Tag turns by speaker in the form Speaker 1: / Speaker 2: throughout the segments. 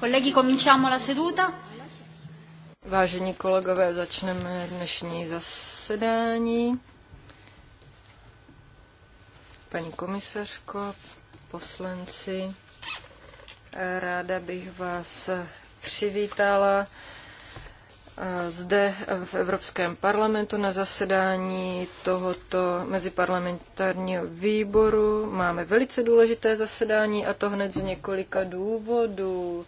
Speaker 1: Colleghi, cominciamo la seduta. Vážení kolegové, začneme dnešní zasedání. Paní komisařko, poslanci, ráda bych vás přivítala eh, zde v Evropském parlamentu na zasedání tohoto meziparlamentárního výboru. Máme velice důležité zasedání a to hned z několika důvodů.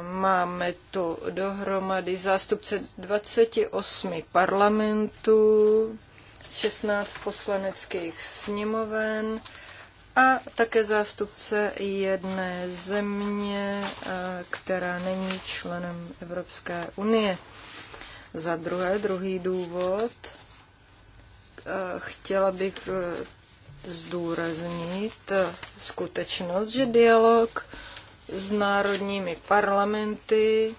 Speaker 1: Máme tu dohromady zástupce 28 parlamentů, 16 poslaneckých sněmoven a také zástupce jedné země, eh, která není členem Evropské unie. Za druhé, druhý důvod, eh, chtěla bych eh, zdůraznit skutečnost, že dialog s národními parlamenty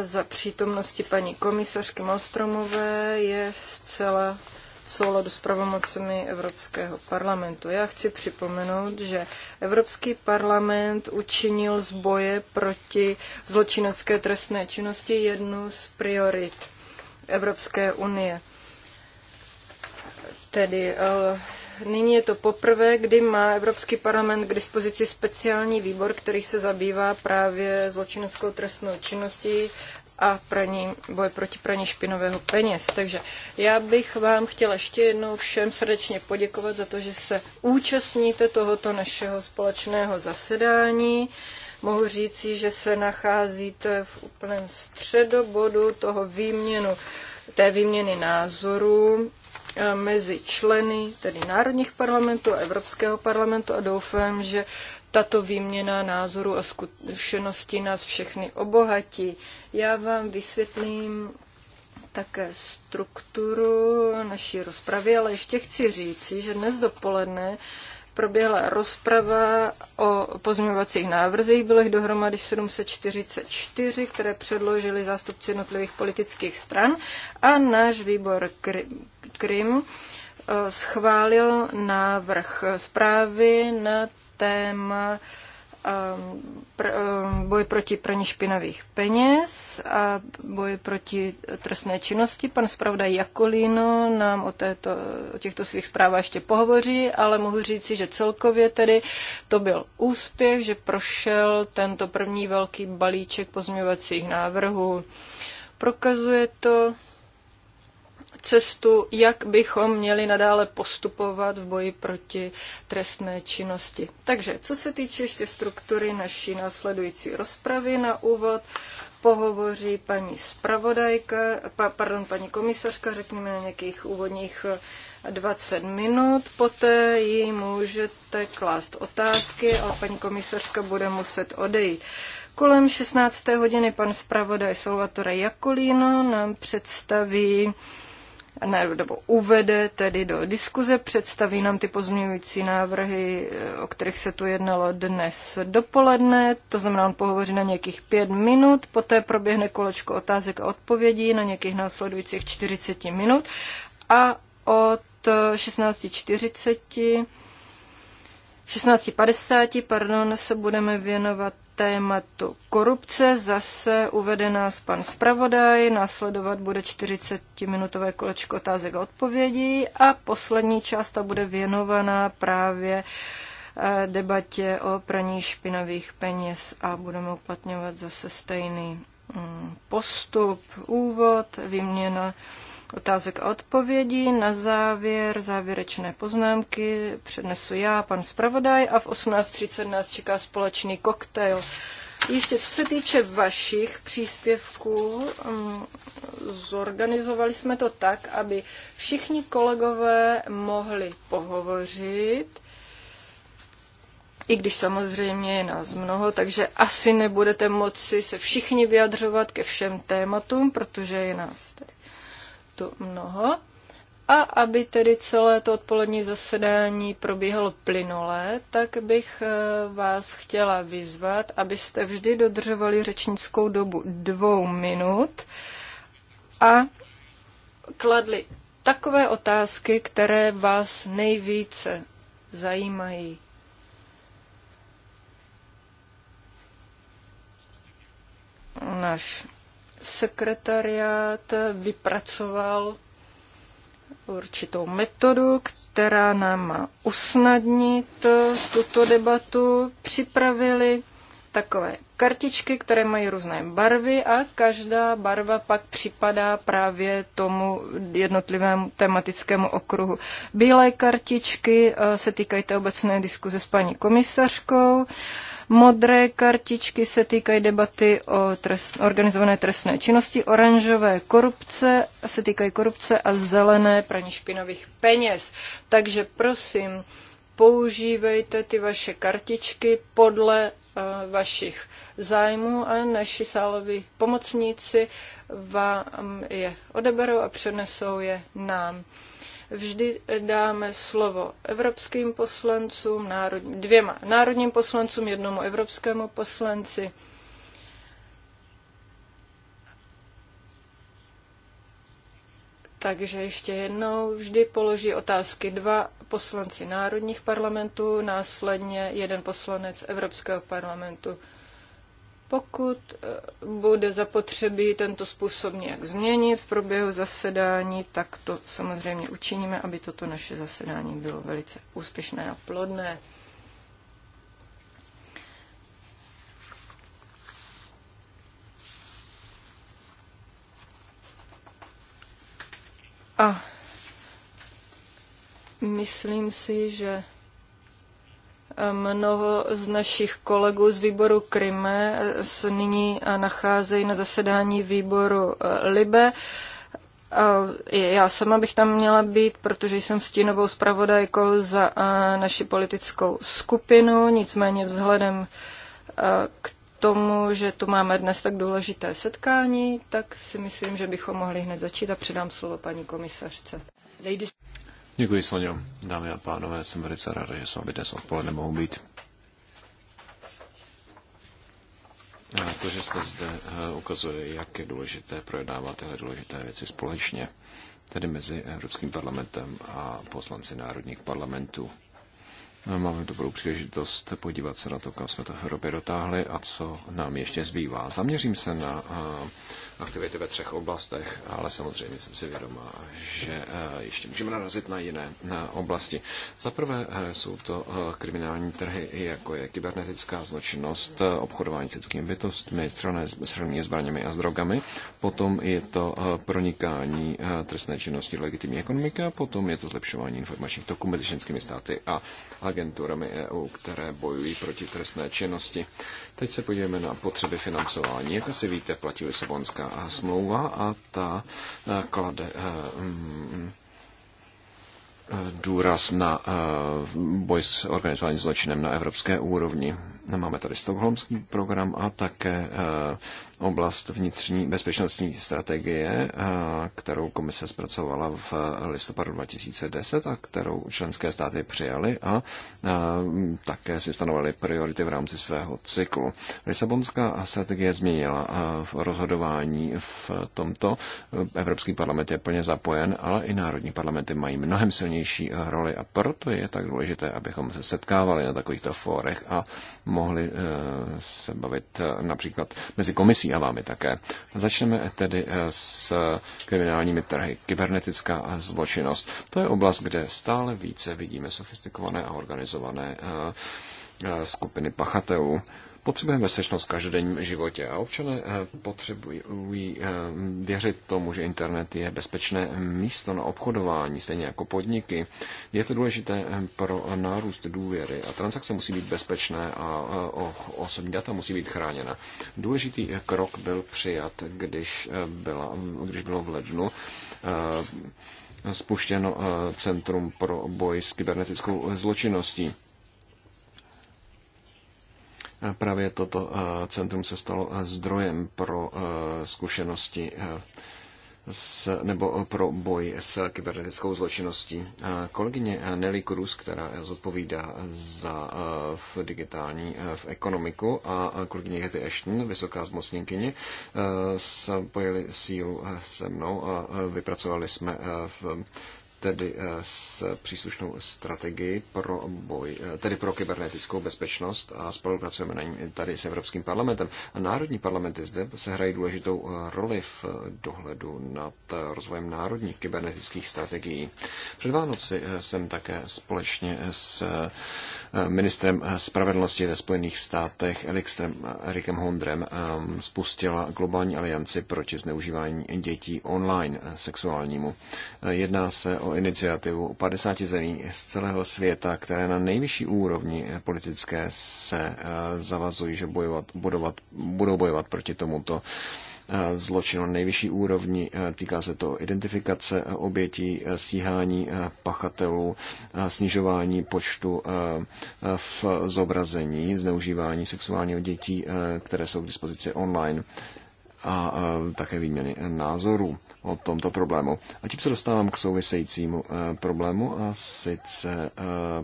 Speaker 1: za přítomnosti paní komisařky Mostromové je zcela v souladu s pravomocemi Evropského parlamentu. Já chci připomenout, že Evropský parlament učinil z boje proti zločinecké trestné činnosti jednu z priorit Evropské unie. Tedy eh, Nyní je to poprvé, kdy má Evropský parlament k dispozici speciální výbor, který se zabývá právě zločineckou trestnou činností a praní, boje proti praní špinového peněz. Takže já bych vám chtěla ještě jednou všem srdečně poděkovat za to, že se účastníte tohoto našeho společného zasedání. Mohu říci, že se nacházíte v úplném středobodu toho výměnu, té výměny názorů E, mezi členy tedy národních parlamentů a Evropského parlamentu a doufám, že tato výměna názorů a zkušeností nás všechny obohatí. Já vám vysvětlím také strukturu naší rozpravy, ale ještě chci říci, že dnes dopoledne proběhla rozprava o pozměňovacích návrzích. Bylo jich dohromady 744, které předložili zástupci jednotlivých politických stran a náš výbor Krim eh, schválil návrh zprávy na téma pr- eh, boj proti praní špinavých peněz a boj proti trestné činnosti. Pan zpravodaj Jakolino nám o, této, o těchto svých zprávách ještě pohovoří, ale mohu říci, že celkově tedy to byl úspěch, že prošel tento první velký balíček pozměňovacích návrhů. Prokazuje to, cestu, jak bychom měli nadále postupovat v boji proti trestné činnosti. Takže, co se týče ještě struktury naší následující rozpravy na úvod, pohovoří paní spravodajka, pa, pardon, paní komisařka, řekněme na nějakých úvodních 20 eh, minut, poté ji můžete klást otázky a paní komisařka bude muset odejít. Kolem 16. hodiny pan zpravodaj Salvatore Jakolino nám představí nebo uvede tedy do diskuze, představí nám ty pozměňující návrhy, eh, o kterých se tu jednalo dnes dopoledne, to znamená, on pohovoří na nějakých pět minut, poté proběhne kolečko otázek a odpovědí na nějakých následujících 40 minut a od 16.40 eh, 16.50, pardon, se budeme věnovat tématu korupce. Zase uvede nás pan zpravodaj, následovat bude 40-minutové kolečko otázek a odpovědí a poslední část ta bude věnovaná právě eh, debatě o praní špinavých peněz a budeme uplatňovat zase stejný mm, postup, úvod, výměna otázek a odpovědí. Na závěr závěrečné poznámky přednesu já, pan zpravodaj, a v 18.30 nás čeká společný koktejl. Ještě co se týče vašich příspěvků, mm, zorganizovali jsme to tak, aby všichni kolegové mohli pohovořit, i když samozřejmě je nás mnoho, takže asi nebudete moci se všichni vyjadřovat ke všem tématům, protože je nás tady tu mnoho a aby tedy celé to odpolední zasedání probíhalo plynule, tak bych eh, vás chtěla vyzvat, abyste vždy dodržovali řečnickou dobu dvou minut a kladli takové otázky, které vás nejvíce zajímají. Náš sekretariát vypracoval určitou metodu, která nám má usnadnit tuto debatu. Připravili takové kartičky, které mají různé barvy a každá barva pak připadá právě tomu jednotlivému tematickému okruhu. Bílé kartičky eh, se týkají té obecné diskuze s paní komisařkou Modré kartičky se týkají debaty o trest, organizované trestné činnosti, oranžové korupce se týkají korupce a zelené praní špinavých peněz. Takže prosím, používejte ty vaše kartičky podle eh, vašich zájmů a naši sáloví pomocníci vám je odeberou a přenesou je nám vždy dáme slovo evropským poslancům, národ, dvěma národním poslancům, jednomu evropskému poslanci. Takže ještě jednou vždy položí otázky dva poslanci národních parlamentů, následně jeden poslanec Evropského parlamentu. Pokud eh, bude zapotřebí tento způsob nějak změnit v průběhu zasedání, tak to samozřejmě učiníme, aby toto naše zasedání bylo velice úspěšné a plodné. A myslím si, že Mnoho z našich kolegů z výboru Kryme se nyní nacházejí na zasedání výboru eh, Libe. Já sama bych tam měla být, protože jsem stínovou zpravodajkou za eh, naši politickou skupinu, nicméně vzhledem eh, k tomu, že tu máme dnes tak důležité setkání, tak si myslím, že bychom mohli hned začít a předám slovo paní komisařce. Ladies.
Speaker 2: Děkuji, Sonio. Dámy a pánové, jsem velice rád, že s vámi dnes odpoledne mohu být. A to, že jste zde, eh, ukazuje, jak je důležité projednávat tyhle důležité věci společně, tedy mezi Evropským parlamentem a poslanci národních parlamentů. No, máme dobrou příležitost podívat se na to, kam jsme to v Evropě dotáhli a co nám ještě zbývá. Zaměřím se na eh, aktivity ve třech oblastech, ale samozřejmě jsem si vědomá, že eh, ještě můžeme narazit na jiné na oblasti. Za prvé eh, jsou to eh, kriminální trhy, jako je kybernetická zločinnost, obchodování s lidskými bytostmi, straně zbraněmi a s drogami. Potom je to pronikání trestné činnosti do legitimní ekonomiky potom je to zlepšování informačních toků mezi členskými státy a agenturami EU, které bojují proti trestné činnosti. Teď se podíváme na potřeby financování. Jak asi víte, platí Lisabonská smlouva a ta eh, klade eh, mm, eh, důraz na boj s organizovaným zločinem na evropské úrovni. Máme tady Stockholmský program a také oblast vnitřní bezpečnostní strategie, kterou komise zpracovala v listopadu 2010 a kterou členské státy přijaly a také si stanovaly priority v rámci svého cyklu. Lisabonská strategie změnila v rozhodování v tomto. Evropský parlament je plně zapojen, ale i národní parlamenty mají mnohem silnější roli a proto je tak důležité, abychom se setkávali na takovýchto fórech a mohli e, se bavit e, například mezi komisí komisí a vámi také. Začneme tedy eh, s eh, kriminálními trhy. Kybernetická zločinnost. To je oblast, kde stále více vidíme sofistikované a organizované eh, skupiny pachatelů. Potřebujeme bezpečnost v každodenním životě a občané eh, potřebují eh, věřit tomu, že internet je bezpečné místo na obchodování, stejně jako podniky. Je to důležité eh, pro nárůst důvěry a transakce musí být bezpečné a osobní data musí být chráněna. Důležitý krok byl přijat, když, byla, když bylo v lednu spuštěno Centrum pro boj s kybernetickou zločinností. Právě toto eh, centrum se stalo eh, zdrojem pro eh, zkušenosti s, nebo pro boj s kybernetickou zločinností. Kolegyně Nelly Cruz, která zodpovídá za v digitální v ekonomiku a kolegyně Hety Ashton, vysoká zmocněnkyně, spojili sílu se mnou a vypracovali jsme v tedy eh, s příslušnou strategii pro boj, eh, tedy pro kybernetickou bezpečnost a spolupracujeme na ní tady s Evropským parlamentem. A národní parlamenty zde se hrají důležitou eh, roli v dohledu nad rozvojem národních kybernetických strategií. Před Vánoci jsem také společně s ministrem spravedlnosti ve Spojených státech Erikem Rickem Hondrem eh, spustila globální alianci proti zneužívání dětí online eh, sexuálnímu. Eh, jedná se o iniciativu 50 zemí z celého světa, které na nejvyšší úrovni politické se zavazují, že bojovat, budovat, budou bojovat proti tomuto Eh, zločinu na nejvyšší úrovni. Eh, týká se to identifikace eh, obětí, stíhání pachatelů, snižování počtu v zobrazení, zneužívání sexuálního dětí, které jsou k dispozici online a také výměny názorů o tomto problému. A tím se dostávám k souvisejícímu eh, problému a sice eh,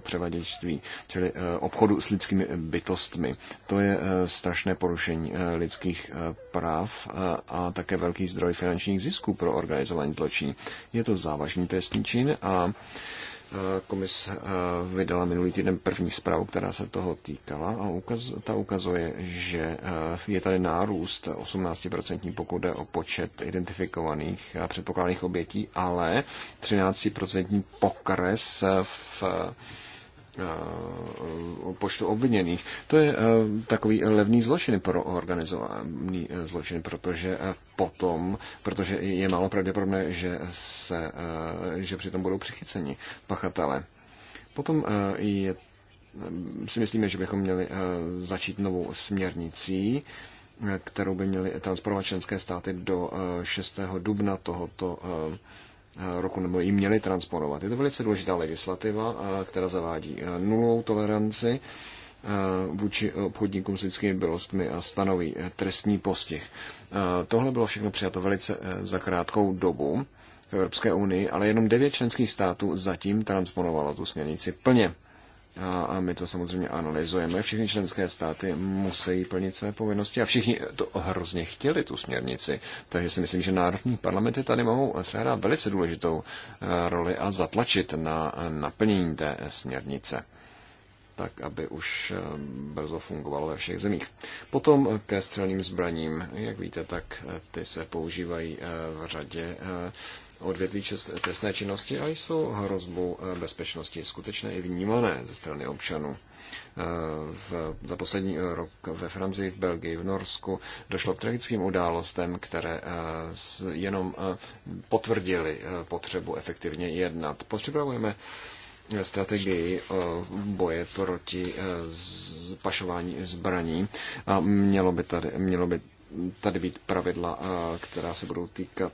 Speaker 2: převaděčství, čili eh, obchodu s lidskými bytostmi. To je strašné porušení lidských práv a také velký zdroj finančních zisků pro organizovaný zločin. Je to závažný trestný čin a komise eh, vydala minulý týden první zprávu, která se toho týkala a ukaz, ta ukazuje, že eh, je tady nárůst 18% pokud jde o počet identifikovaných a předpokládaných obětí, ale 13% pokres v Eh, eh, počtu obviněných. To je eh, takový levný zločin pro organizovaný zločin, protože potom, protože je málo pravděpodobné, že, se, že přitom budou přichyceni pachatele. Potom je, si myslíme, že bychom měli začít novou směrnicí, kterou by měly transponovat členské státy do 6. dubna tohoto Eh, roku nebo ji měli transponovat. Je to velice důležitá legislativa, eh, která zavádí eh, nulovou toleranci vůči obchodníkům s lidskými bylostmi a stanoví trestní postih. Tohle bylo všechno přijato velice za krátkou dobu v Evropské unii, ale jenom devět členských států zatím transponovalo tu směrnici plně. A, a my to samozřejmě analyzujeme. Všechny členské státy musí plnit své povinnosti a všichni to hrozně chtěli, tu směrnici. Takže si myslím, že národní parlamenty tady mohou sehrát velice důležitou e, roli a zatlačit na naplnění té směrnice tak, aby už e, brzo fungovalo ve všech zemích. Potom ke střelným zbraním, jak víte, tak e, ty se používají v řadě odvětví trestné činnosti a jsou hrozbou eh, bezpečnosti skutečné i vnímané ze strany občanů. Eh, v, za poslední eh, rok ve Francii, v Belgii, v Norsku došlo k tragickým událostem, které jenom potvrdili potřebu efektivně jednat. Potřebujeme strategii boje proti pašování zbraní a mělo by tady, mělo by tady být pravidla, která se budou týkat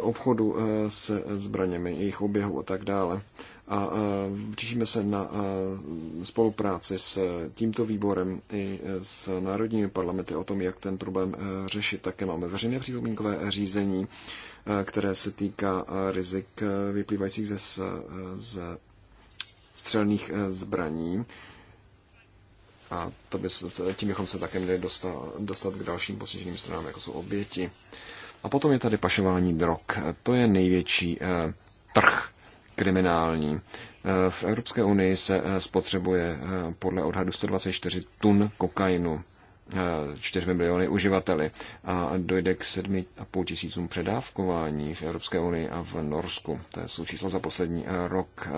Speaker 2: obchodu eh, se zbraněmi, jejich oběhu a tak dále. A eh, těšíme se na eh, spolupráci s tímto výborem i s národními parlamenty o tom, jak ten problém řešit. Také máme veřejné připomínkové řízení, které se týká rizik vyplývajících ze, ze střelných zbraní. A to by se, tím bychom se také měli dostat, dostat k dalším postiženým stranám, jako jsou oběti. A potom je tady pašování drog. To je největší eh, trh kriminální. Eh, v Evropské unii se eh, spotřebuje podle odhadu 124 tun kokainu. 4 miliony uživateli a dojde k 7,5 tisícům předávkování v Evropské unii a v Norsku. To jsou číslo za poslední eh, rok.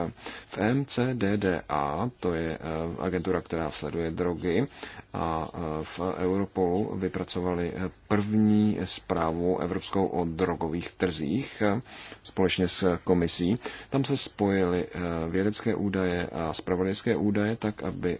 Speaker 2: V MCDDA, to je eh, agentura, která sleduje drogy, a eh, v Europolu vypracovali první zprávu evropskou o drogových trzích společně s komisí. Tam se spojily vědecké údaje a spravodajské údaje tak, aby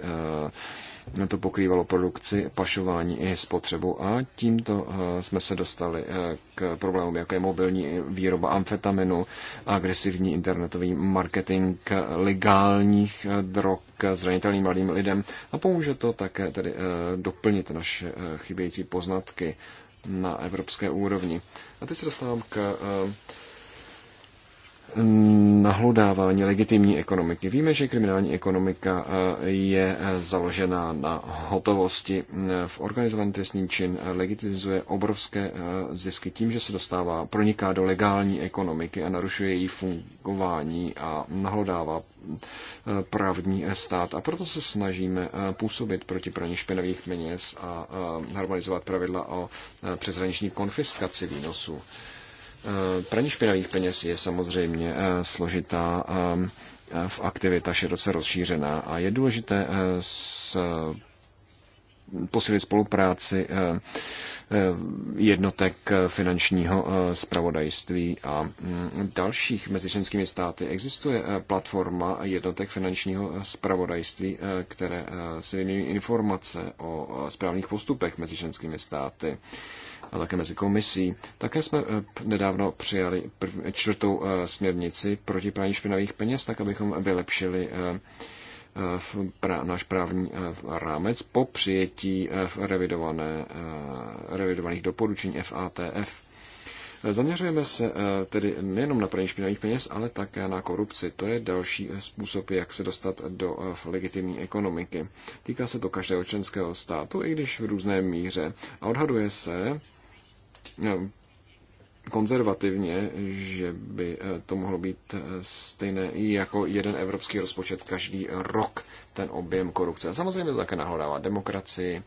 Speaker 2: to pokrývalo produkci, pašování i spotřebu a tímto eh, jsme se dostali eh, k problémům, jako je mobilní výroba amfetaminu, agresivní internetový marketing legálních eh, drog zranitelným mladým lidem a pomůže to také tedy doplnit naše chybějící poznatky na evropské úrovni. A teď se dostávám k Mm, nahlodávání legitimní ekonomiky. Víme, že kriminální ekonomika eh, je eh, založená na hotovosti. Mm, v organizovaný trestní čin legitimizuje obrovské eh, zisky tím, že se dostává, proniká do legální ekonomiky a narušuje její fungování a nahlodává pravdní stát. A proto se snažíme působit proti praní špinavých peněz a harmonizovat pravidla o přeshraniční konfiskaci výnosů. Praní špinavých peněz je samozřejmě eh, složitá eh, v aktivita široce rozšířená a je důležité eh, s posílit spolupráci jednotek finančního spravodajství a mm, dalších mezi členskými státy. Existuje platforma jednotek finančního spravodajství, které se vyměňují informace o správných postupech mezi členskými státy a také mezi komisí. Také jsme eh, nedávno přijali čtvrtou eh, směrnici proti praní špinavých peněz, tak abychom vylepšili eh, náš právní rámec po přijetí revidované, revidovaných doporučení FATF. Zaměřujeme se tedy nejenom na praní špinavých peněz, ale také na korupci. To je další způsob, jak se dostat do legitimní ekonomiky. Týká se to každého členského státu, i když v různé míře. A odhaduje se, No, konzervativně, že by eh, to mohlo být eh, stejné i jako jeden evropský rozpočet každý rok, ten objem korupce. A samozřejmě to také nahodává demokracii, eh,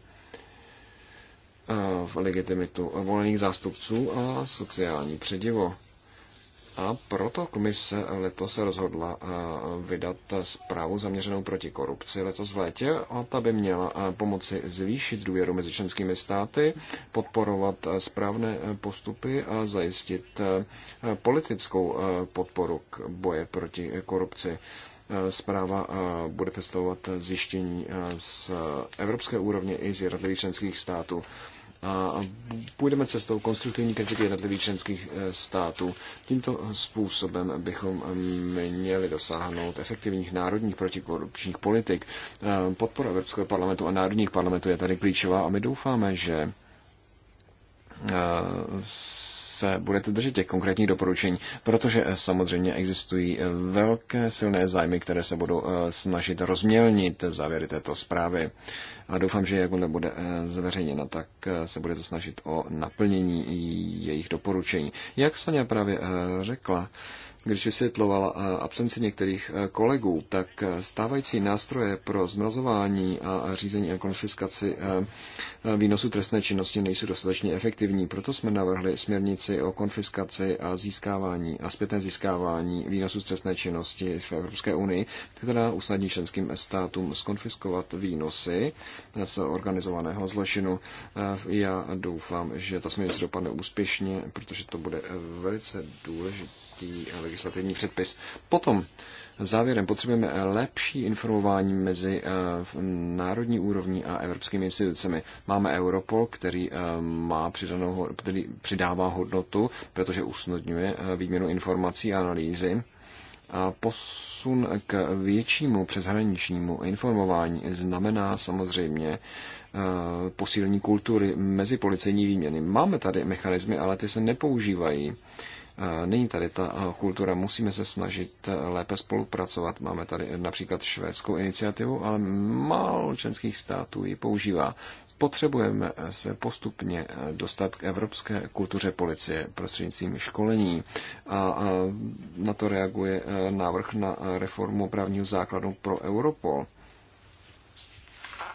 Speaker 2: v legitimitu volených zástupců a sociální předivo. A proto komise letos se rozhodla eh, vydat zprávu zaměřenou proti korupci letos v létě a ta by měla eh, pomoci zvýšit důvěru mezi členskými státy, podporovat eh, správné postupy a zajistit politickou podporu k boje proti korupci. Zpráva bude testovat zjištění z evropské úrovně i z jednotlivých členských států a půjdeme cestou konstruktivní kritiky jednotlivých členských eh, států. Tímto způsobem bychom eh, měli dosáhnout efektivních národních protikorupčních politik. Eh, podpora Evropského parlamentu a národních parlamentů je tady klíčová a my doufáme, že se budete držet těch konkrétních doporučení, protože eh, samozřejmě existují eh, velké silné zájmy, které se budou eh, snažit rozmělnit závěry této zprávy. A doufám, že jakmile bude zveřejněna, tak se to snažit o naplnění jejich doporučení. Jak Sonja právě řekla, když vysvětlovala eh, absenci některých eh, kolegů, tak eh, stávající nástroje pro zmrazování a řízení a konfiskaci výnosu trestné činnosti nejsou dostatečně efektivní. Proto jsme navrhli směrnici o konfiskaci a získávání a zpětné získávání výnosu z trestné činnosti v Evropské unii, která usnadní členským státům skonfiskovat výnosy z organizovaného zločinu. Já doufám, že ta směrnice dopadne úspěšně, protože to bude velice důležité nějaký legislativní předpis. Potom závěrem potřebujeme lepší informování mezi eh, národní úrovní a evropskými institucemi. Máme Europol, který eh, má přidanou, který přidává hodnotu, protože usnodňuje eh, výměnu informací a analýzy a posun k většímu přeshraničnímu informování znamená samozřejmě posílení kultury mezi policejní výměny. Máme tady mechanismy, ale ty se nepoužívají. Není tady ta kultura, musíme se snažit e, lépe spolupracovat. Máme tady například švédskou iniciativu, ale málo členských států ji používá. Potřebujeme se postupně e, dostat k evropské kultuře policie prostřednictvím školení a na to reaguje e, návrh na reformu právního základu pro Europol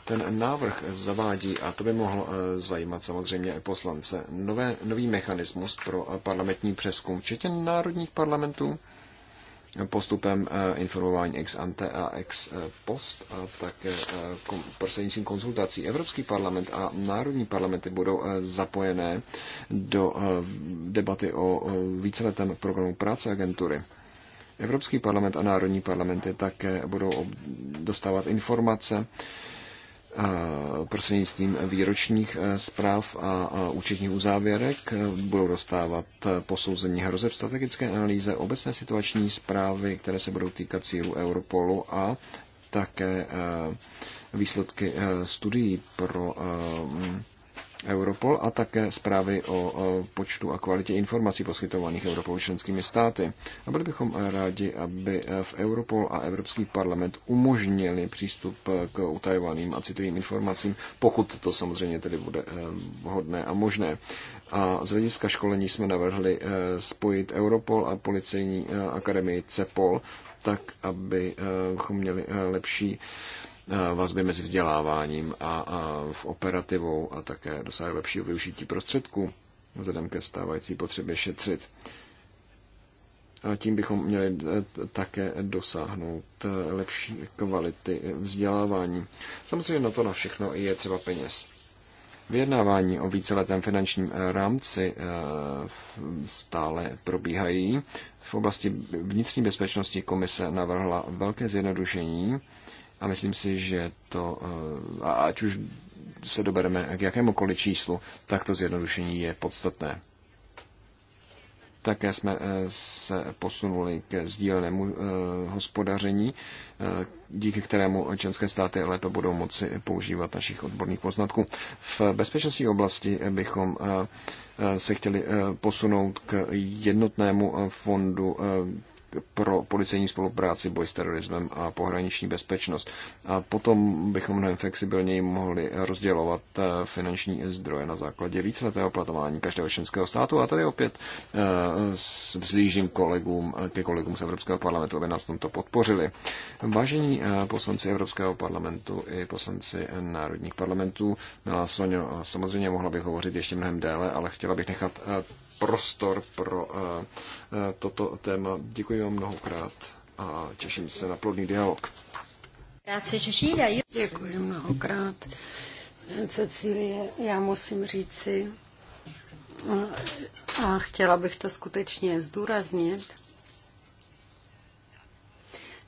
Speaker 2: ten návrh zavádí, a to by mohlo eh, zajímat samozřejmě i poslance, nové, nový mechanismus pro eh, parlamentní přeskum, včetně národních parlamentů, postupem eh, informování ex ante a ex post a také prostřednictvím konzultací. Evropský parlament a národní parlamenty budou zapojené do debaty o víceletém programu práce agentury. Evropský parlament a národní parlamenty také budou dostávat informace Eh, prostřednictvím výročních eh, zpráv a účetních uzávěrek eh, budou dostávat posouzení hrozeb strategické analýze, obecné situační zprávy, které se budou týkat cílu Europolu a také výsledky studií pro Europol a také zprávy o počtu a kvalitě informací poskytovaných Europolu členskými státy. A byli bychom rádi, aby v Europol a Evropský parlament umožnili přístup k utajovaným a citlivým informacím, pokud to samozřejmě tedy bude eh, vhodné a možné. A z hlediska školení jsme navrhli eh, spojit Europol a policejní eh, akademii CEPOL, tak abychom měli lepší Eh, vazby mezi vzděláváním a, a v operativou a také dosáhne lepšího využití prostředků vzhledem ke stávající potřebě šetřit. A tím bychom měli eh, také dosáhnout eh, lepší kvality vzdělávání. Samozřejmě na to na všechno je třeba peněz. Vyjednávání o víceletém finančním rámci stále probíhají. V oblasti vnitřní bezpečnosti komise navrhla velké zjednodušení a myslím si, že to, eh, ať už se dobereme k jakémukoliv číslu, tak to zjednodušení je podstatné. Také jsme eh, se posunuli ke sdílenému eh, hospodaření, díky kterému členské státy lépe budou moci používat našich odborných poznatků. V bezpečnostní oblasti bychom se chtěli posunout k jednotnému fondu pro policejní spolupráci, boj s terorismem a pohraniční bezpečnost. A potom bychom mnohem flexibilněji mohli rozdělovat eh, finanční zdroje na základě víceletého platování každého členského státu. A tady opět eh, vzlížím kolegům, eh, ke kolegům z Evropského parlamentu, aby nás tomto podpořili. Vážení poslanci Evropského parlamentu i poslanci národních parlamentů, Milá samozřejmě mohla bych hovořit ještě mnohem déle, ale chtěla bych nechat prostor pro eh, eh, toto téma. Děkuji vám mnohokrát a těším se na plodný dialog.
Speaker 1: Děkuji mnohokrát.
Speaker 3: Cecilie, já musím říci, a chtěla bych to skutečně zdůraznit,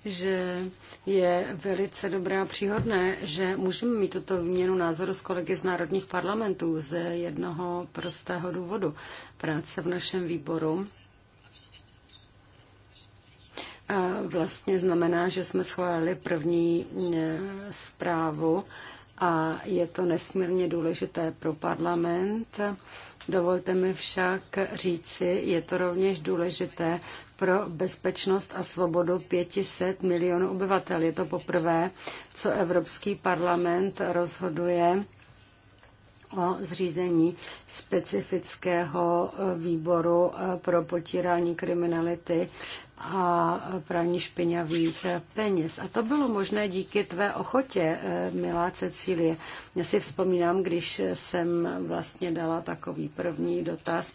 Speaker 3: že je velice dobré a příhodné, že můžeme mít tuto výměnu názoru s kolegy z národních parlamentů z jednoho prostého důvodu. Práce v našem výboru vlastně znamená, že jsme schválili první e, zprávu a je to nesmírně důležité pro parlament. Dovolte mi však říci, je to rovněž důležité pro bezpečnost a svobodu 500 milionů obyvatel. Je to poprvé, co Evropský parlament rozhoduje o zřízení specifického eh, výboru eh, pro potírání kriminality a praní špinavých eh, peněz. A to bylo možné díky tvé ochotě, milá Cecílie. Já si vzpomínám, když jsem vlastně dala takový první dotaz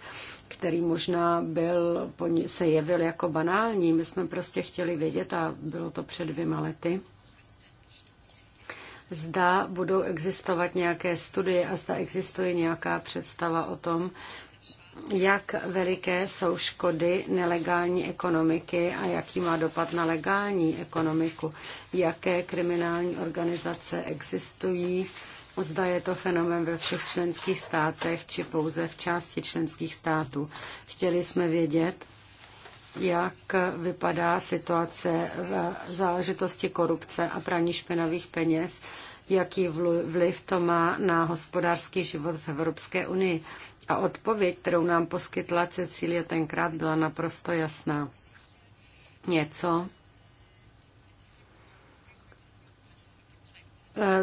Speaker 3: který možná byl, se jevil jako banální. My jsme prostě chtěli vědět, a bylo to před dvěma lety, zda budou existovat nějaké studie a zda existuje nějaká představa o tom, jak veliké jsou škody nelegální ekonomiky a jaký má dopad na legální ekonomiku, jaké kriminální organizace existují, Zda je to fenomen ve všech členských státech či pouze v části členských států. Chtěli jsme vědět, jak vypadá situace v záležitosti korupce a praní špinavých peněz, jaký vliv to má na hospodářský život v Evropské unii. A odpověď, kterou nám poskytla Cecílie tenkrát, byla naprosto jasná. Něco,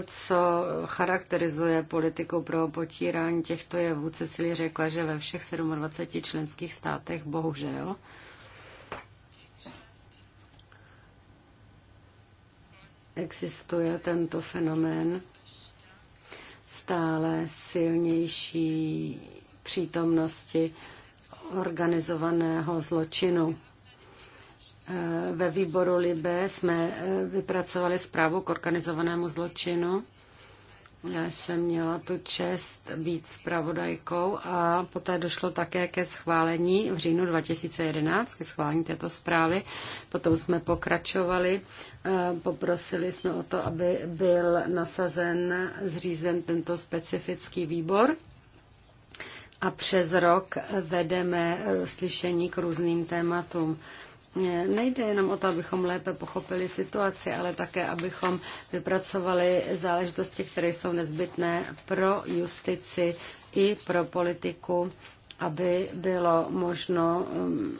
Speaker 3: co charakterizuje politiku pro potírání těchto jevů. Cecilie řekla, že ve všech 27 členských státech bohužel existuje tento fenomén stále silnější přítomnosti organizovaného zločinu Eh, ve výboru Libe jsme eh, vypracovali zprávu k organizovanému zločinu. Já jsem měla tu čest být zpravodajkou a poté došlo také ke schválení v říjnu 2011, ke schválení této zprávy. Potom jsme pokračovali, eh, poprosili jsme o to, aby byl nasazen, zřízen tento specifický výbor. A přes rok vedeme slyšení k různým tématům. Nejde jenom o to, abychom lépe pochopili situaci, ale také, abychom vypracovali záležitosti, které jsou nezbytné pro justici i pro politiku, aby bylo možno um,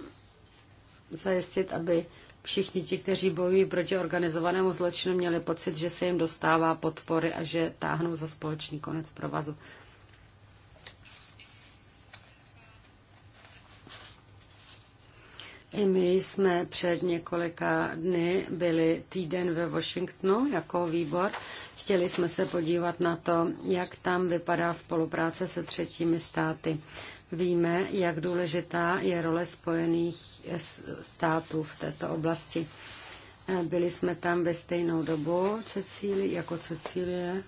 Speaker 3: zajistit, aby všichni ti, kteří bojují proti organizovanému zločinu, měli pocit, že se jim dostává podpory a že táhnou za společný konec provazu. I my jsme před několika dny byli týden ve Washingtonu jako výbor. Chtěli jsme se podívat na to, jak tam vypadá spolupráce se třetími státy. Víme, jak důležitá je role spojených států v této oblasti. Byli jsme tam ve stejnou dobu Cecílie, jako Cecílie.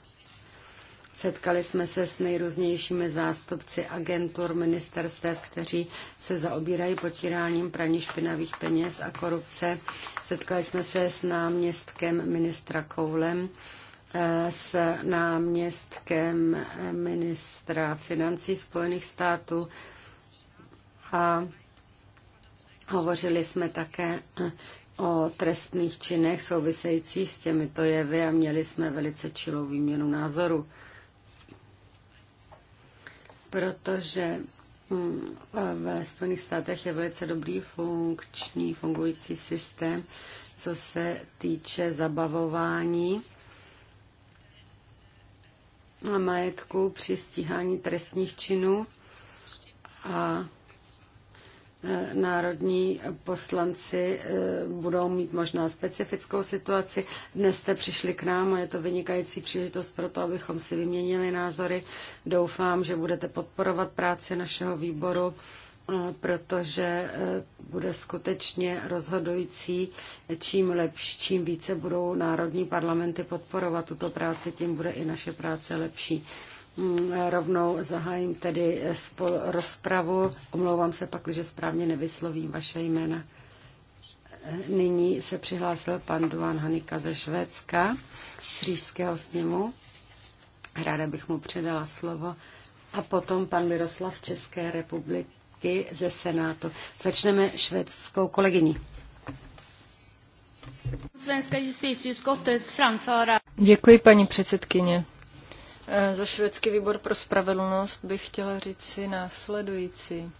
Speaker 3: Setkali jsme se s nejrůznějšími zástupci agentur, ministerstev, kteří se zaobírají potíráním praní špinavých peněz a korupce. Setkali jsme se s náměstkem ministra Koulem, eh, s náměstkem ministra financí Spojených států a hovořili jsme také eh, o trestných činech souvisejících s těmito jevy a měli jsme velice čilou výměnu názoru protože hm, ve Spojených státech je velice dobrý funkční, fungující systém, co se týče zabavování majetku při stíhání trestních činů a národní poslanci eh, budou mít možná specifickou situaci. Dnes jste přišli k nám a je to vynikající příležitost pro to, abychom si vyměnili názory. Doufám, že budete podporovat práci našeho výboru eh, protože eh, bude skutečně rozhodující, čím lepší, čím více budou národní parlamenty podporovat tuto práci, tím bude i naše práce lepší. Mm, rovnou zahájím tedy eh, spol- rozpravu. Omlouvám se pak, že správně nevyslovím vaše jména. Eh, nyní se přihlásil pan Duan Hanika ze Švédska, z Řížského sněmu. Ráda bych mu předala slovo. A potom pan Miroslav z České republiky ze Senátu. Začneme švédskou kolegyní.
Speaker 1: Děkuji, paní předsedkyně. Eh, za švédský výbor pro spravedlnost bych chtěla říct si následující.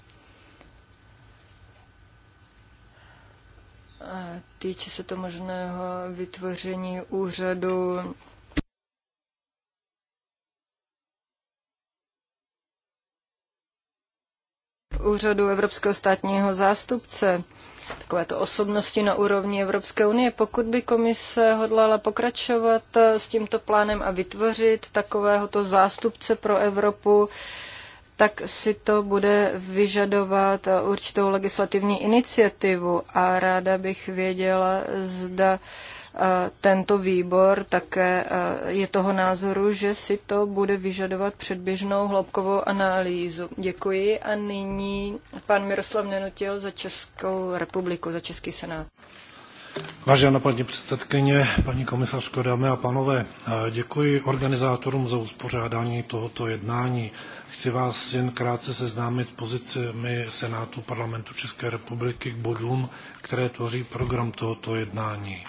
Speaker 1: Eh, týče se to možného vytvoření úřadu úřadu Evropského státního zástupce takovéto osobnosti na úrovni Evropské unie. Pokud by komise hodlala pokračovat eh, s tímto plánem a vytvořit takovéhoto zástupce pro Evropu, tak si to bude vyžadovat eh, určitou legislativní iniciativu a ráda bych věděla, zda uh, Eh, tento výbor také eh, je toho názoru, že si to bude vyžadovat předběžnou hloubkovou analýzu. Děkuji a nyní pan Miroslav Nenutil za Českou republiku, za Český senát.
Speaker 4: Vážená paní předsedkyně, paní komisařko, dámy a panové, eh, děkuji organizátorům za uspořádání tohoto jednání. Chci vás jen krátce seznámit s pozicemi Senátu parlamentu České republiky k bodům, které tvoří program tohoto jednání.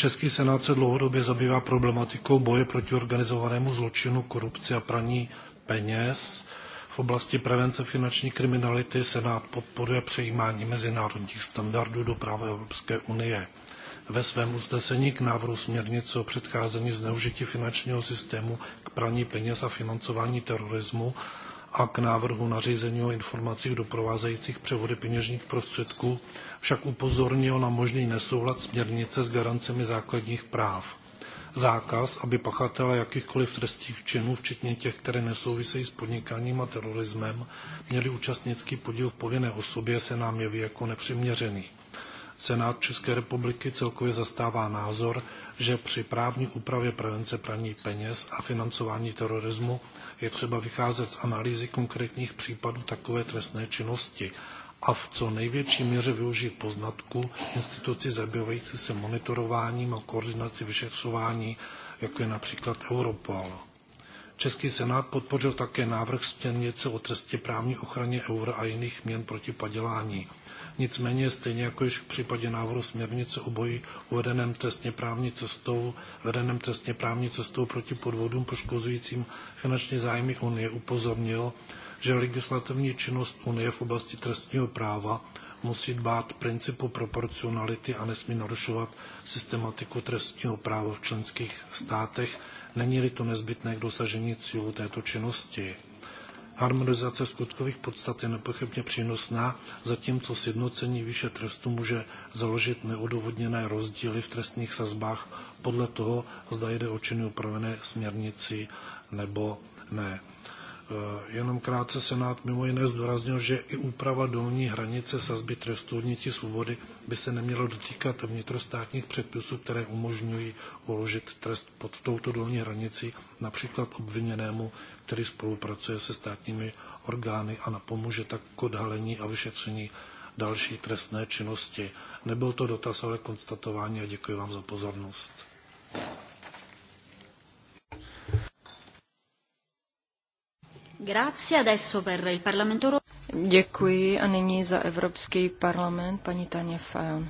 Speaker 4: Český senát se dlouhodobě zabývá problematikou boje proti organizovanému zločinu, korupci a praní peněz. V oblasti prevence finanční kriminality Senát podporuje přejímání mezinárodních standardů do práva Evropské unie. Ve svém usnesení k návrhu směrnice o předcházení zneužití finančního systému k praní peněz a financování terorismu a k návrhu nařízení o informacích doprovázejících převody peněžních prostředků však upozornil na možný nesoulad směrnice s garancemi základních práv. Zákaz, aby pachatelé jakýchkoliv trestních činů, včetně těch, které nesouvisejí s podnikáním a terorismem, měli účastnický podíl v povinné osobě, se nám jeví jako nepřiměřený. Senát České republiky celkově zastává názor, že při právní úpravě prevence praní peněz a financování terorismu je třeba vycházet z analýzy konkrétních případů takové trestné činnosti a v co největší míře využít poznatku instituci zabývající se monitorováním a koordinací vyšetřování, jako je například Europol. Český senát podpořil také návrh směrnice o trestě právní ochraně eura a jiných měn proti padělání. Nicméně stejně jako již v případě návrhu směrnice o boji vedeném trestně právní cestou, vedeném trestně právní cestou proti podvodům poškozujícím finanční zájmy Unie upozornil, že legislativní činnost Unie v oblasti trestního práva musí dbát principu proporcionality a nesmí narušovat systematiku trestního práva v členských státech, není-li to nezbytné k dosažení cílů této činnosti. Harmonizace skutkových podstat je nepochybně přínosná, zatímco sjednocení výše trestu může založit neodůvodněné rozdíly v trestních sazbách podle toho, zda jde o činy upravené směrnici nebo ne. E, jenom krátce Senát mimo jiné zdůraznil, že i úprava dolní hranice sazby trestu odnětí svobody by se neměla dotýkat vnitrostátních předpisů, které umožňují uložit trest pod touto dolní hranicí, například obviněnému který spolupracuje se státními orgány a napomůže tak k odhalení a vyšetření další trestné činnosti. Nebyl to dotaz, ale konstatování a děkuji vám za pozornost.
Speaker 1: Děkuji a nyní za Evropský parlament paní Tanja Fajon.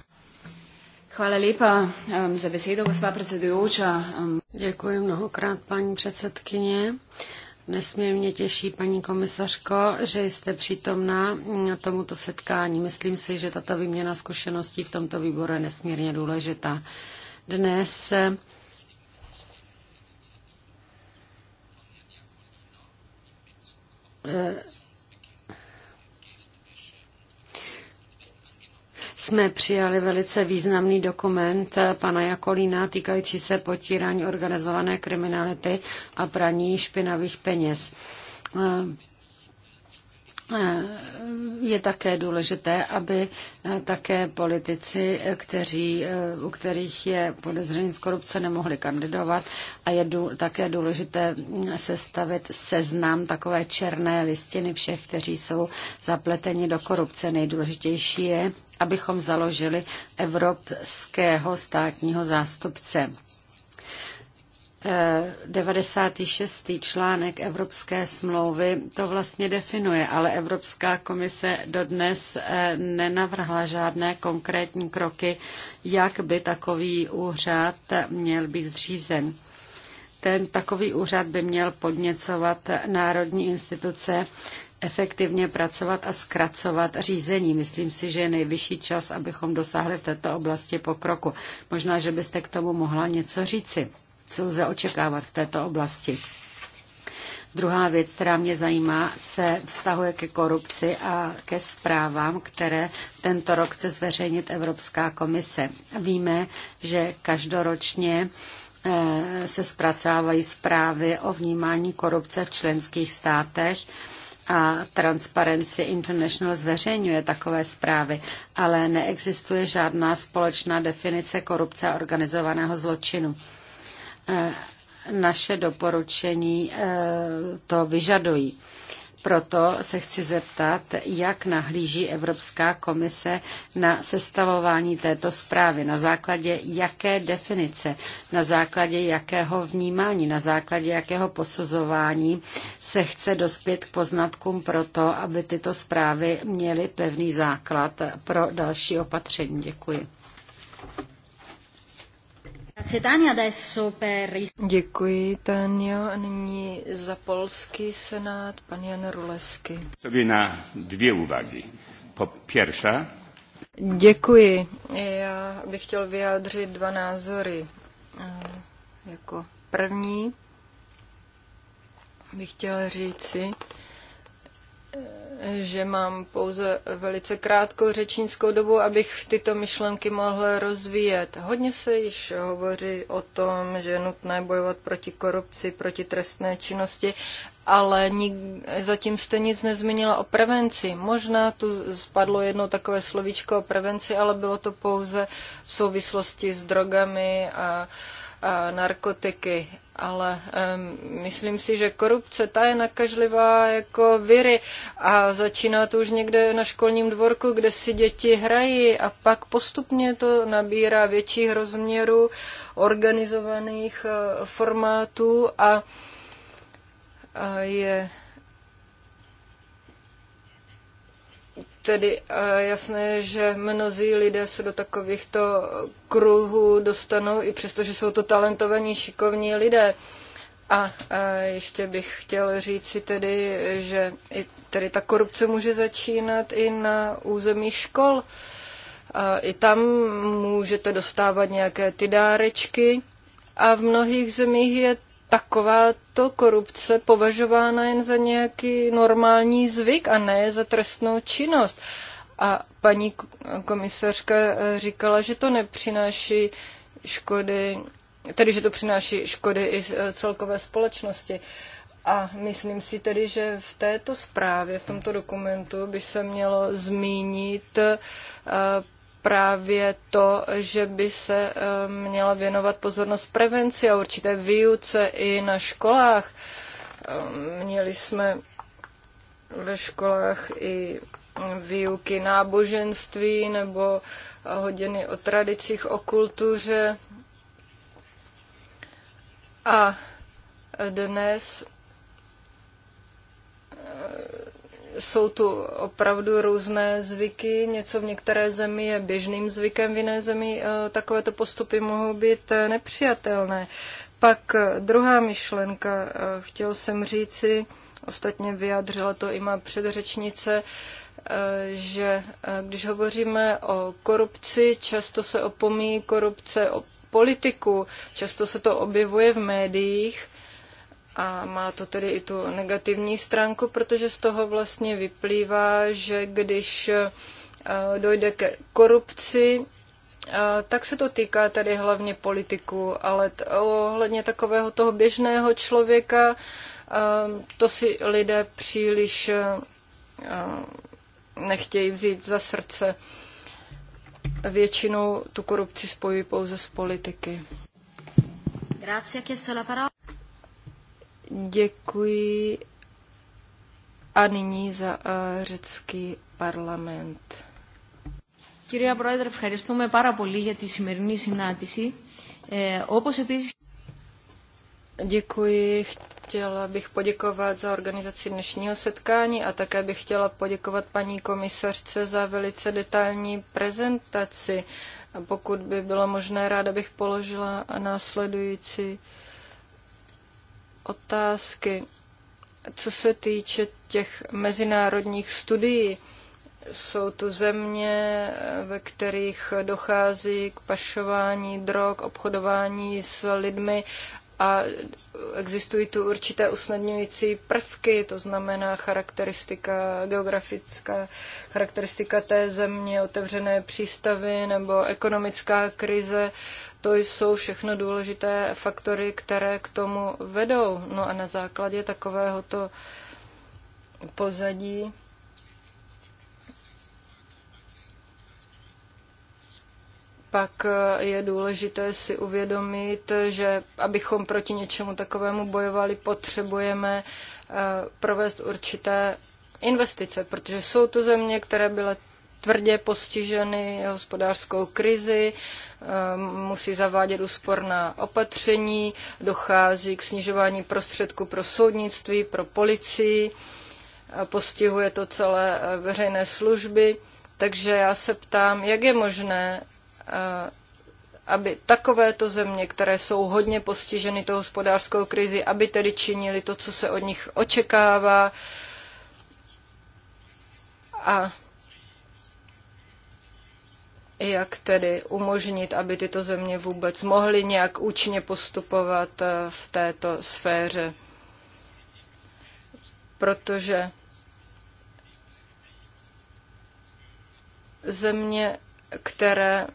Speaker 1: Hvala lepa
Speaker 3: um, za besedo, gospa predsedujoča. Um. Děkuji mnohokrát, paní předsedkyně. Nesmírně těší, paní komisařko, že jste přítomná tomuto setkání. Myslím si, že tato výměna zkušeností v tomto výboru je nesmírně důležitá. Dnes eh, jsme přijali velice významný dokument eh, pana Jakolína týkající se potírání organizované kriminality a praní špinavých peněz. Eh, eh, je také důležité, aby také politici, kteří, u kterých je podezření z korupce, nemohli kandidovat a je dů, také důležité mm, sestavit seznam takové černé listiny všech, kteří jsou zapleteni do korupce. Nejdůležitější je, abychom založili evropského státního zástupce. 96. Eh, článek Evropské smlouvy to vlastně definuje, ale Evropská komise dodnes eh, nenavrhla žádné konkrétní kroky, jak by takový úřad měl být zřízen. Ten takový úřad by měl podněcovat národní instituce efektivně pracovat a zkracovat řízení. Myslím si, že je nejvyšší čas, abychom dosáhli v této oblasti pokroku. Možná, že byste k tomu mohla něco říci. Co lze očekávat v této oblasti? Druhá věc, která mě zajímá, se vztahuje ke korupci a ke zprávám, které tento rok chce zveřejnit Evropská komise. Víme, že každoročně eh, se zpracávají zprávy o vnímání korupce v členských státech a Transparency International zveřejňuje takové zprávy, ale neexistuje žádná společná definice korupce a organizovaného zločinu. Eh, naše doporučení eh, to vyžadují. Proto se chci zeptat, jak nahlíží Evropská komise na sestavování této zprávy, na základě jaké definice, na základě jakého vnímání, na základě jakého posuzování se chce dospět k poznatkům pro to, aby tyto zprávy měly pevný základ pro další opatření. Děkuji.
Speaker 1: Děkuji, Tania. A nyní za polský senát pan Jan Rulesky.
Speaker 2: Sobie na dvě úvahy. Po pierwsza...
Speaker 1: Děkuji. Já bych chtěl vyjádřit dva názory. Jako první bych chtěl říci, že mám pouze velice krátkou řečnickou dobu, abych tyto myšlenky mohl rozvíjet. Hodně se již hovoří o tom, že je nutné bojovat proti korupci, proti trestné činnosti, ale nik, zatím jste nic nezmínila o prevenci. Možná tu spadlo jedno takové slovíčko o prevenci, ale bylo to pouze v souvislosti s drogami a uh, narkotiky, ale myslím si, že korupce ta je nakažlivá jako viry a začíná to už někde na školním dvorku, kde si děti hrají a pak postupně to nabírá větších rozměrů, organizovaných eh, formátů a je Tedy jasné, že mnozí lidé se do takovýchto kruhů dostanou, i přesto, že jsou to talentovaní, šikovní lidé. A, ještě bych chtěl říct si tedy, že i tedy ta korupce může začínat i na území škol. A I tam můžete dostávat nějaké ty dárečky. A v mnohých zemích je takováto korupce považována jen za nějaký normální zvyk a ne za trestnou činnost. A paní komisařka eh, říkala, že to nepřináší škody, tedy že to přináší škody i eh, celkové společnosti. A myslím si tedy, že v této zprávě, v tomto dokumentu by se mělo zmínit eh, právě to, že by se eh, měla věnovat pozornost prevenci a určité výuce i na školách. Eh, měli jsme ve školách i výuky náboženství nebo hodiny o tradicích, o kultuře. A dnes eh, jsou tu opravdu různé zvyky, něco v některé zemi je běžným zvykem, v jiné zemi eh, takovéto postupy mohou být eh, nepřijatelné. Pak eh, druhá myšlenka, chtěl jsem říci, ostatně vyjádřila to i má předřečnice, že když hovoříme o korupci, často se opomíjí korupce o politiku, často se to objevuje v médiích, a má to tedy i tu negativní stránku, protože z toho vlastně vyplývá, že když eh, dojde ke korupci, eh, tak se to týká tady hlavně politiků, ale ohledně takového toho běžného člověka, eh, to si lidé příliš nechtějí vzít za srdce. Většinou tu korupci spojují pouze s politiky. Děkuji a nyní za uh, řecký parlament. Κυρία Πρόεδρε, ευχαριστούμε πάρα πολύ για τη σημερινή συνάντηση. Ε, όπως επίσης... Děkuji. Chtěla bych poděkovat za organizaci dnešního setkání a také bych chtěla poděkovat paní komisařce za velice detailní prezentaci. A pokud by bylo možné, ráda bych položila následující otázky. Co se týče těch mezinárodních studií, jsou tu země, ve kterých dochází k pašování drog, obchodování s lidmi a existují tu určité usnadňující prvky, to znamená charakteristika geografická, charakteristika té země, otevřené přístavy nebo ekonomická krize. To jsou všechno důležité faktory, které k tomu vedou. No a na základě takovéhoto pozadí pak eh, je důležité si uvědomit, že abychom proti něčemu takovému bojovali, potřebujeme eh, provést určité investice, protože jsou tu země, které byly tvrdě postiženy hospodářskou krizi, eh, musí zavádět úsporná opatření, dochází k snižování prostředků pro soudnictví, pro policii, postihuje to celé veřejné služby. Takže já se ptám, jak je možné, Eh, aby takovéto země, které jsou hodně postiženy tou hospodářskou krizi, aby tedy činili to, co se od nich očekává. A jak tedy umožnit, aby tyto země vůbec mohly nějak účinně postupovat eh, v této sféře. Protože země, které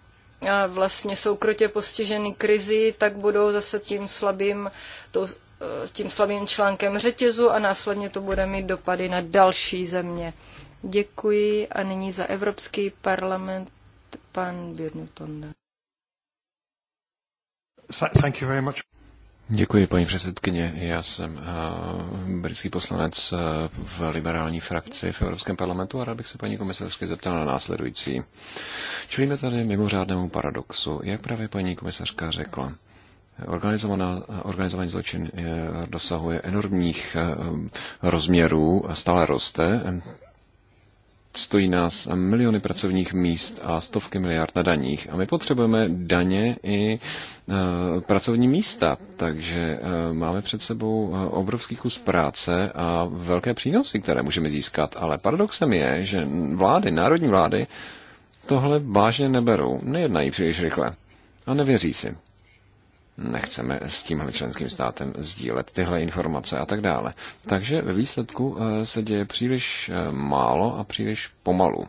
Speaker 1: vlastně soukrotě postiženy krizi, tak budou zase tím slabým, to, eh, tím slabým článkem řetězu a následně to bude mít dopady na další země. Děkuji a nyní za Evropský parlament pan Birnutonda.
Speaker 2: Thank you very much. Děkuji, paní předsedkyně. Já jsem uh, britský poslanec uh, v liberální frakci v Evropském parlamentu a rád bych se paní komisařky zeptal na následující. Čelíme tady mimořádnému paradoxu. Jak právě paní komisařka řekla, Organizovaná, organizovaný zločin eh, dosahuje enormních rozměrů a stále roste. Stojí nás miliony pracovních míst a stovky miliard na daních. A my potřebujeme daně i e, pracovní místa. Takže e, máme před sebou e, obrovský kus práce a velké přínosy, které můžeme získat. Ale paradoxem je, že vlády, národní vlády, tohle vážně neberou, nejednají příliš rychle a nevěří si nechceme s tímhle členským státem sdílet tyhle informace a tak dále. Takže ve výsledku eh, se děje příliš eh, málo a příliš pomalu.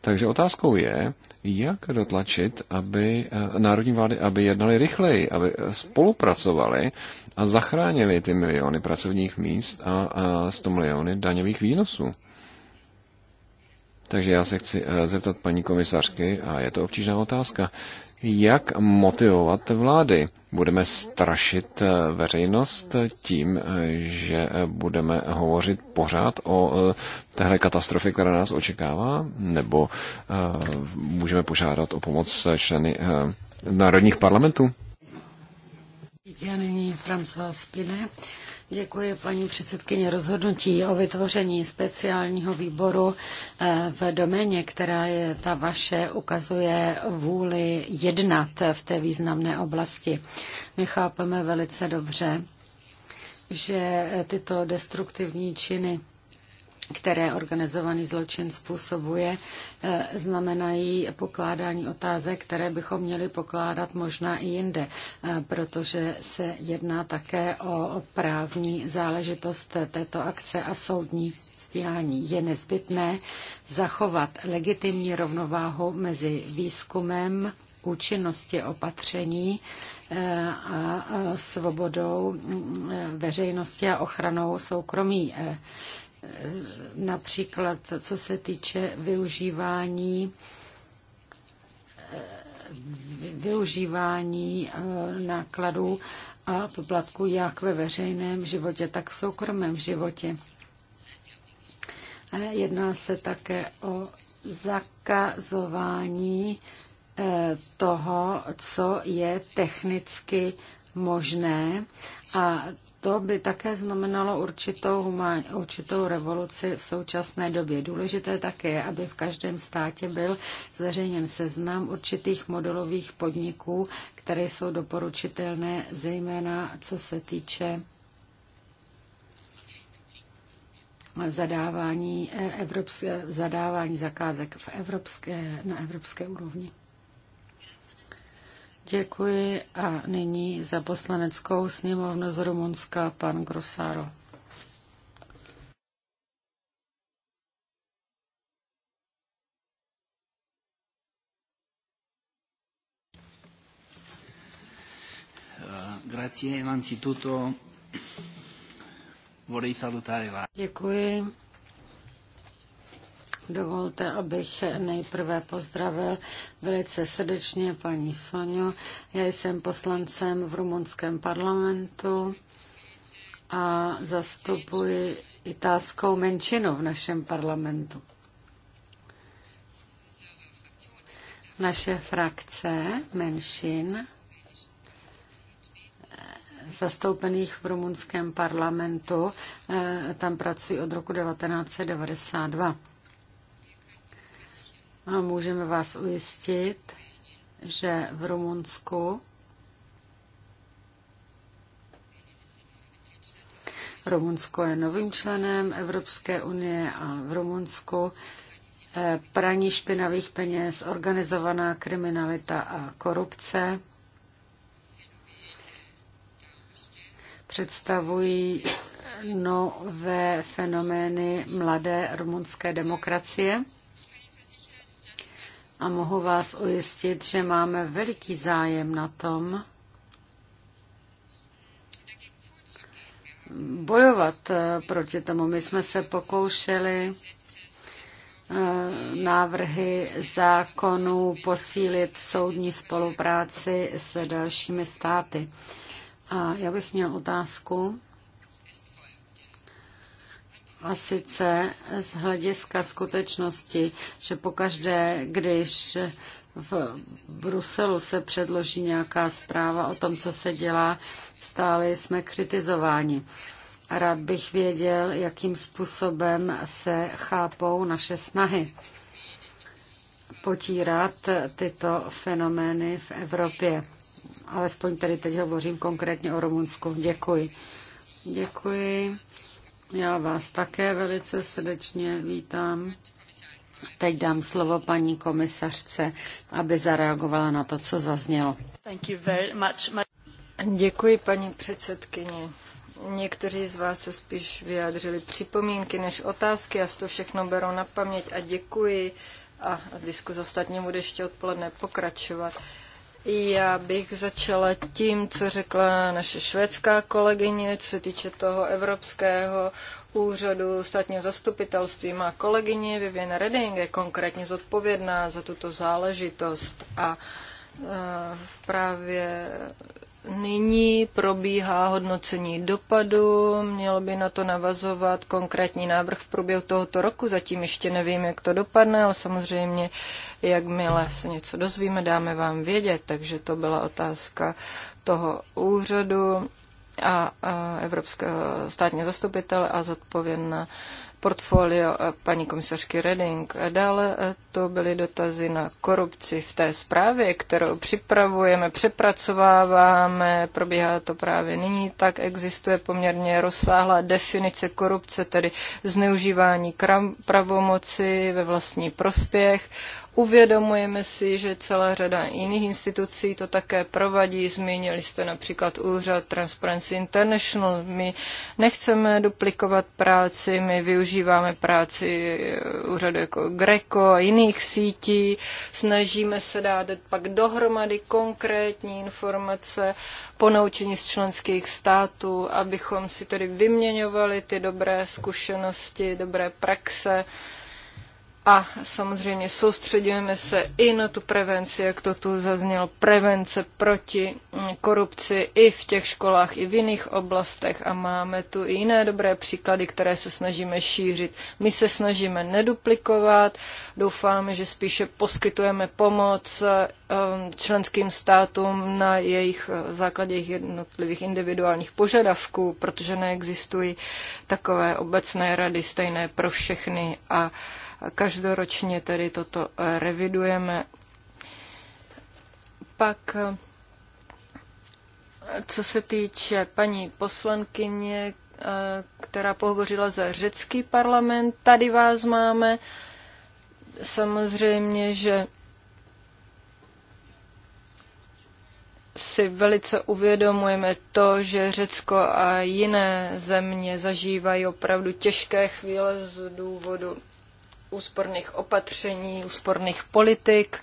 Speaker 2: Takže otázkou je, jak dotlačit, aby eh, národní vlády aby jednali rychleji, aby spolupracovali a zachránili ty miliony pracovních míst a, a 100 miliony daňových výnosů. Takže já se chci zeptat paní komisařky, a je to obtížná otázka, jak motivovat vlády. Budeme strašit eh, veřejnost tím, eh, že eh, budeme hovořit pořád o téhle katastrofě, která nás očekává, nebo můžeme požádat o pomoc členy národních parlamentů?
Speaker 3: Já nyní François Spine. Děkuji, paní předsedkyně. Rozhodnutí o vytvoření speciálního výboru eh, v doméně, která je ta vaše, ukazuje vůli jednat v té významné oblasti. My chápeme velice dobře, že tyto destruktivní činy které organizovaný zločin způsobuje, eh, znamenají pokládání otázek, které bychom měli pokládat možná i jinde, eh, protože se jedná také o právní záležitost této akce a soudní stíhání. Je nezbytné zachovat legitimní rovnováhu mezi výzkumem, účinnosti opatření eh, a svobodou mm, veřejnosti a ochranou soukromí například co se týče využívání využívání eh, nákladů a poplatků jak ve veřejném životě, tak v soukromém životě. Jedná se také o zakazování eh, toho, co je technicky možné a to by také znamenalo určitou, humán, určitou revoluci v současné době. Důležité také aby v každém státě byl zveřejněn seznam určitých modelových podniků, které jsou doporučitelné, zejména co se týče zadávání, eh, evropské, zadávání zakázek v evropské, na evropské úrovni. Děkuji a nyní za poslaneckou sněmovnu z Rumunska pan Grosaro.
Speaker 1: Eh, grazie, innanzitutto
Speaker 2: vorrei salutare la...
Speaker 3: Děkuji. Dovolte, abych nejprve pozdravil velice srdečně paní Soňu. Já jsem poslancem v rumunském parlamentu a zastupuji italskou menšinu v našem parlamentu. Naše frakce menšin zastoupených v rumunském parlamentu eh, tam pracují od roku 1992. A můžeme vás ujistit, že v Rumunsku Rumunsko je novým členem Evropské unie a v Rumunsku eh, praní špinavých peněz, organizovaná kriminalita a korupce představují nové fenomény mladé rumunské demokracie a mohu vás ujistit, že máme veliký zájem na tom, bojovat eh, proti tomu. My jsme se pokoušeli eh, návrhy zákonů posílit soudní spolupráci s dalšími státy. A já bych měl otázku. A sice z hlediska skutečnosti, že pokaždé, když v Bruselu se předloží nějaká zpráva o tom, co se dělá, stále jsme kritizováni. Rád bych věděl, jakým způsobem se chápou naše snahy potírat tyto fenomény v Evropě. Alespoň tady teď hovořím konkrétně o Rumunsku. Děkuji. Děkuji. Já vás také velice srdečně vítám. Teď dám slovo paní komisařce, aby zareagovala na to, co zaznělo.
Speaker 1: Děkuji, paní předsedkyně. Někteří z vás se spíš vyjádřili připomínky než otázky, já si to všechno beru na paměť a děkuji. A diskus ostatně bude ještě odpoledne pokračovat. Já bych začala tím, co řekla naše švédská kolegyně, co se týče toho Evropského úřadu státního zastupitelství. Má kolegyně Vivian Redding je konkrétně zodpovědná za tuto záležitost a e, právě Nyní probíhá hodnocení dopadu, mělo by na to navazovat konkrétní návrh v průběhu tohoto roku, zatím ještě nevím, jak to dopadne, ale samozřejmě, jakmile se něco dozvíme, dáme vám vědět, takže to byla otázka toho úřadu a, a Evropského státního zastupitele a zodpovědná portfolio eh, paní komisařky Reding. A dále eh, to byly dotazy na korupci v té zprávě, kterou připravujeme, přepracováváme, probíhá to právě nyní, tak existuje poměrně rozsáhlá definice korupce, tedy zneužívání pravomoci ve vlastní prospěch, Uvědomujeme si, že celá řada jiných institucí to také provadí. Zmínili jste například úřad Transparency International. My nechceme duplikovat práci, my využíváme práci eh, úřadu jako Greco a jiných sítí. Snažíme se dát pak dohromady konkrétní informace, po naučení z členských států, abychom si tedy vyměňovali ty dobré zkušenosti, dobré praxe a samozřejmě soustředujeme se i na tu prevenci, jak to tu zaznělo, prevence proti mm, korupci i v těch školách, i v jiných oblastech a máme tu i jiné dobré příklady, které se snažíme šířit. My se snažíme neduplikovat, doufáme, že spíše poskytujeme pomoc Um, členským státům na jejich uh, základě jejich jednotlivých individuálních požadavků, protože neexistují takové obecné rady stejné pro všechny a každoročně tedy toto uh, revidujeme. Pak uh, co se týče paní poslankyně, která pohovořila za řecký parlament, tady vás máme. Samozřejmě, že si velice uvědomujeme to, že Řecko a jiné země zažívají opravdu těžké chvíle z důvodu úsporných opatření, úsporných politik.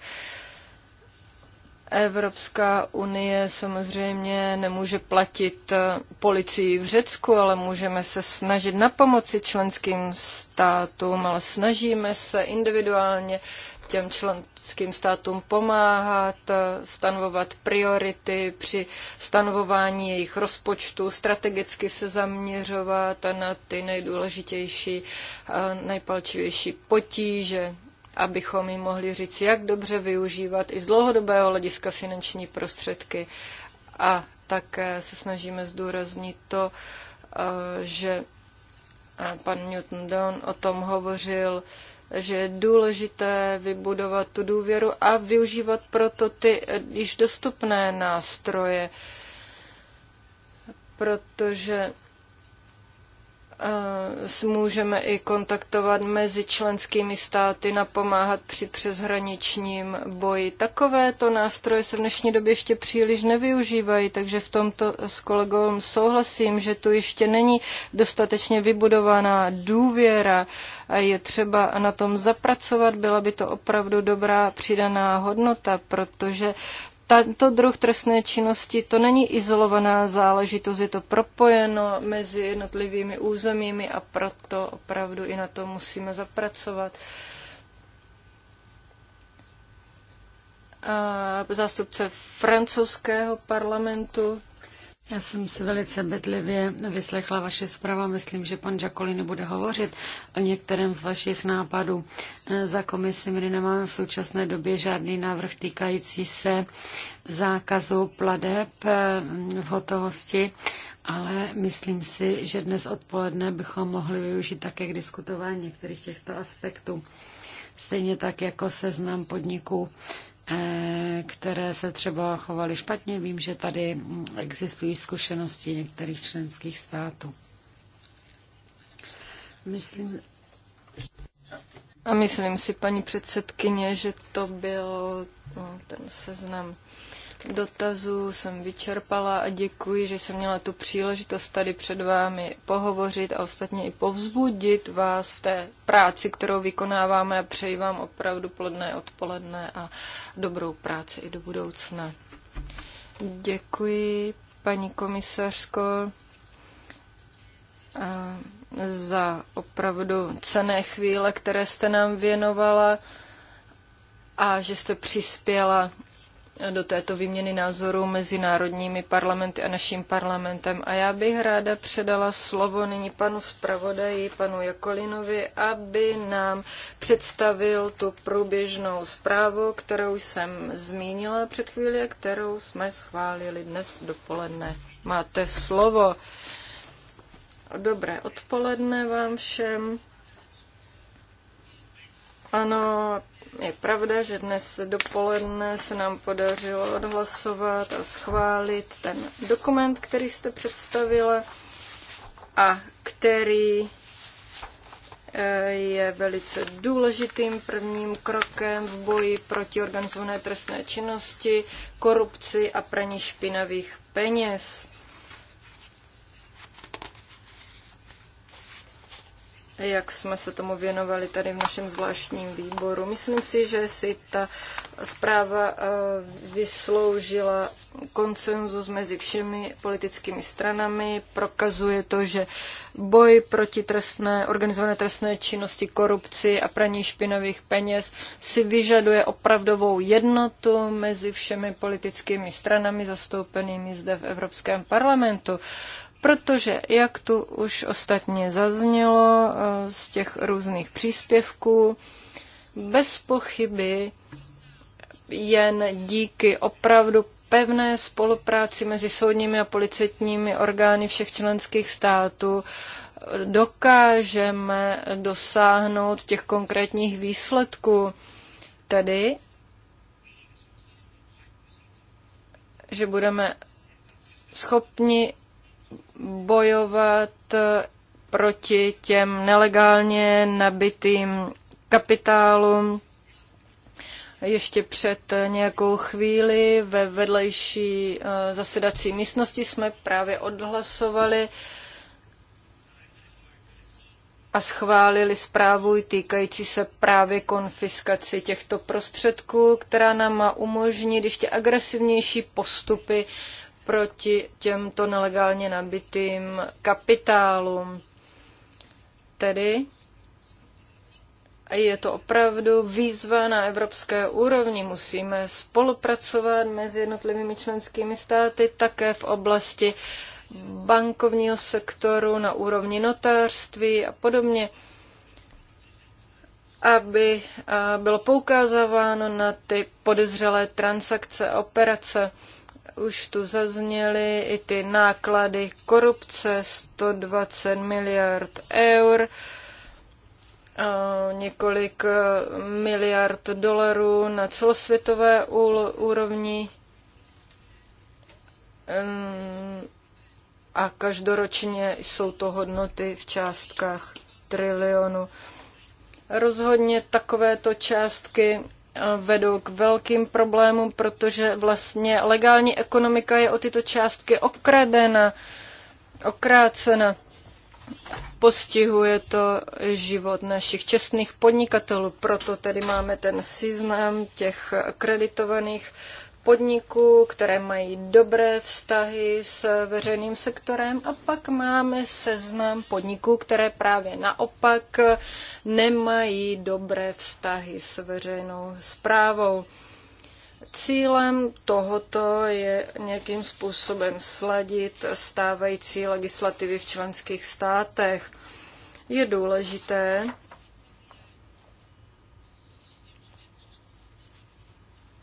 Speaker 1: Evropská unie samozřejmě nemůže platit eh, policii v Řecku, ale můžeme se snažit na pomoci členským státům, ale snažíme se individuálně těm členským státům pomáhat, eh, stanovovat priority při stanovování jejich rozpočtu, strategicky se zaměřovat na ty nejdůležitější, nejpalčivější potíže, abychom jim mohli říct, jak dobře využívat i z dlouhodobého hlediska finanční prostředky. A také se snažíme zdůraznit to, eh, že eh, pan Newton Don o tom hovořil, že je důležité vybudovat tu důvěru a využívat proto ty eh, již dostupné nástroje, protože můžeme i kontaktovat mezi členskými státy, napomáhat při přeshraničním boji. Takovéto nástroje se v dnešní době ještě příliš nevyužívají, takže v tomto s kolegou souhlasím, že tu ještě není dostatečně vybudovaná důvěra a je třeba na tom zapracovat. Byla by to opravdu dobrá přidaná hodnota, protože tento druh trestné činnosti to není izolovaná záležitost, je to propojeno mezi jednotlivými územími a proto opravdu i na to musíme zapracovat. A zástupce francouzského parlamentu
Speaker 3: já jsem si velice bedlivě vyslechla vaše zpráva. Myslím, že pan Žakolin bude hovořit o některém z vašich nápadů. E, za komisi my nemáme v současné době žádný návrh týkající se zákazu pladeb e, v hotovosti, ale myslím si, že dnes odpoledne bychom mohli využít také k diskutování některých těchto aspektů. Stejně tak jako seznam podniků, Eh, které se třeba chovaly špatně. Vím, že tady existují zkušenosti některých členských států.
Speaker 1: Myslím, a myslím si, paní předsedkyně, že to byl no, ten seznam dotazů jsem vyčerpala a děkuji, že jsem měla tu příležitost tady před vámi pohovořit a ostatně i povzbudit vás v té práci, kterou vykonáváme a přeji vám opravdu plodné odpoledne a dobrou práci i do budoucna. Děkuji, paní komisařko, za opravdu cené chvíle, které jste nám věnovala a že jste přispěla do této výměny názorů mezi národními parlamenty a naším parlamentem. A já bych ráda předala slovo nyní panu zpravodaji, panu Jakolinovi, aby nám představil tu průběžnou zprávu, kterou jsem zmínila před chvíli a kterou jsme schválili dnes dopoledne. Máte slovo. Dobré odpoledne vám všem. Ano, je pravda, že dnes dopoledne se nám podařilo odhlasovat a schválit ten dokument, který jste představila a který eh, je velice důležitým prvním krokem v boji proti organizované trestné činnosti, korupci a praní špinavých peněz. jak jsme se tomu věnovali tady v našem zvláštním výboru. Myslím si, že si ta zpráva eh, vysloužila koncenzus mezi všemi politickými stranami, prokazuje to, že boj proti trestné, organizované trestné činnosti, korupci a praní špinavých peněz si vyžaduje opravdovou jednotu mezi všemi politickými stranami zastoupenými zde v Evropském parlamentu protože, jak tu už ostatně zaznělo eh, z těch různých příspěvků, bez pochyby jen díky opravdu pevné spolupráci mezi soudními a policetními orgány všech členských států dokážeme dosáhnout těch konkrétních výsledků, tedy že budeme schopni bojovat proti těm nelegálně nabitým kapitálům, ještě před nějakou chvíli ve vedlejší eh, zasedací místnosti jsme právě odhlasovali a schválili zprávu týkající se právě konfiskaci těchto prostředků, která nám má umožnit ještě agresivnější postupy proti těmto nelegálně nabitým kapitálům. Tedy je to opravdu výzva na evropské úrovni. Musíme spolupracovat mezi jednotlivými členskými státy také v oblasti bankovního sektoru, na úrovni notářství a podobně, aby bylo poukázáváno na ty podezřelé transakce a operace. Už tu zazněly i ty náklady korupce 120 miliard eur několik e, miliard dolarů na celosvětové úrovni a každoročně jsou to hodnoty v částkách trilionu. Rozhodně takovéto částky e, vedou k velkým problémům, protože vlastně legální ekonomika je o tyto částky okradena, okrácena postihuje to život našich čestných podnikatelů. Proto tedy máme ten seznam těch kreditovaných podniků, které mají dobré vztahy s veřejným sektorem a pak máme seznam podniků, které právě naopak nemají dobré vztahy s veřejnou zprávou. Cílem tohoto je nějakým způsobem sladit stávající legislativy v členských státech. Je důležité,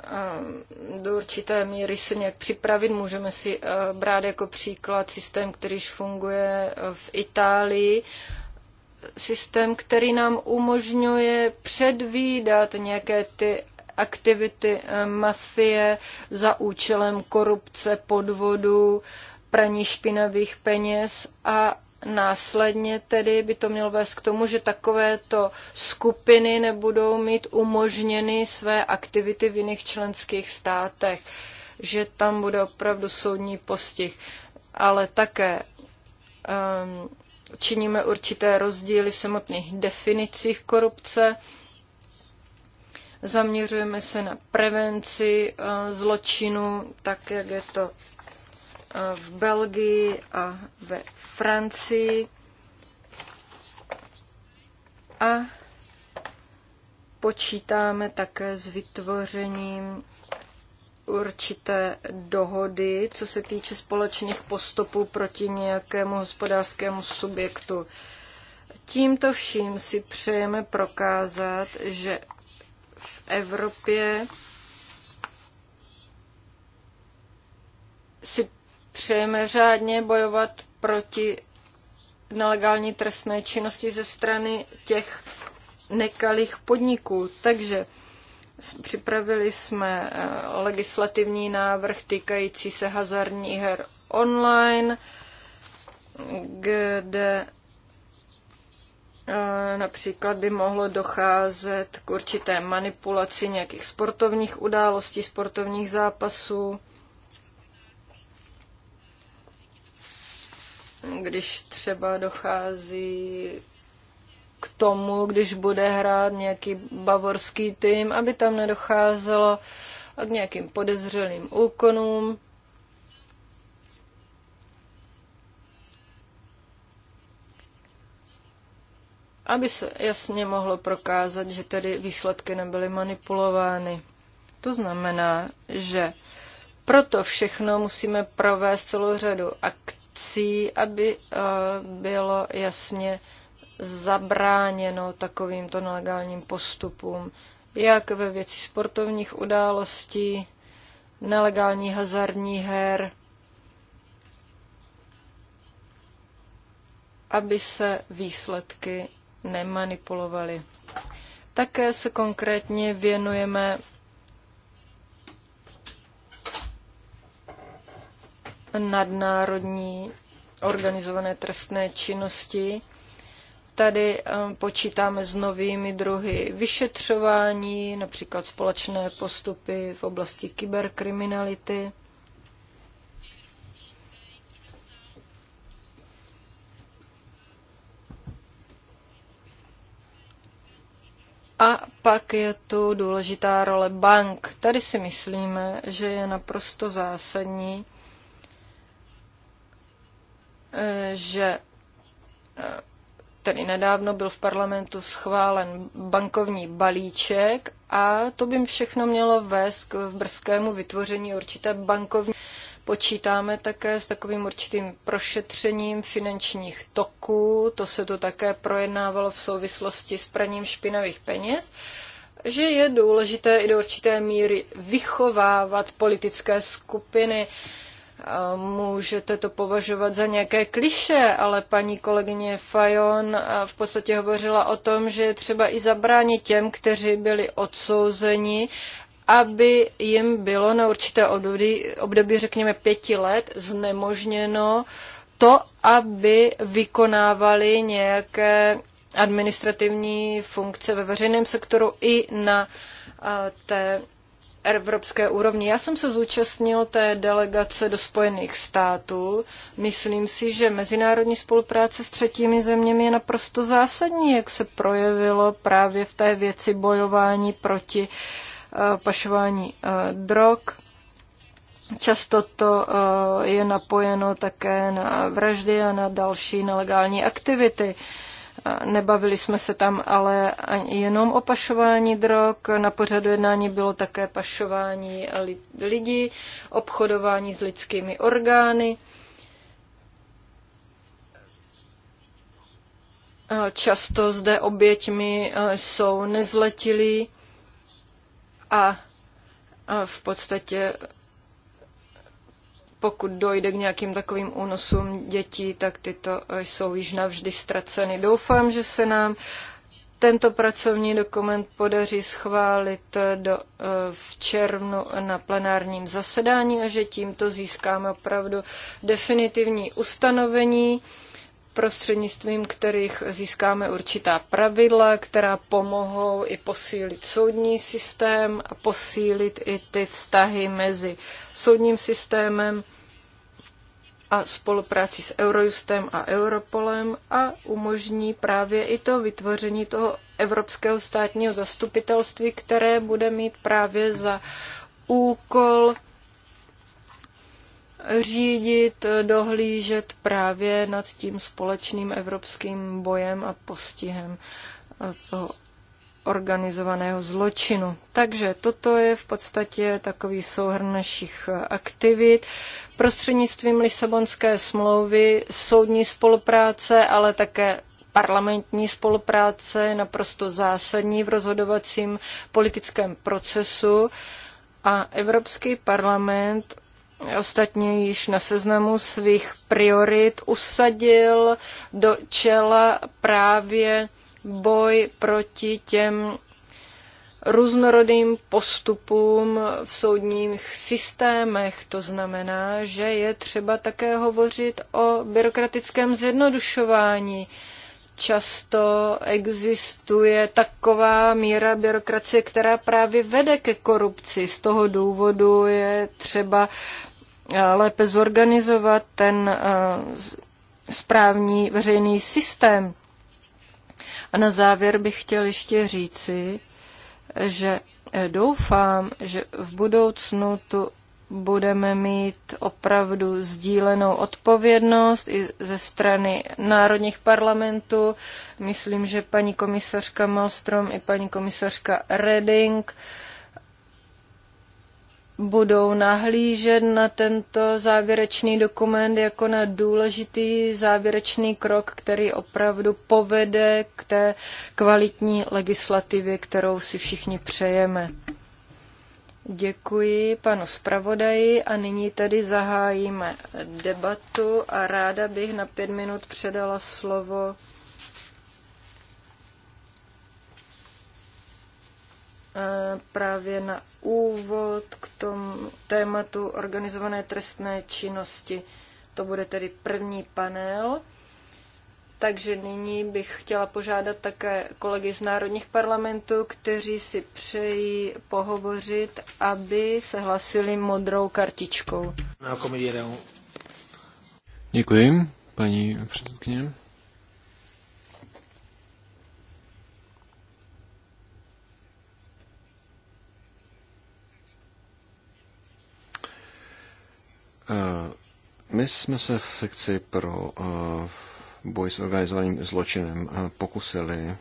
Speaker 1: ehm, do určité míry se nějak připravit. Můžeme si eh, brát jako příklad systém, kterýž funguje eh, v Itálii, systém, který nám umožňuje předvídat nějaké ty aktivity eh, mafie za účelem korupce, podvodu, praní špinavých peněz a Následně tedy by to mělo vést k tomu, že takovéto skupiny nebudou mít umožněny své aktivity v jiných členských státech, že tam bude opravdu soudní postih. Ale také um, činíme určité rozdíly v samotných definicích korupce. Zaměřujeme se na prevenci eh, zločinu, tak jak je to eh, v Belgii a ve Francii. A počítáme také s vytvořením určité dohody, co se týče společných postupů proti nějakému hospodářskému subjektu. Tímto vším si přejeme prokázat, že v Evropě si přejeme řádně bojovat proti nelegální trestné činnosti ze strany těch nekalých podniků. Takže připravili jsme eh, legislativní návrh týkající se hazardních her online, kde Například by mohlo docházet k určité manipulaci nějakých sportovních událostí, sportovních zápasů. Když třeba dochází k tomu, když bude hrát nějaký bavorský tým, aby tam nedocházelo k nějakým podezřelým úkonům, aby se jasně mohlo prokázat, že tedy výsledky nebyly manipulovány. To znamená, že proto všechno musíme provést celou řadu akcí, aby eh, bylo jasně zabráněno takovýmto nelegálním postupům, jak ve věci sportovních událostí, nelegální hazardní her, aby se výsledky nemanipulovali. Také se konkrétně věnujeme nadnárodní organizované trestné činnosti. Tady eh, počítáme s novými druhy vyšetřování, například společné postupy v oblasti kyberkriminality. A pak je tu důležitá role bank. Tady si myslíme, že je naprosto zásadní, eh, že eh, tedy nedávno byl v parlamentu schválen bankovní balíček a to by všechno mělo vést k brzkému vytvoření určité bankovní Počítáme také s takovým určitým prošetřením finančních toků, to se to také projednávalo v souvislosti s praním špinavých peněz že je důležité i do určité míry vychovávat politické skupiny. Můžete to považovat za nějaké kliše, ale paní kolegyně Fajon v podstatě hovořila o tom, že je třeba i zabránit těm, kteří byli odsouzeni aby jim bylo na určité období, období řekněme pěti let, znemožněno to, aby vykonávali nějaké administrativní funkce ve veřejném sektoru i na té evropské úrovni. Já jsem se zúčastnil té delegace do Spojených států. Myslím si, že mezinárodní spolupráce s třetími zeměmi je naprosto zásadní, jak se projevilo právě v té věci bojování proti uh, Eh, pašování eh, drog. Často to eh, je napojeno také na vraždy a na další nelegální aktivity. Nebavili jsme se tam ale jenom o pašování drog. Na pořadu jednání bylo také pašování lidí, obchodování s lidskými orgány. Často zde oběťmi jsou nezletilí a v podstatě pokud dojde k nějakým takovým únosům dětí, tak tyto jsou již navždy ztraceny. Doufám, že se nám tento pracovní dokument podaří schválit do, v červnu na plenárním zasedání a že tímto získáme opravdu definitivní ustanovení prostřednictvím kterých získáme určitá pravidla, která pomohou i posílit soudní systém a posílit i ty vztahy mezi soudním systémem a spolupráci s Eurojustem a Europolem a umožní právě i to vytvoření toho evropského státního zastupitelství, které bude mít právě za úkol řídit, dohlížet právě nad tím společným evropským bojem a postihem toho organizovaného zločinu. Takže toto je v podstatě takový souhrn našich aktivit. Prostřednictvím Lisabonské smlouvy soudní spolupráce, ale také parlamentní spolupráce je naprosto zásadní v rozhodovacím politickém procesu a Evropský parlament ostatně již na seznamu svých priorit usadil do čela právě boj proti těm různorodým postupům v soudních systémech. To znamená, že je třeba také hovořit o byrokratickém zjednodušování. Často existuje taková míra byrokracie, která právě vede ke korupci. Z toho důvodu je třeba lépe zorganizovat ten eh, správní veřejný systém. A na závěr bych chtěl ještě říci, že eh, doufám, že v budoucnu tu budeme mít opravdu sdílenou odpovědnost i ze strany národních parlamentů. Myslím, že paní komisařka Malstrom i paní komisařka Reding uh, budou nahlížet na tento závěrečný dokument jako na důležitý závěrečný krok, který opravdu povede k té kvalitní legislativě, kterou si všichni přejeme. Děkuji panu zpravodaji a nyní tedy zahájíme debatu a ráda bych na pět minut předala slovo Eh, právě na úvod k tomu tématu organizované trestné činnosti. To bude tedy první panel. Takže nyní bych chtěla požádat také kolegy z národních parlamentů, kteří si přejí pohovořit, aby se hlasili modrou kartičkou.
Speaker 2: Děkuji, paní předsedkyně. Eh, my jsme se v sekci pro eh, boj s organizovaným zločinem eh, pokusili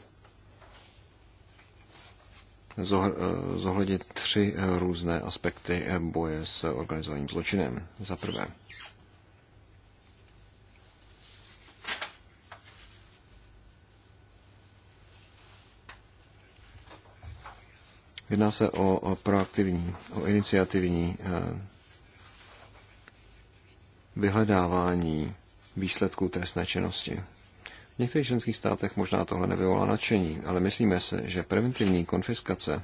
Speaker 2: zohlednit tři různé aspekty boje s organizovaným zločinem. Za prvé, Jedná se o, proaktivní, o iniciativní vyhledávání výsledků trestné činnosti. V některých členských státech možná tohle nevyvolá nadšení, ale myslíme se, že preventivní konfiskace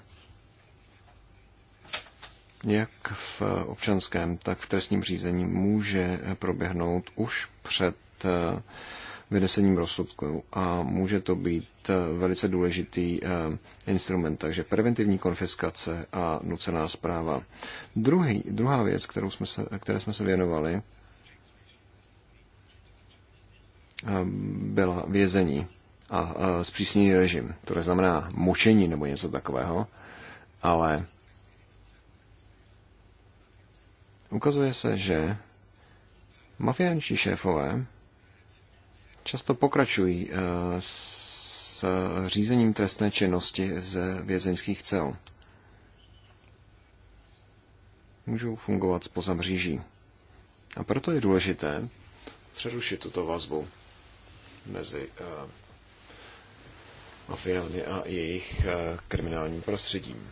Speaker 2: jak v občanském, tak v trestním řízení může proběhnout už před eh, vynesením rozsudku a může to být eh, velice důležitý eh, instrument, takže preventivní konfiskace a nucená zpráva. Druhý, druhá věc, kterou jsme se, které jsme se věnovali, byla vězení a zpřísněný režim. To neznamená mučení nebo něco takového, ale ukazuje se, že mafiánčí šéfové často pokračují eh, s řízením trestné činnosti z vězeňských cel. Můžou fungovat spoza mříží. A proto je důležité přerušit tuto vazbu mezi eh, mafiány a jejich eh, kriminálním prostředím.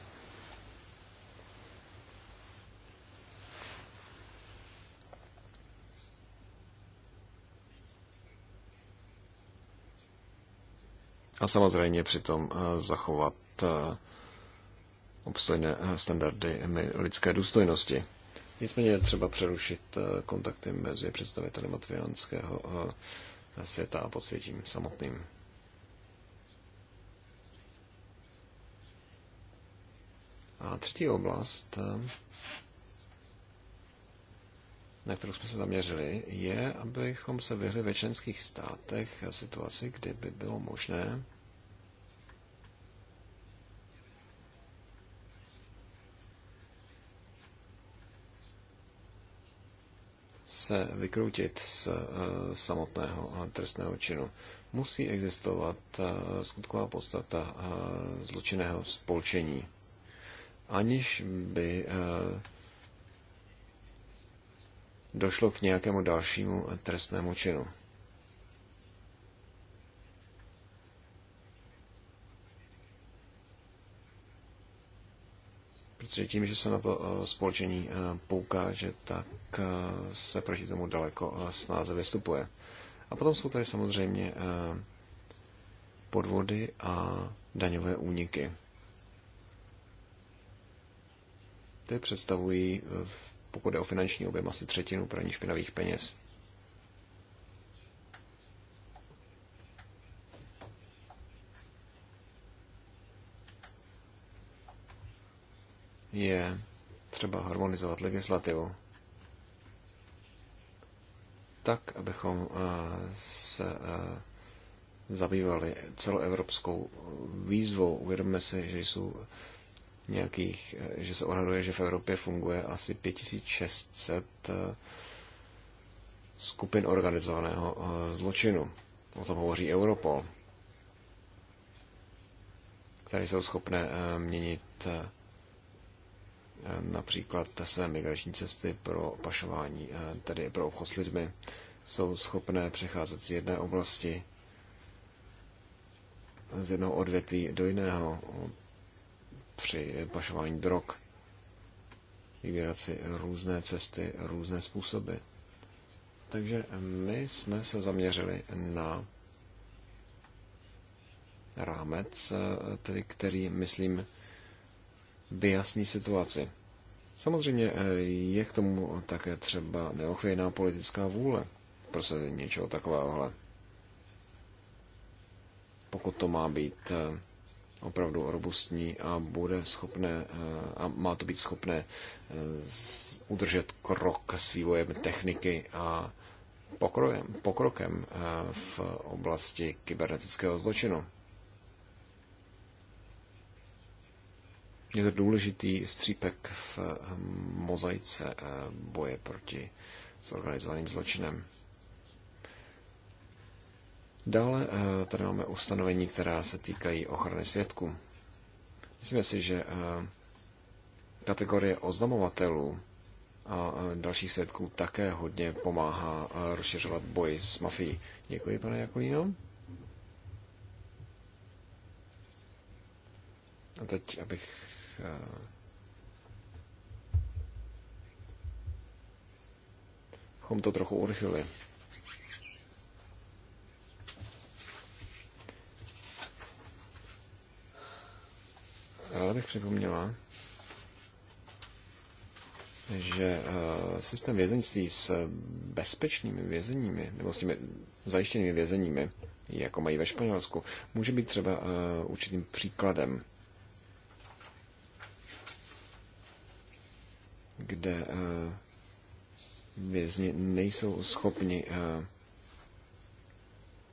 Speaker 2: A samozřejmě přitom eh, zachovat obstojné standardy lidské důstojnosti. Nicméně je třeba přerušit kontakty mezi představiteli matviánského světa a podsvětím samotným. A třetí oblast, na kterou jsme se zaměřili, je, abychom se vyhli ve členských státech situaci, kdy by bylo možné se vykroutit z eh, samotného eh, trestného činu. Musí existovat eh, skutková podstata zločinného spolčení, aniž by došlo k nějakému dalšímu trestnému činu. protože tím, že se na to eh, spolčení eh, poukáže, tak eh, se proti tomu daleko snáze vystupuje. A potom jsou tady samozřejmě podvody a daňové úniky. Ty představují, pokud je o finanční objem, asi třetinu praní špinavých peněz. je třeba harmonizovat legislativu tak, abychom eh, se eh, zabývali celoevropskou výzvou. Uvědomme si, že jsou nějakých, eh, že se odhaduje, že v Evropě funguje asi 5600 skupin organizovaného zločinu. O tom hovoří Europol, které jsou schopné měnit například své migrační cesty pro pašování, eh, tedy pro obchod s lidmi, jsou schopné přecházet z jedné oblasti, z jednoho odvětví do jiného při pašování drog, vybírat si různé cesty, různé způsoby. Takže my jsme se zaměřili na rámec, eh, tedy který, myslím, vyjasní situaci. Samozřejmě eh, je k tomu také třeba neochvějná politická vůle prosazení něčeho takového. Pokud to má být eh, opravdu robustní a bude schopné eh, a má to být schopné udržet krok s vývojem techniky a pokrojem, pokrokem v oblasti kybernetického zločinu. Je to důležitý střípek v eh, mozaice eh, boje proti zorganizovaným zločinem. Dále eh, tady máme ustanovení, která se týkají ochrany svědků. Myslím si, že kategorie oznamovatelů a dalších svědků také hodně pomáhá rozšiřovat boj s mafií. Děkuji, pane Jakolíno. A teď, abych Eh, Chom to trochu urychlili. Ráda bych připomněla, že eh, systém vězenství s bezpečnými vězeními, nebo s těmi zajištěnými vězeními, jako mají ve Španělsku, může být třeba eh, určitým příkladem kde eh, vězni nejsou schopni eh,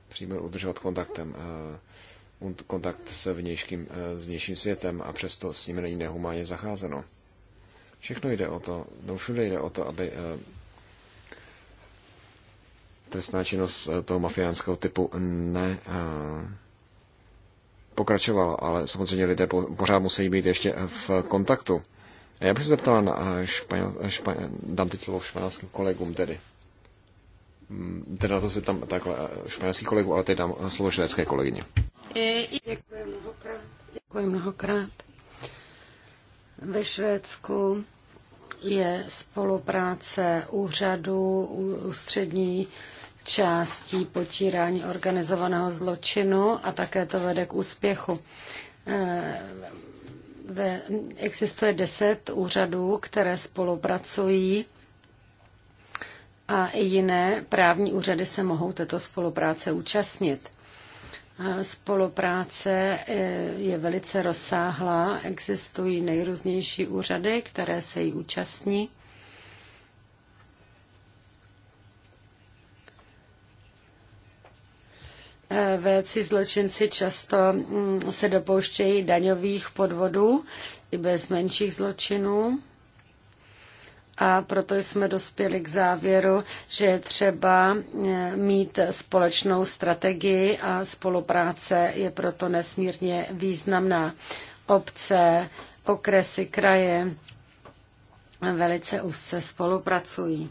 Speaker 2: přímo udržovat kontaktem, eh, kontakt s vnějším, s vnějším světem a přesto s nimi není nehumánně zacházeno. Všechno jde o to, no všude jde o to, aby trestná činnost toho mafiánského typu ne pokračovalo, ale samozřejmě lidé pořád musí být ještě v kontaktu. Já bych se zeptal na eh, španěl, eh, španěl, dám teď slovo španělským kolegům tedy. Mm, teda to se tam takhle eh, španělský kolegu, ale teď dám slovo švédské kolegyně.
Speaker 3: E, Děkuji mnohokrát. Děkuji mnohokrát. Ve Švédsku je spolupráce úřadu ústřední částí potírání organizovaného zločinu a také to vede k úspěchu ve, existuje deset úřadů, které spolupracují a i jiné právní úřady se mohou této spolupráce účastnit. Spolupráce e, je velice rozsáhlá, existují nejrůznější úřady, které se jí účastní Eh, Velcí zločinci často mm, se dopouštějí daňových podvodů i bez menších zločinů. A proto jsme dospěli k závěru, že je třeba eh, mít společnou strategii a spolupráce je proto nesmírně významná. Obce, okresy, kraje velice už se spolupracují.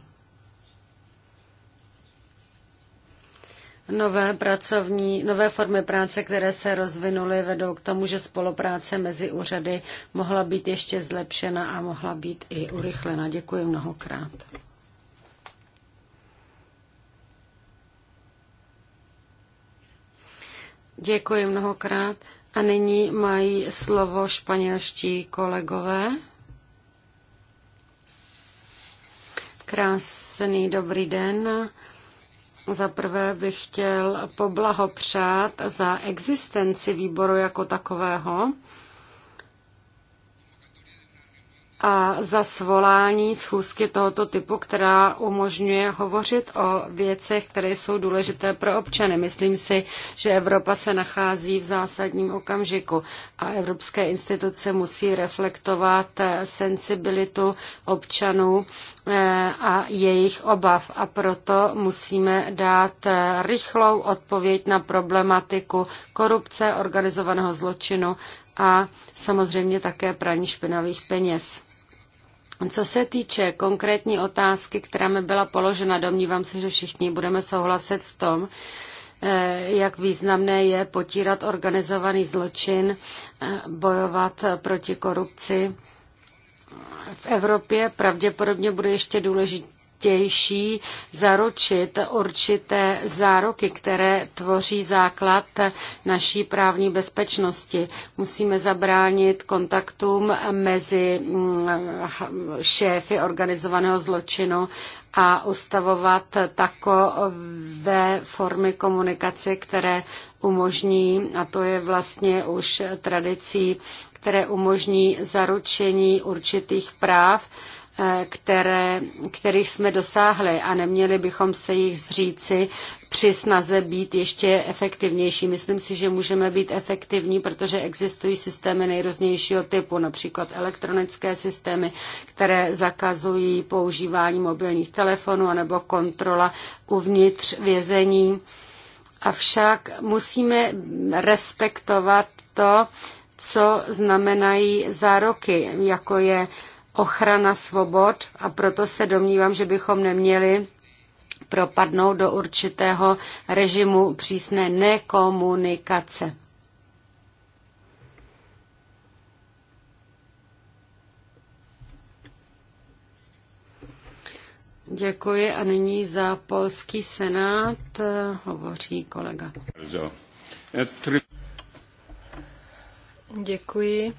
Speaker 3: Nové, pracovní, nové formy práce, které se rozvinuly, vedou k tomu, že spolupráce mezi úřady mohla být ještě zlepšena a mohla být i urychlena. Děkuji mnohokrát. Děkuji mnohokrát. A nyní mají slovo španělští kolegové. Krásný dobrý den. Za prvé bych chtěl poblahopřát za existenci výboru jako takového a za svolání schůzky tohoto typu, která umožňuje hovořit o věcech, které jsou důležité pro občany. Myslím si, že Evropa se nachází v zásadním okamžiku a evropské instituce musí reflektovat eh, sensibilitu občanů eh, a jejich obav. A proto musíme dát eh, rychlou odpověď na problematiku korupce, organizovaného zločinu a samozřejmě také praní špinavých peněz. Co se týče konkrétní otázky, která mi byla položena, domnívám se, že všichni budeme souhlasit v tom, eh, jak významné je potírat organizovaný zločin, eh, bojovat proti korupci. V Evropě pravděpodobně bude ještě důležit, složitější zaručit určité zároky, které tvoří základ naší právní bezpečnosti. Musíme zabránit kontaktům mezi mm, šéfy organizovaného zločinu a ustavovat takové formy komunikace, které umožní, a to je vlastně už tradicí, které umožní zaručení určitých práv, Eh, které, kterých jsme dosáhli a neměli bychom se jich zříci při snaze být ještě efektivnější. Myslím si, že můžeme být efektivní, protože existují systémy nejrůznějšího typu, například elektronické systémy, které zakazují používání mobilních telefonů anebo kontrola uvnitř vězení. Avšak musíme respektovat to, co znamenají zároky, jako je ochrana svobod a proto se domnívám, že bychom neměli propadnout do určitého režimu přísné nekomunikace. Děkuji a nyní za polský senát eh, hovoří kolega.
Speaker 1: Děkuji.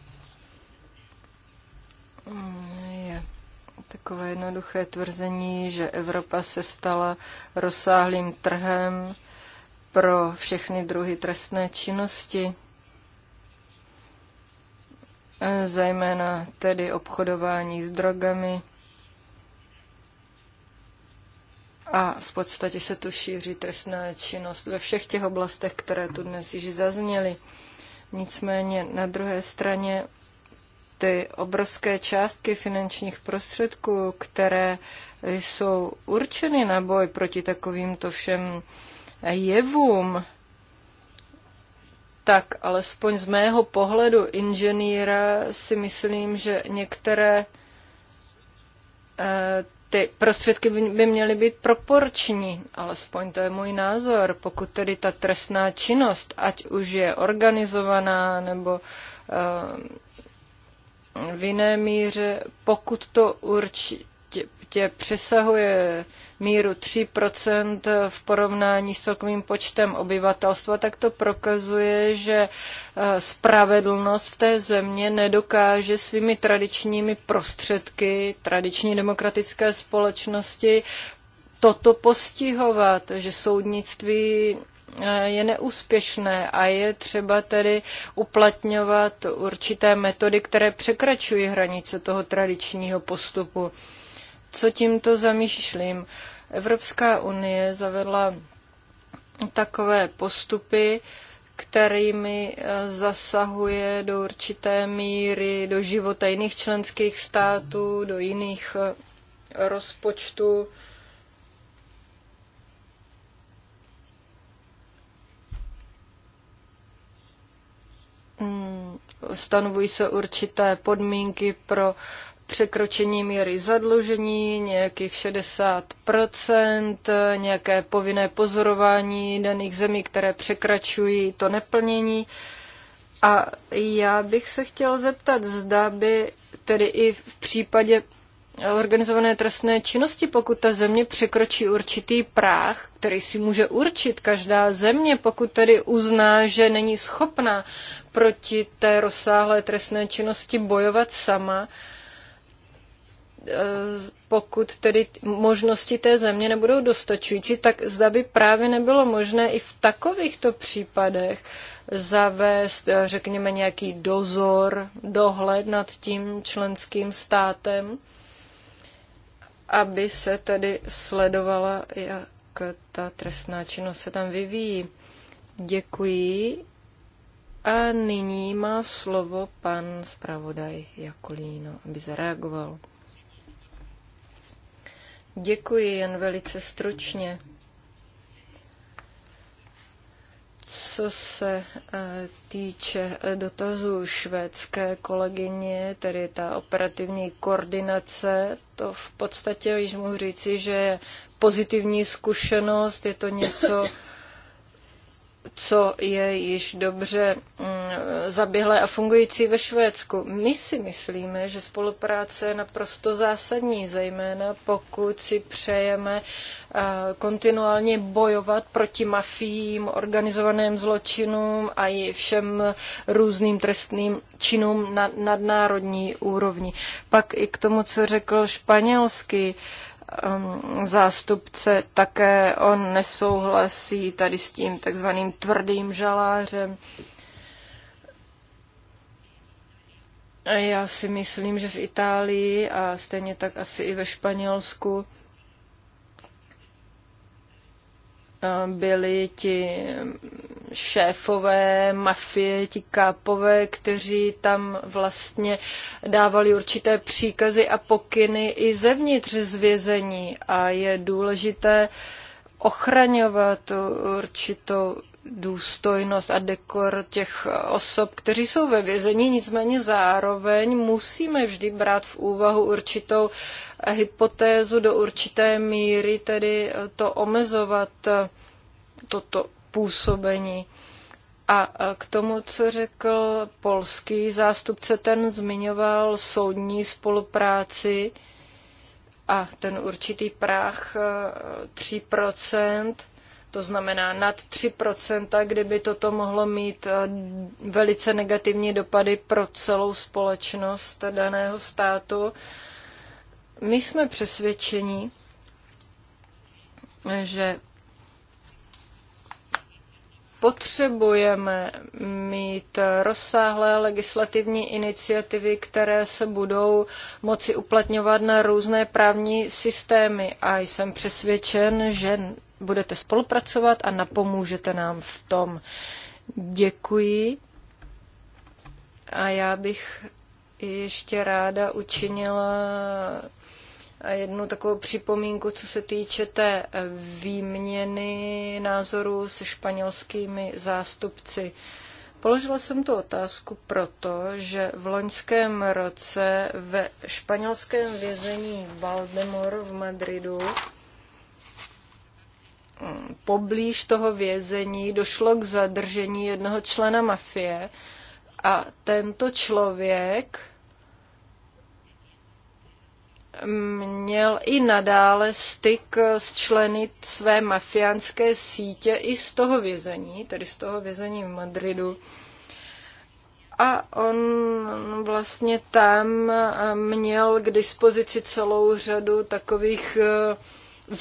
Speaker 1: Je takové jednoduché tvrzení, že Evropa se stala rozsáhlým trhem pro všechny druhy trestné činnosti, zejména tedy obchodování s drogami. A v podstatě se tu šíří trestná činnost ve všech těch oblastech, které tu dnes již zazněly. Nicméně na druhé straně ty obrovské částky finančních prostředků, které jsou určeny na boj proti takovýmto všem jevům, tak alespoň z mého pohledu inženýra si myslím, že některé eh, ty prostředky by měly být proporční, alespoň to je můj názor. Pokud tedy ta trestná činnost, ať už je organizovaná nebo eh, v jiné míře, pokud to určitě přesahuje míru 3% v porovnání s celkovým počtem obyvatelstva, tak to prokazuje, že eh, spravedlnost v té země nedokáže svými tradičními prostředky tradiční demokratické společnosti toto postihovat, že soudnictví Eh, je neúspěšné a je třeba tedy uplatňovat určité metody, které překračují hranice toho tradičního postupu. Co tímto zamýšlím? Evropská unie zavedla takové postupy, kterými eh, zasahuje do určité míry do života jiných členských států, do jiných eh, rozpočtů. Mm, stanovují se určité podmínky pro překročení míry zadlužení, nějakých 60%, nějaké povinné pozorování daných zemí, které překračují to neplnění. A já bych se chtěl zeptat, zda by tedy i v případě organizované trestné činnosti, pokud ta země překročí určitý práh, který si může určit každá země, pokud tedy uzná, že není schopna proti té rozsáhlé trestné činnosti bojovat sama, e, pokud tedy možnosti té země nebudou dostačující, tak zda by právě nebylo možné i v takovýchto případech zavést, e, řekněme, nějaký dozor, dohled nad tím členským státem, aby se tedy sledovala, jak ta trestná činnost se tam vyvíjí. Děkuji a nyní má slovo pan zpravodaj Jakolíno, aby zareagoval. Děkuji jen velice stručně. Co se e, týče e, dotazů švédské kolegyně, tedy ta operativní koordinace, to v podstatě již mohu říci, že je pozitivní zkušenost, je to něco, co je již dobře mm, zaběhlé a fungující ve Švédsku. My si myslíme, že spolupráce je naprosto zásadní, zejména pokud si přejeme eh, kontinuálně bojovat proti mafiím, organizovaným zločinům a i všem různým trestným činům na nadnárodní úrovni. Pak i k tomu, co řekl španělský uh, Um, zástupce také on nesouhlasí tady s tím takzvaným tvrdým žalářem. Já si myslím, že v Itálii a stejně tak asi i ve Španělsku byli ti šéfové mafie, ti kápové, kteří tam vlastně dávali určité příkazy a pokyny i zevnitř z vězení. A je důležité ochraňovat určitou důstojnost a dekor těch osob, kteří jsou ve vězení, nicméně zároveň musíme vždy brát v úvahu určitou hypotézu do určité míry, tedy eh, to omezovat eh, toto působení. A eh, k tomu, co řekl polský zástupce, ten zmiňoval soudní spolupráci a ten určitý práh 3%, to znamená nad 3%, kdyby toto mohlo mít velice negativní dopady pro celou společnost daného státu. My jsme přesvědčeni, že potřebujeme mít rozsáhlé legislativní iniciativy, které se budou moci uplatňovat na různé právní systémy. A jsem přesvědčen, že budete spolupracovat a napomůžete nám v tom. Děkuji. A já bych ještě ráda učinila jednu takovou připomínku, co se týče té eh, výměny názorů se španělskými zástupci. Položila jsem tu otázku proto, že v loňském roce ve španělském vězení Valdemor v Madridu mm, poblíž toho vězení došlo k zadržení jednoho člena mafie a tento člověk měl i nadále styk s členy své mafiánské sítě i z toho vězení, tedy z toho vězení v Madridu. A on vlastně tam eh, měl k dispozici celou řadu takových eh,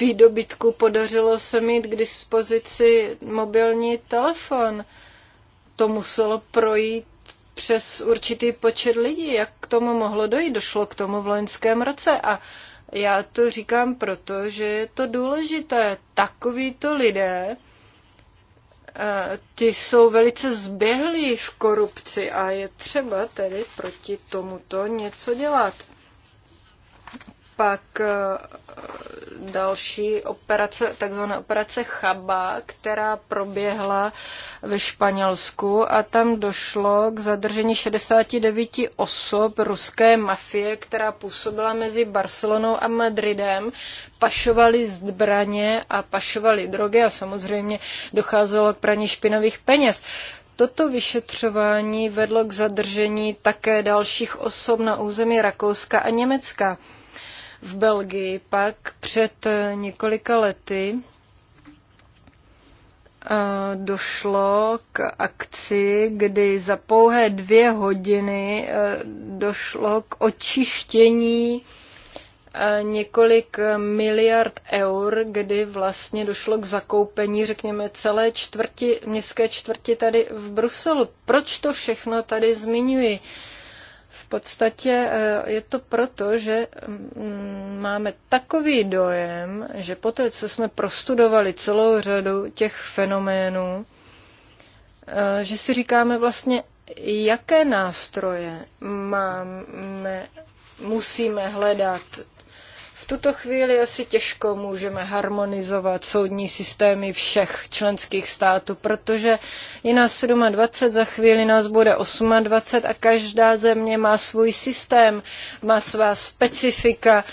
Speaker 1: výdobytků. Podařilo se mít k dispozici mobilní telefon. To muselo projít přes určitý počet lidí. Jak k tomu mohlo dojít? Došlo k tomu v loňském roce a já to říkám proto, že je to důležité. Takovýto lidé, eh, ti jsou velice zběhlí v korupci a je třeba tedy proti tomuto něco dělat pak eh, další operace, takzvaná operace Chaba, která proběhla ve Španělsku a tam došlo k zadržení 69 osob ruské mafie, která působila mezi Barcelonou a Madridem, pašovali zbraně a pašovali drogy a samozřejmě docházelo k praní špinavých peněz. Toto vyšetřování vedlo k zadržení také dalších osob na území Rakouska a Německa. V Belgii pak před několika lety eh, došlo k akci, kdy za pouhé dvě hodiny eh, došlo k očištění eh, několik miliard eur, kdy vlastně došlo k zakoupení, řekněme, celé čtvrti, městské čtvrti tady v Bruselu. Proč to všechno tady zmiňuji? podstatě eh, je to proto, že mm, máme takový dojem, že poté, co jsme prostudovali celou řadu těch fenoménů, eh, že si říkáme vlastně, jaké nástroje máme, musíme hledat tuto chvíli asi těžko můžeme harmonizovat soudní systémy všech členských států, protože je nás 27, za chvíli nás bude 28 a každá země má svůj systém, má svá specifika.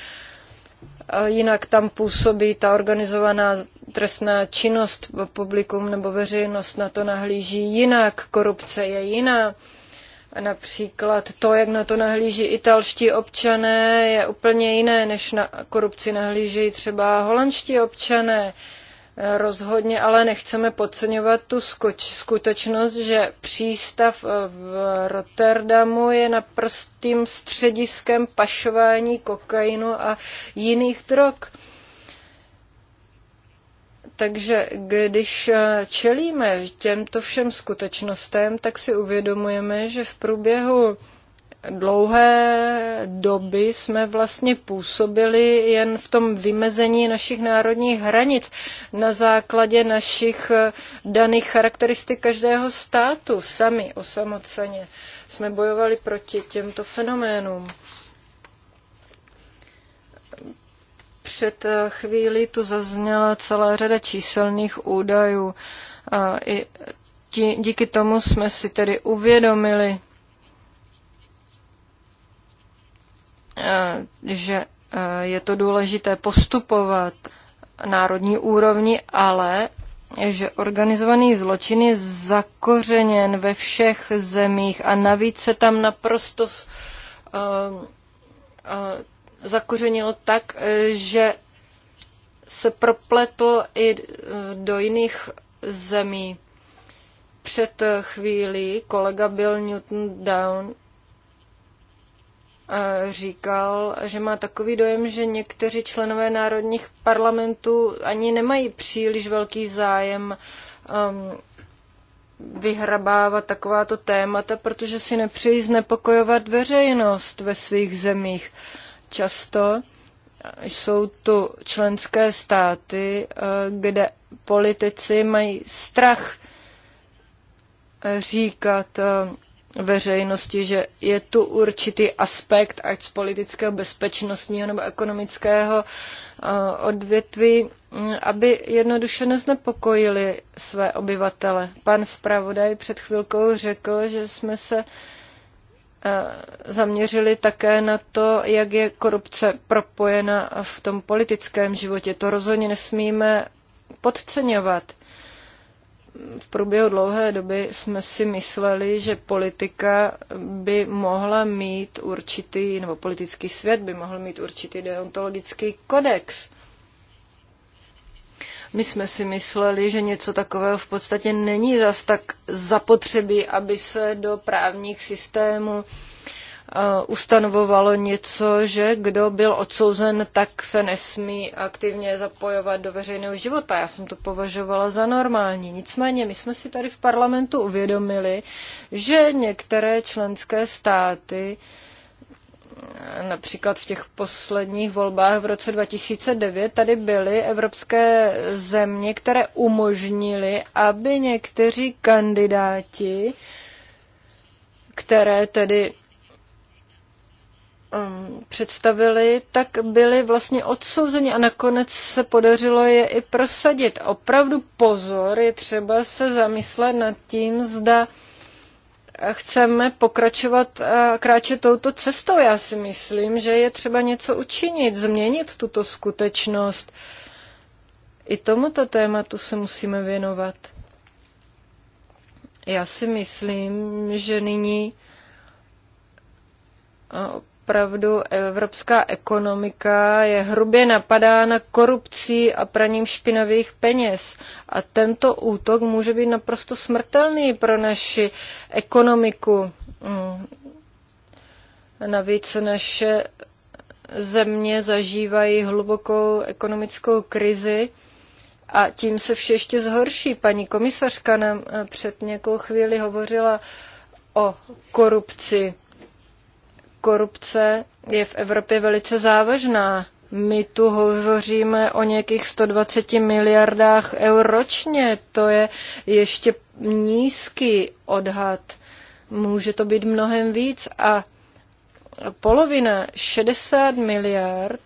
Speaker 1: Jinak tam působí ta organizovaná trestná činnost, publikum nebo veřejnost na to nahlíží jinak, korupce je jiná. Například to, jak na to nahlíží italští občané, je úplně jiné, než na korupci nahlížejí třeba holandští občané. Rozhodně ale nechceme podceňovat tu skutečnost, že přístav eh, v Rotterdamu je naprostým střediskem pašování kokainu a jiných drog. Takže když eh, čelíme těmto všem skutečnostem, tak si uvědomujeme, že v průběhu dlouhé doby jsme vlastně působili jen v tom vymezení našich národních hranic na základě našich eh, daných charakteristik každého státu, sami osamoceně. Jsme bojovali proti těmto fenoménům. Před eh, chvíli tu zazněla celá řada číselných údajů. A i tí, díky tomu jsme si tedy uvědomili, eh, že eh, je to důležité postupovat národní úrovni, ale že organizovaný zločin je zakořeněn ve všech zemích a navíc se tam naprosto uh, uh, zakořenilo tak, eh, že se propletl i eh, do jiných zemí. Před eh, chvílí kolega Bill Newton Down říkal, že má takový dojem, že někteří členové národních parlamentů ani nemají příliš velký zájem um, vyhrabávat takováto témata, protože si nepřejí znepokojovat veřejnost ve svých zemích. Uh, Často jsou tu členské státy, eh, kde politici mají strach eh, říkat eh, veřejnosti, že je tu určitý aspekt, ať z politického, bezpečnostního nebo ekonomického odvětví, mm, aby jednoduše neznepokojili své obyvatele. Pan zpravodaj před chvilkou řekl, že jsme se zaměřili také na to, jak je korupce propojena v tom politickém životě. To rozhodně nesmíme podceňovat. V průběhu dlouhé doby jsme si mysleli, že politika by mohla mít určitý, nebo politický svět by mohl mít určitý deontologický kodex. My jsme si mysleli, že něco takového v podstatě není zas tak zapotřebí, aby se do právních systémů uh, ustanovovalo něco, že kdo byl odsouzen, tak se nesmí aktivně zapojovat do veřejného života. Já jsem to považovala za normální. Nicméně my jsme si tady v parlamentu uvědomili, že některé členské státy uh, například v těch posledních volbách v roce 2009 tady byly evropské země, které umožnily, aby někteří kandidáti, které tedy um, představili, tak byli vlastně odsouzeni a nakonec se podařilo je i prosadit. Opravdu pozor, je třeba se zamyslet nad tím, zda chceme pokračovat a eh, kráčet touto cestou. Já si myslím, že je třeba něco učinit, změnit tuto skutečnost. I tomuto tématu se musíme věnovat. Já si myslím, že nyní eh, opravdu evropská ekonomika je hrubě napadána korupcí a praním špinavých peněz. A tento útok může být naprosto smrtelný pro naši ekonomiku. Mm. Navíc naše země zažívají hlubokou ekonomickou krizi a tím se vše ještě zhorší. Paní komisařka nám před nějakou chvíli hovořila o korupci korupce je v Evropě velice závažná. My tu hovoříme o nějakých 120 miliardách eur ročně. To je ještě nízký odhad. Může to být mnohem víc. A polovina, 60 miliard,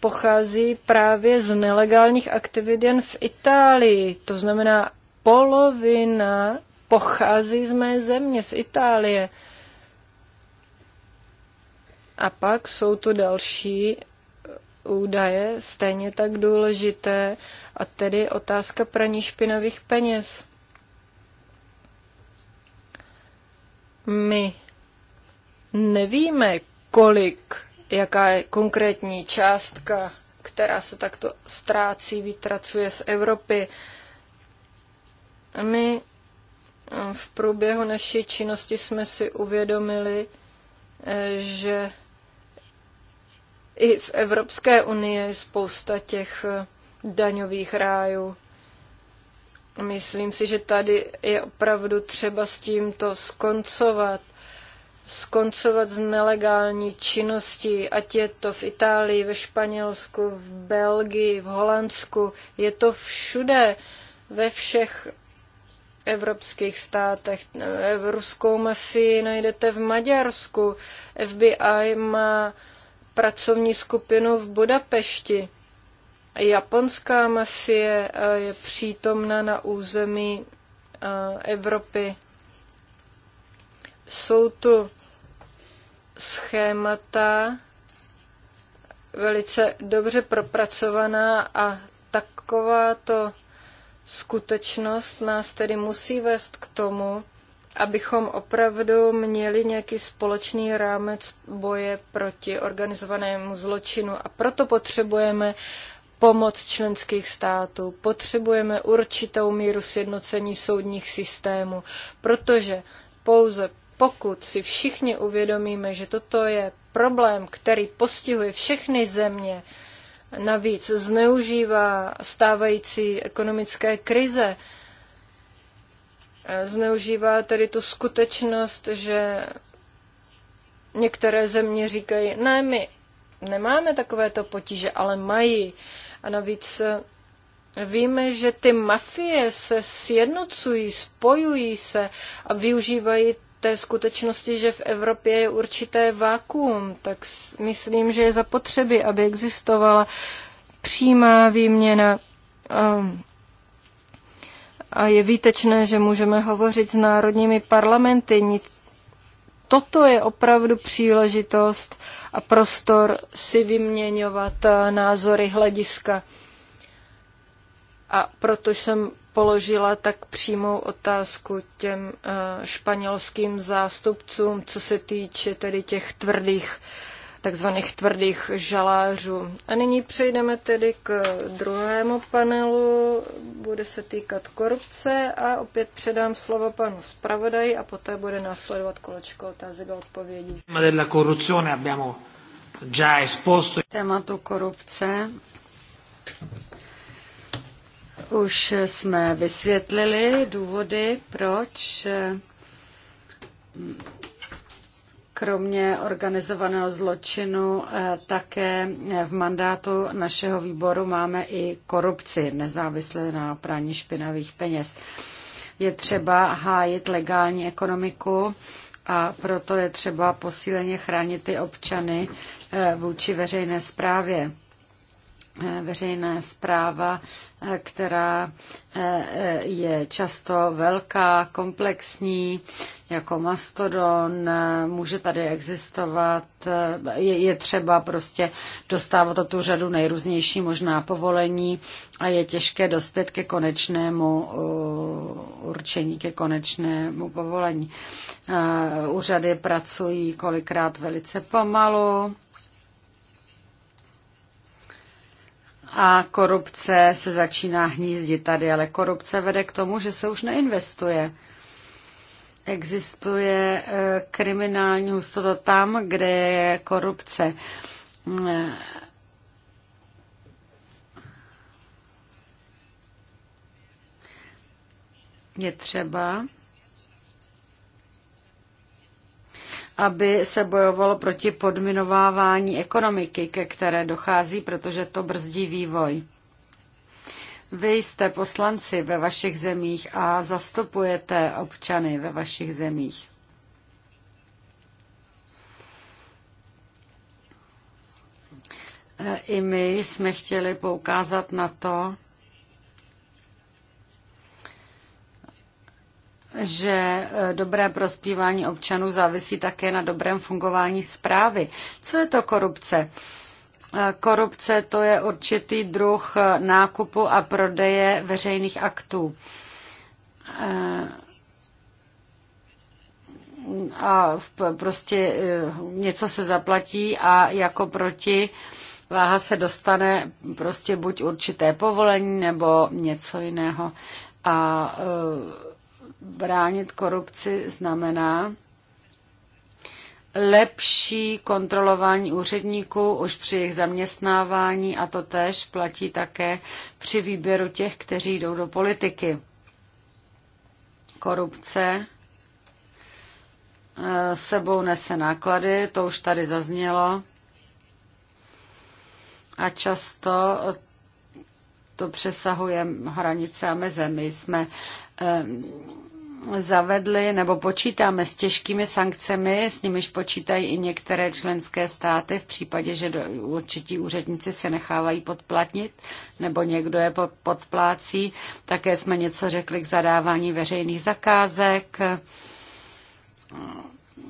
Speaker 1: pochází právě z nelegálních aktivit jen v Itálii. To znamená, polovina pochází z mé země, z Itálie. A pak jsou tu další údaje, stejně tak důležité, a tedy otázka praní špinavých peněz. My nevíme, kolik, jaká je konkrétní částka, která se takto ztrácí, vytracuje z Evropy. My v průběhu naší činnosti jsme si uvědomili, eh, že i v Evropské unii je spousta těch eh, daňových rájů. Myslím si, že tady je opravdu třeba s tímto skoncovat. Skoncovat s nelegální činností, ať je to v Itálii, ve Španělsku, v Belgii, v Holandsku. Je to všude, ve všech evropských státech. Eh, Ruskou mafii najdete v Maďarsku. FBI má pracovní skupinu v Budapešti. Japonská mafie eh, je přítomna na území eh, Evropy. Jsou tu schémata velice dobře propracovaná a takováto skutečnost nás tedy musí vést k tomu, abychom opravdu měli nějaký společný rámec boje proti organizovanému zločinu a proto potřebujeme pomoc členských států, potřebujeme určitou míru sjednocení soudních systémů, protože pouze pokud si všichni uvědomíme, že toto je problém, který postihuje všechny země, navíc zneužívá stávající ekonomické krize, Eh, zneužívá tedy tu skutečnost, že některé země říkají, ne, my nemáme takovéto potíže, ale mají. A navíc eh, Víme, že ty mafie se sjednocují, spojují se a využívají té skutečnosti, že v Evropě je určité vákuum, tak myslím, že je zapotřebí, aby existovala přímá výměna um, a je výtečné, že můžeme hovořit s národními parlamenty. Toto je opravdu příležitost a prostor si vyměňovat eh, názory hlediska. A proto jsem položila tak přímou otázku těm eh, španělským zástupcům, co se týče tedy těch tvrdých uh, takzvaných tvrdých žalářů. A nyní přejdeme tedy k druhému panelu, bude se týkat korupce a opět předám slovo panu zpravodaji a poté bude následovat kolečko otázek a odpovědí.
Speaker 3: Tématu korupce už jsme vysvětlili důvody, proč kromě organizovaného zločinu eh, také v mandátu našeho výboru máme i korupci, nezávisle na praní špinavých peněz. Je třeba hájit legální ekonomiku a proto je třeba posíleně chránit ty občany eh, vůči veřejné správě. Eh, veřejná zpráva, eh, která eh, je často velká, komplexní, jako mastodon, může tady existovat, je, je třeba prostě dostávat tu řadu nejrůznější možná povolení a je těžké dospět ke konečnému určení, ke konečnému povolení. Úřady pracují kolikrát velice pomalu, a korupce se začíná hnízdit tady, ale korupce vede k tomu, že se už neinvestuje. Existuje eh, kriminální hustota tam, kde je korupce. Eh, je třeba aby se bojovalo proti podminovávání ekonomiky, ke které dochází, protože to brzdí vývoj. Vy jste poslanci ve vašich zemích a zastupujete občany ve vašich zemích. I my jsme chtěli poukázat na to, že e, dobré prospívání občanů závisí také na dobrém fungování zprávy. Co je to korupce? E, korupce to je určitý druh e, nákupu a prodeje veřejných aktů. A prostě něco se zaplatí a jako proti váha se dostane prostě buď určité povolení nebo něco jiného. A bránit korupci znamená lepší kontrolování úředníků už při jejich zaměstnávání a to též platí také při výběru těch, kteří jdou do politiky. Korupce eh, sebou nese náklady, to už tady zaznělo. A často to přesahuje hranice a meze. My jsme eh, zavedli nebo počítáme s těžkými sankcemi, s nimiž počítají i některé členské státy v případě, že do, určití úředníci se nechávají podplatnit nebo někdo je podplácí. Také jsme něco řekli k zadávání veřejných zakázek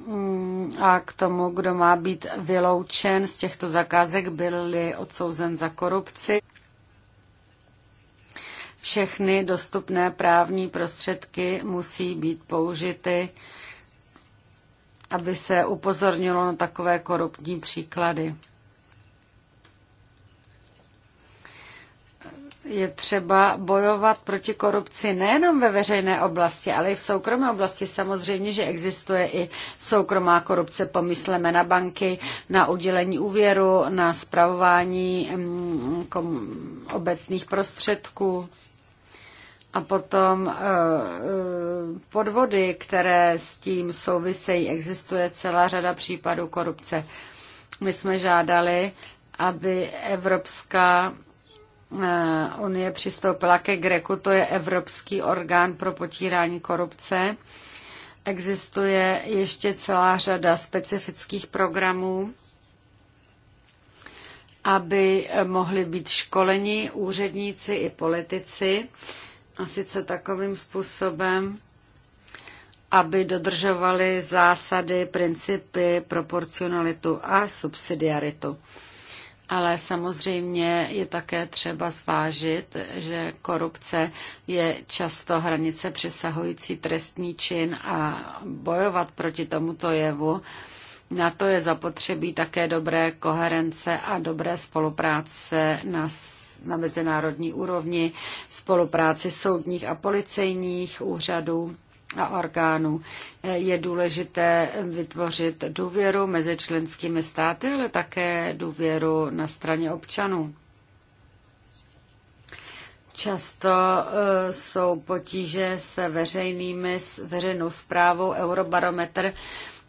Speaker 3: mm, a k tomu, kdo má být vyloučen z těchto zakázek, byl-li odsouzen za korupci. Všechny dostupné právní prostředky musí být použity, aby se upozornilo na takové korupční příklady. je třeba bojovat proti korupci nejenom ve veřejné oblasti, ale i v soukromé oblasti. Samozřejmě, že existuje i soukromá korupce. Pomysleme na banky, na udělení úvěru, na spravování mm, obecných prostředků. A potom eh, eh, podvody, které s tím souvisejí, existuje celá řada případů korupce. My jsme žádali, aby Evropská eh, unie přistoupila ke Greku, to je Evropský orgán pro potírání korupce. Existuje ještě celá řada specifických programů, aby mohli být školeni úředníci i politici a sice takovým způsobem, aby dodržovali zásady, principy, proporcionalitu a subsidiaritu. Ale samozřejmě je také třeba zvážit, že korupce je často hranice přesahující trestní čin a bojovat proti tomuto jevu. Na to je zapotřebí také dobré koherence a dobré spolupráce na na mezinárodní úrovni, spolupráci soudních a policejních úřadů a orgánů. Je důležité vytvořit důvěru mezi členskými státy, ale také důvěru na straně občanů. Často eh, jsou potíže se veřejnými, s veřejnou zprávou Eurobarometr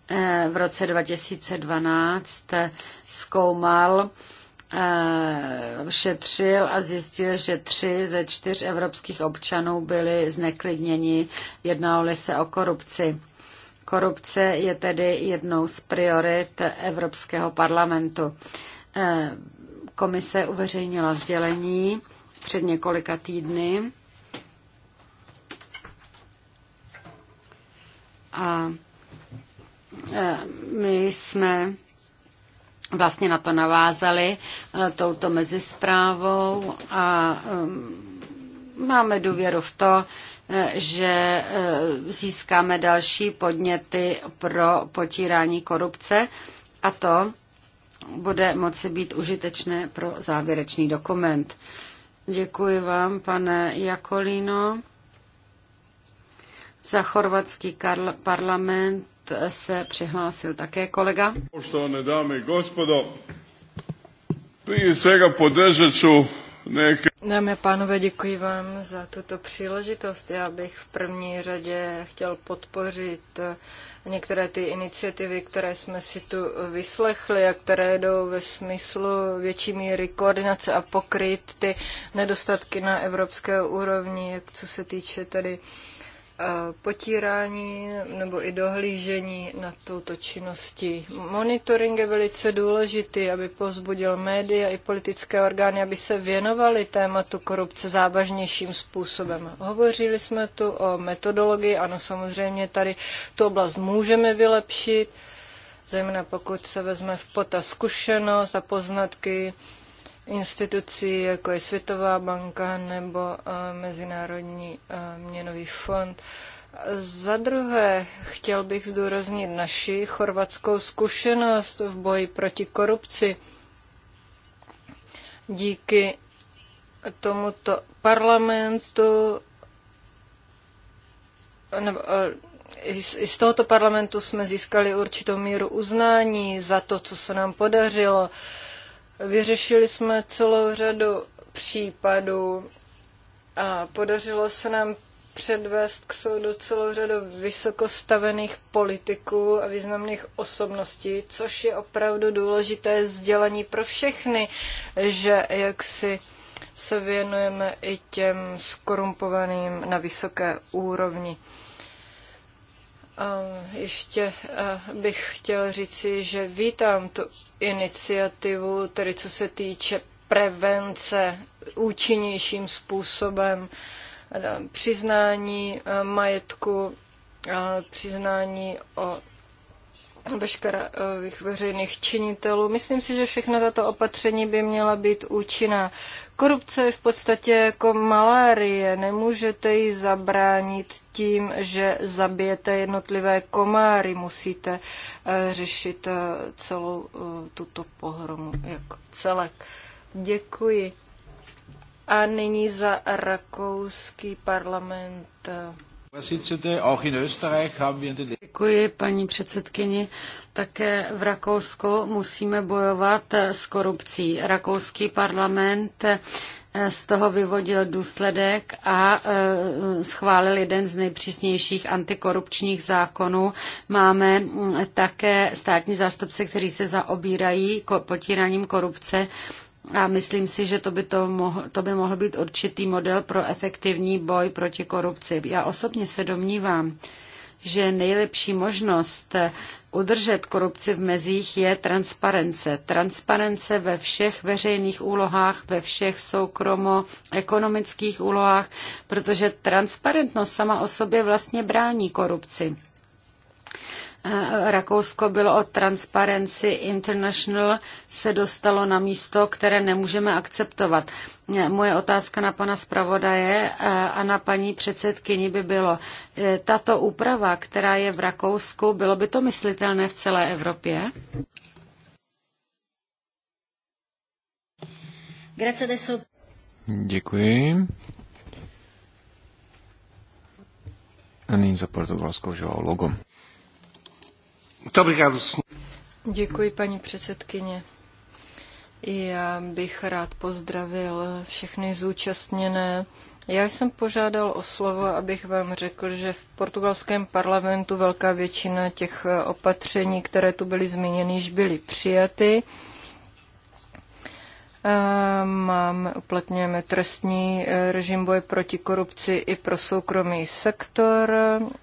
Speaker 3: eh, v roce 2012 eh, zkoumal Eh, šetřil a zjistil, že tři ze čtyř evropských občanů byli zneklidněni, jednalo se o korupci. Korupce je tedy jednou z priorit Evropského parlamentu. Eh, komise uveřejnila sdělení před několika týdny a eh, my jsme vlastně na to navázali eh, touto mezisprávou a ehm, máme důvěru v to, eh, že eh, získáme další podněty pro potírání korupce a to bude moci být užitečné pro závěrečný dokument. Děkuji vám, pane Jakolino. Za chorvatský parlament se přihlásil také kolega.
Speaker 4: Poštované dámy i gospodo,
Speaker 2: prije svega podržat neke...
Speaker 1: Dámy a pánové, děkuji vám za tuto příležitost. Já bych v první řadě chtěl podpořit některé ty iniciativy, které jsme si tu vyslechli a které jdou ve smyslu větší míry koordinace a pokryt ty nedostatky na evropské úrovni, jak co se týče tedy uh, Eh, potírání nebo i dohlížení na touto činnosti. Monitoring je velice důležitý, aby pozbudil média i politické orgány, aby se věnovali tématu korupce závažnějším způsobem. Hovořili jsme tu o metodologii, ano, samozřejmě tady tu oblast můžeme vylepšit, zejména pokud se vezme v pota zkušenost a poznatky institucí, jako je Světová banka nebo eh, Mezinárodní eh, měnový fond. Za druhé, chtěl bych zdůraznit naši chorvatskou zkušenost v boji proti korupci. Díky tomuto parlamentu nebo, eh, i z tohoto parlamentu jsme získali určitou míru uznání za to, co se nám podařilo. Uh, Vyřešili jsme celou řadu případů a podařilo se nám předvést k soudu celou řadu vysokostavených politiků a významných osobností, což je opravdu důležité sdělení pro všechny, že jak si se věnujeme i těm skorumpovaným na vysoké úrovni. Ještě eh, bych chtěl říci, že vítám tu iniciativu, tedy co se týče prevence účinnějším způsobem eh, přiznání eh, majetku, přiznání o veškerých eh, veřejných činitelů. Myslím si, že všechna tato opatření by měla být účinná. Korupce je v podstatě jako malárie. Nemůžete ji zabránit tím, že zabijete jednotlivé komáry. Musíte eh, řešit eh, celou tuto pohromu jako celek. Děkuji. A nyní za rakouský parlament
Speaker 4: Děkuji,
Speaker 3: paní předsedkyni. Také v Rakousku musíme bojovat eh, s korupcí. Rakouský parlament eh, z toho vyvodil důsledek a eh, schválil jeden z nejpřísnějších antikorupčních zákonů. Máme mm, také státní zástupce, kteří se zaobírají potíraním korupce a myslím si, že to by, to, mohl, to by mohl být určitý model pro efektivní boj proti korupci. Já osobně se domnívám, že nejlepší možnost eh, udržet korupci v mezích je transparence. Transparence ve všech veřejných úlohách, ve všech soukromo-ekonomických úlohách, protože transparentnost sama o sobě vlastně brání korupci. Rakousko bylo od Transparency International se dostalo na místo, které nemůžeme akceptovat. Moje otázka na pana zpravodaje eh, a na paní předsedkyni by bylo, eh, tato úprava, která je v Rakousku, bylo by to myslitelné v celé Evropě?
Speaker 2: Děkuji. A nyní za portugalskou žalou logo.
Speaker 1: Děkuji, paní předsedkyně. Já bych rád pozdravil všechny zúčastněné. Já jsem požádal o slovo, abych vám řekl, že v portugalském parlamentu velká většina těch opatření, které tu byly zmíněny, již byly přijaty. Máme, uplatňujeme trestní e, režim boje proti korupci i pro soukromý sektor,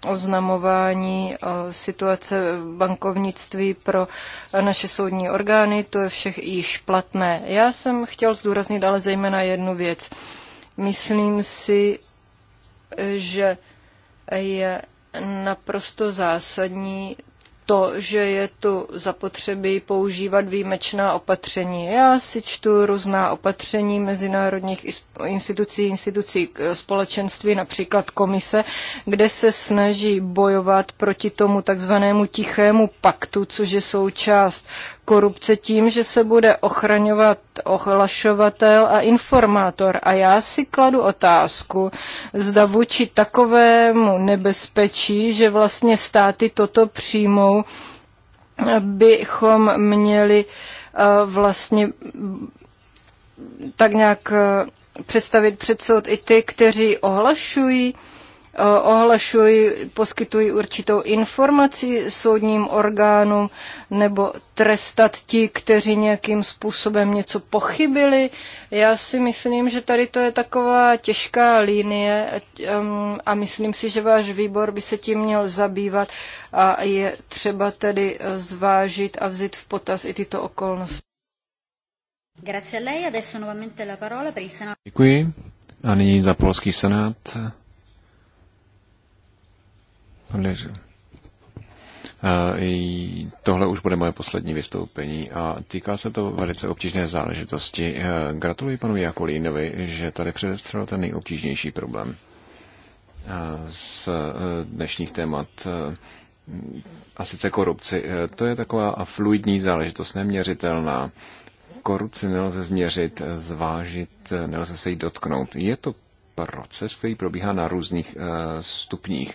Speaker 1: oznamování e, situace bankovnictví pro naše soudní orgány, to je všech již platné. Já jsem chtěl zdůraznit ale zejména jednu věc. Myslím si, e, že je naprosto zásadní to, že je tu zapotřebí používat výjimečná opatření. Já si čtu různá opatření mezinárodních institucí, institucí eh, společenství, například komise, kde se snaží bojovat proti tomu takzvanému tichému paktu, což je součást korupce tím, že se bude ochraňovat ohlašovatel a informátor. A já si kladu otázku, zda vůči takovému nebezpečí, že vlastně státy toto přijmou, bychom měli eh, vlastně tak nějak eh, představit před soud i ty, kteří ohlašují Eh, ohlašují, poskytují určitou informaci soudním orgánům nebo trestat ti, kteří nějakým způsobem něco pochybili. Já si myslím, že tady to je taková těžká linie ehm, a myslím si, že váš výbor by se tím měl zabývat a je třeba tedy eh, zvážit a vzít v potaz i tyto okolnosti.
Speaker 2: Děkuji. A nyní za polský senát Tohle už bude moje poslední vystoupení a týká se to velice obtížné záležitosti. Gratuluji panu Jakolínovi, že tady předestřel ten nejobtížnější problém z e, dnešních témat e, a sice korupci. E, to je taková fluidní záležitost, neměřitelná. Korupci nelze změřit, zvážit, nelze se jí dotknout. Je to proces, který probíhá na různých stupních.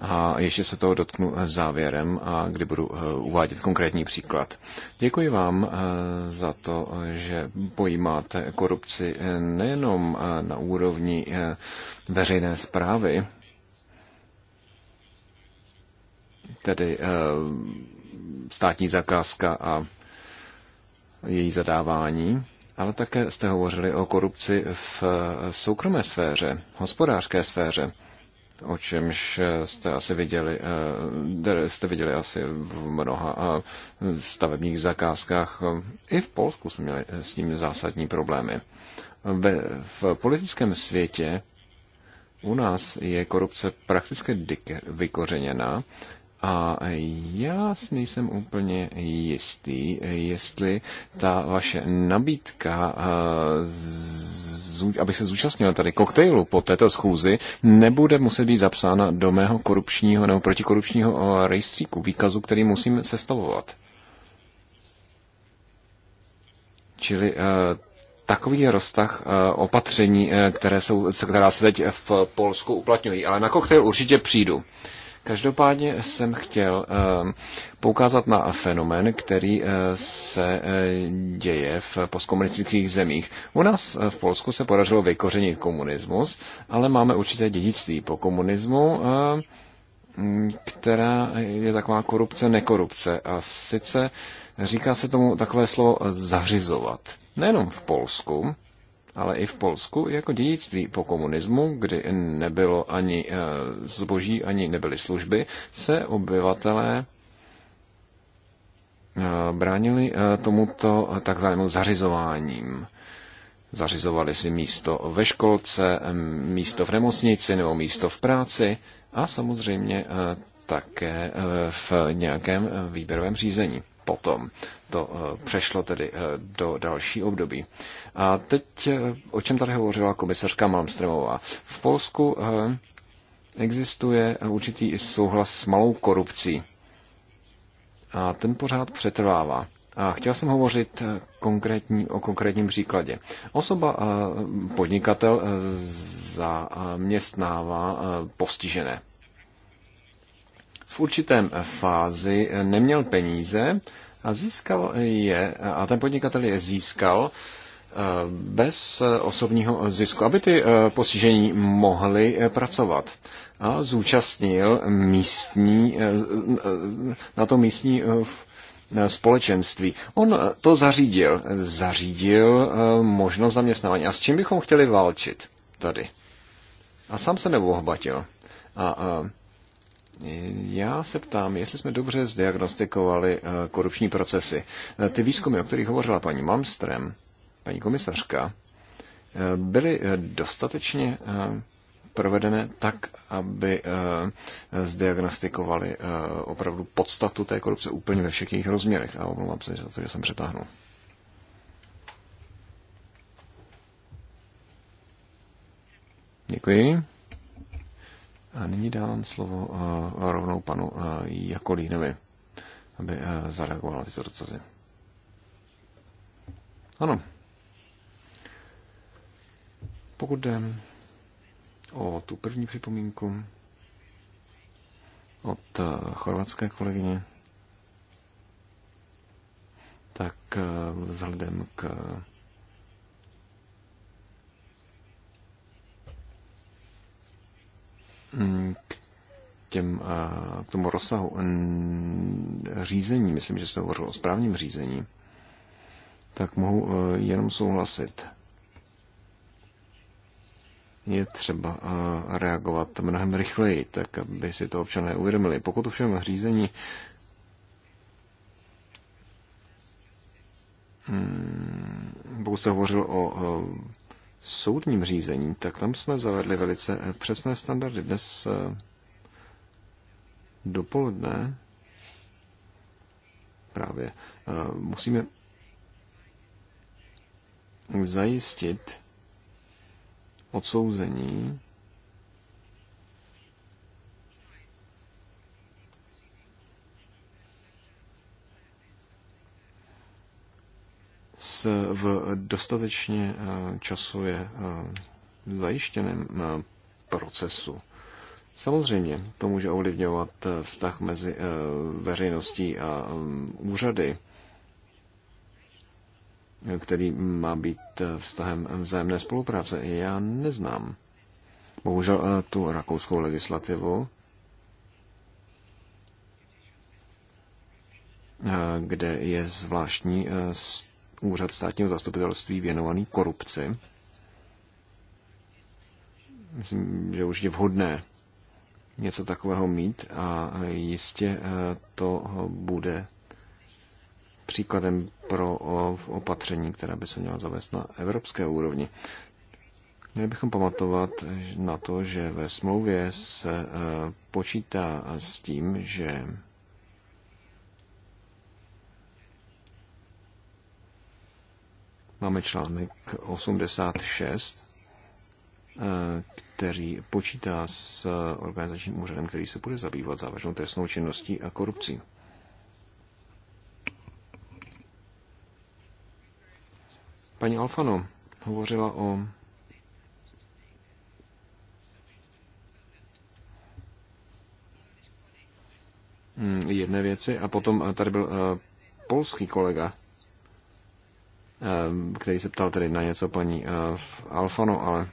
Speaker 2: A ještě se toho dotknu eh, závěrem, a kdy budu eh, uvádět konkrétní příklad. Děkuji vám eh, za to, že pojímáte korupci nejenom na úrovni veřejné zprávy, tedy státní zakázka a její zadávání, ale také jste hovořili o korupci v soukromé sféře, hospodářské sféře o čemž jste asi viděli, eh, jste viděli asi v mnoha eh, stavebních zakázkách. Eh, I v Polsku jsme měli s tím zásadní problémy. v politickém světě u nás je korupce prakticky vykořeněná a já si nejsem úplně jistý, jestli ta vaše nabídka, eh, abych se zúčastnil tady koktejlu po této schůzi, nebude muset být zapsána do mého korupčního nebo protikorupčního eh, rejstříku, výkazu, který musím sestavovat. Čili eh, takový roztah opatření, které jsou, která se teď v Polsku uplatňují. Ale na koktejl určitě přijdu. Každopádně jsem chtěl ehm, poukázat na fenomén, který eh, se eh, děje v postkomunistických zemích. U nás eh, v Polsku se podařilo vykořenit komunismus, ale máme určité dědictví po komunismu, ehm, která je taková korupce, nekorupce. A sice říká se tomu takové slovo zařizovat. Nejenom v Polsku, ale i v Polsku jako dědictví po komunismu, kdy nebylo ani eh, zboží, ani nebyly služby, se obyvatelé eh, bránili eh, tomuto takzvanému zařizováním. Zařizovali si místo ve školce, místo v nemocnici nebo místo v práci a samozřejmě také v nějakém výběrovém řízení potom. To eh, přešlo tedy eh, do další období. A teď, eh, o čem tady hovořila komisařka Malmstremová. V Polsku existuje určitý souhlas s malou korupcí. A ten pořád přetrvává. A chtěl jsem hovořit konkrétní, o konkrétním příkladě. Osoba, podnikatel zaměstnává postižené v určitém fázi neměl peníze a získal je, a ten podnikatel je získal eh, bez osobního zisku, aby ty eh, postižení mohli eh, pracovat. A zúčastnil místní, na to místní společenství. On to zařídil. Zařídil možnost zaměstnávání. A s čím bychom chtěli válčit tady? A sám se nevohbatil. A, a já se ptám, jestli jsme dobře zdiagnostikovali eh, korupční procesy. Eh, ty výzkumy, o kterých hovořila paní Malmström, paní komisařka, eh, byly dostatečně provedené tak, aby zdiagnostikovali opravdu podstatu té korupce úplně ve všech jejich rozměrech. A omlouvám se za to, že jsem přetáhnul. Děkuji. A nyní dávám slovo eh, rovnou panu eh, Jakolínovi, aby eh, zareagoval na tyto dotazy. Ano. Pokud jde o tu první připomínku od chorvatské kolegyně, tak vzhledem k Mm, k, těm, k tomu rozsahu řízení, myslím, že se hovořilo o správním řízení, tak mohu e, jenom souhlasit. Je třeba e, reagovat mnohem rychleji, tak aby si to občané uvědomili. Pokud ovšem řízení mm, pokud se hovořil o e, soudním řízení, tak tam jsme zavedli velice eh, přesné standardy. Dnes eh, dopoledne právě eh, musíme zajistit odsouzení s, v dostatečně eh, časově eh, zajištěném eh, procesu. Samozřejmě to může ovlivňovat vztah mezi veřejností a mm, úřady, který má být vztahem vzájemné spolupráce. Já neznám. Bohužel tu rakouskou legislativu, kde je zvláštní úřad státního zastupitelství věnovaný korupci. Myslím, že už je vhodné něco takového mít a jistě eh, to bude příkladem pro opatření, která by se měla zavést na evropské úrovni. Měli bychom pamatovat na to, že ve smlouvě se eh, počítá s tím, že Máme článek 86, eh, který počítá s organizačním úřadem, který se bude zabývat závažnou trestnou činností a korupcí. Paní Alfano hovořila o mm, jedné věci a potom eh, tady byl eh, polský kolega, Eh, který se ptal tedy na něco paní eh, Alfano, ale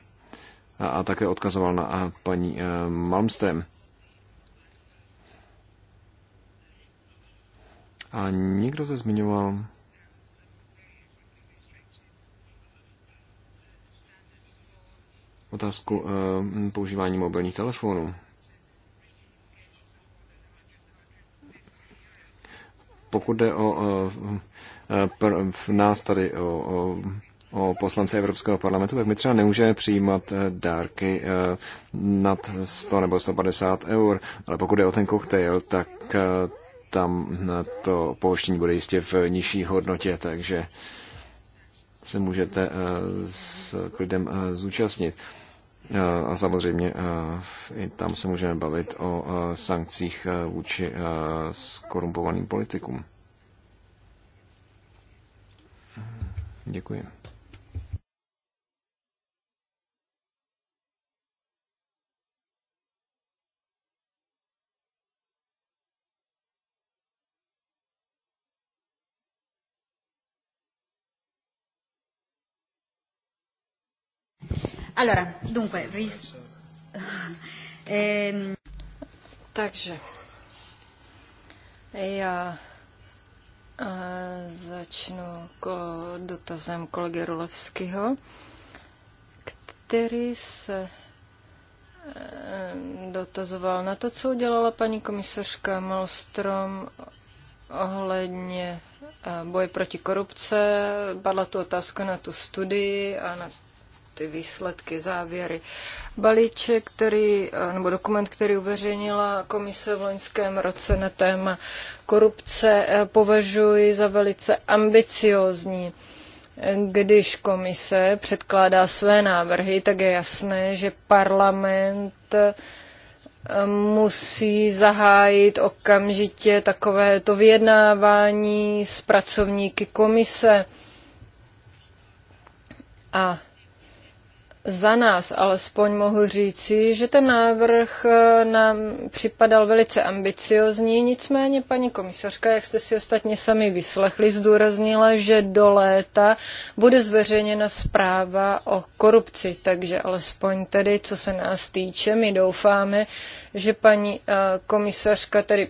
Speaker 2: a, a také odkazoval na eh, paní Malmström. A někdo se zmiňoval otázku uh, používání mobilních telefonů. Pokud jde o v nás tady o, o o poslance Evropského parlamentu, tak my třeba nemůžeme přijímat eh, dárky eh, nad 100 nebo 150 eur, ale pokud je o ten koktejl, tak eh, tam hm, to pouštění bude jistě v nižší hodnotě, takže se můžete s klidem zúčastnit. A samozřejmě i tam se můžeme bavit o sankcích vůči skorumpovaným politikům. Děkuji.
Speaker 1: Allora, dunque, ris- ehm... Takže já a začnu k dotazem kolegy Rolevského, který se eh, dotazoval na to, co udělala paní komisařka Malstrom ohledně eh, boje proti korupce. Padla tu otázka na tu studii a na ty výsledky, závěry. Balíček, který, eh, nebo dokument, který uveřejnila komise v loňském roce na téma korupce, eh, považuji za velice ambiciózní. Když komise předkládá své návrhy, tak je jasné, že parlament eh, musí zahájit okamžitě takovéto vyjednávání s pracovníky komise. A za nás alespoň mohu říci, že ten návrh eh, nám připadal velice ambiciozní, nicméně paní komisařka, jak jste si ostatně sami vyslechli, zdůraznila, že do léta bude zveřejněna zpráva o korupci, takže alespoň tedy, co se nás týče, my doufáme, že paní eh, komisařka tedy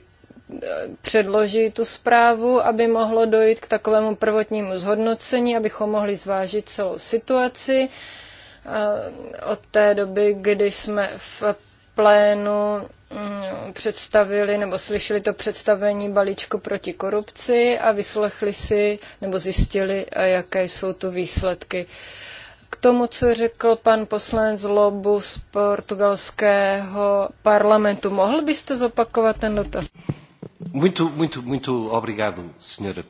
Speaker 1: eh, předloží tu zprávu, aby mohlo dojít k takovému prvotnímu zhodnocení, abychom mohli zvážit celou situaci Eh, od té doby, kdy jsme v plénu mm, představili nebo slyšeli to představení balíčku proti korupci a vyslechli si nebo zjistili, eh, jaké jsou tu výsledky. K tomu, co řekl pan poslanec Lobu z portugalského parlamentu, mohl byste zopakovat ten dotaz?
Speaker 4: Muito, muito, muito obrigado, senhora.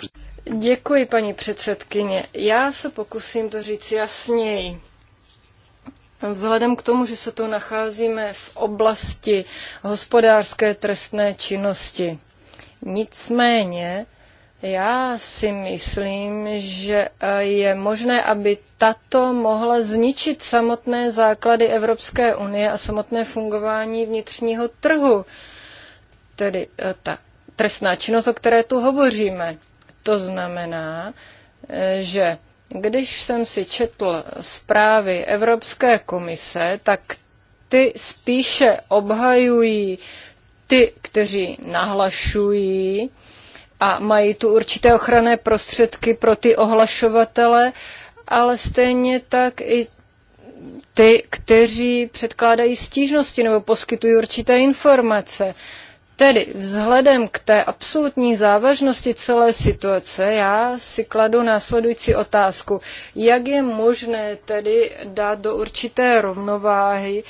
Speaker 1: Děkuji, paní předsedkyně. Já se pokusím to říct jasněji. Vzhledem k tomu, že se tu nacházíme v oblasti hospodářské trestné činnosti. Nicméně, já si myslím, že eh, je možné, aby tato mohla zničit samotné základy Evropské unie a samotné fungování vnitřního trhu, tedy eh, ta trestná činnost, o které tu hovoříme. To znamená, eh, že když jsem si četl zprávy Evropské komise, tak ty spíše obhajují ty, kteří nahlašují a mají tu určité ochranné prostředky pro ty ohlašovatele, ale stejně tak i ty, kteří předkládají stížnosti nebo poskytují určité informace. Tedy vzhledem k té absolutní závažnosti celé situace, já si kladu následující otázku. Jak je možné tedy dát do určité rovnováhy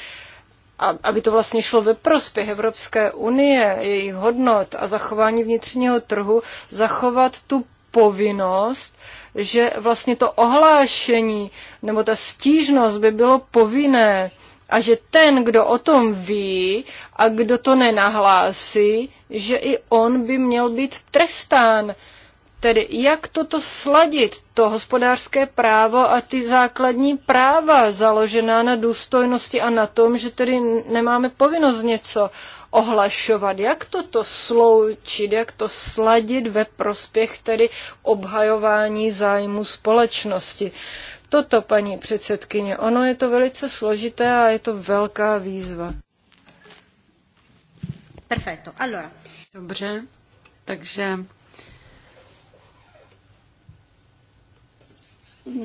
Speaker 1: aby to vlastně šlo ve prospěch Evropské unie, jejich hodnot a zachování vnitřního trhu, zachovat tu povinnost, že vlastně to ohlášení nebo ta stížnost by bylo povinné a že ten, kdo o tom ví a kdo to nenahlásí, že i on by měl být trestán. Tedy jak toto sladit, to hospodářské právo a ty základní práva založená na důstojnosti a na tom, že tedy nemáme povinnost něco ohlašovat, jak toto sloučit, jak to sladit ve prospěch tedy obhajování zájmu společnosti. Uh, toto, paní předsedkyně. Ono je to velice složité a je to velká výzva.
Speaker 3: Perfetto. Allora. Dobře, takže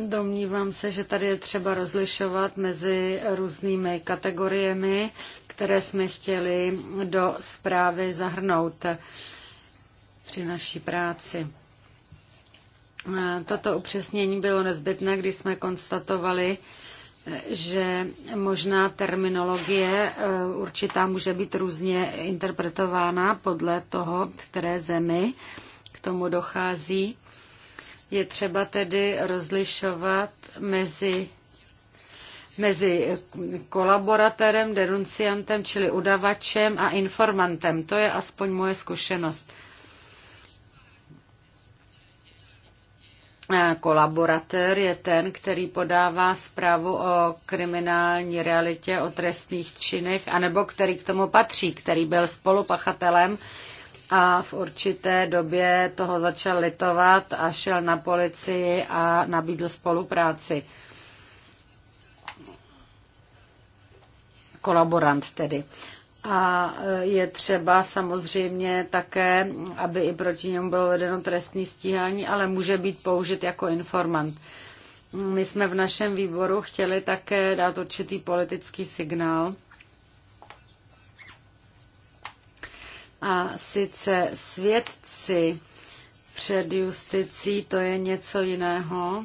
Speaker 3: Domnívám se, že tady je třeba rozlišovat mezi různými kategoriemi, které jsme chtěli do zprávy zahrnout při naší práci. Toto upřesnění bylo nezbytné, když jsme konstatovali, že možná terminologie e, určitá může být různě interpretována podle toho, které zemi k tomu dochází. Je třeba tedy rozlišovat mezi mezi kolaboratérem, denunciantem, čili udavačem a informantem. To je aspoň moje zkušenost. Kolaboratér je ten, který podává zprávu o kriminální realitě, o trestných činech, anebo který k tomu patří, který byl spolupachatelem a v určité době toho začal litovat a šel na policii a nabídl spolupráci. Kolaborant tedy. A e, je třeba samozřejmě také, aby i proti němu bylo vedeno trestní stíhání, ale může být použit jako informant. My jsme v našem výboru chtěli také dát určitý politický signál. A sice svědci před justicí, to je něco jiného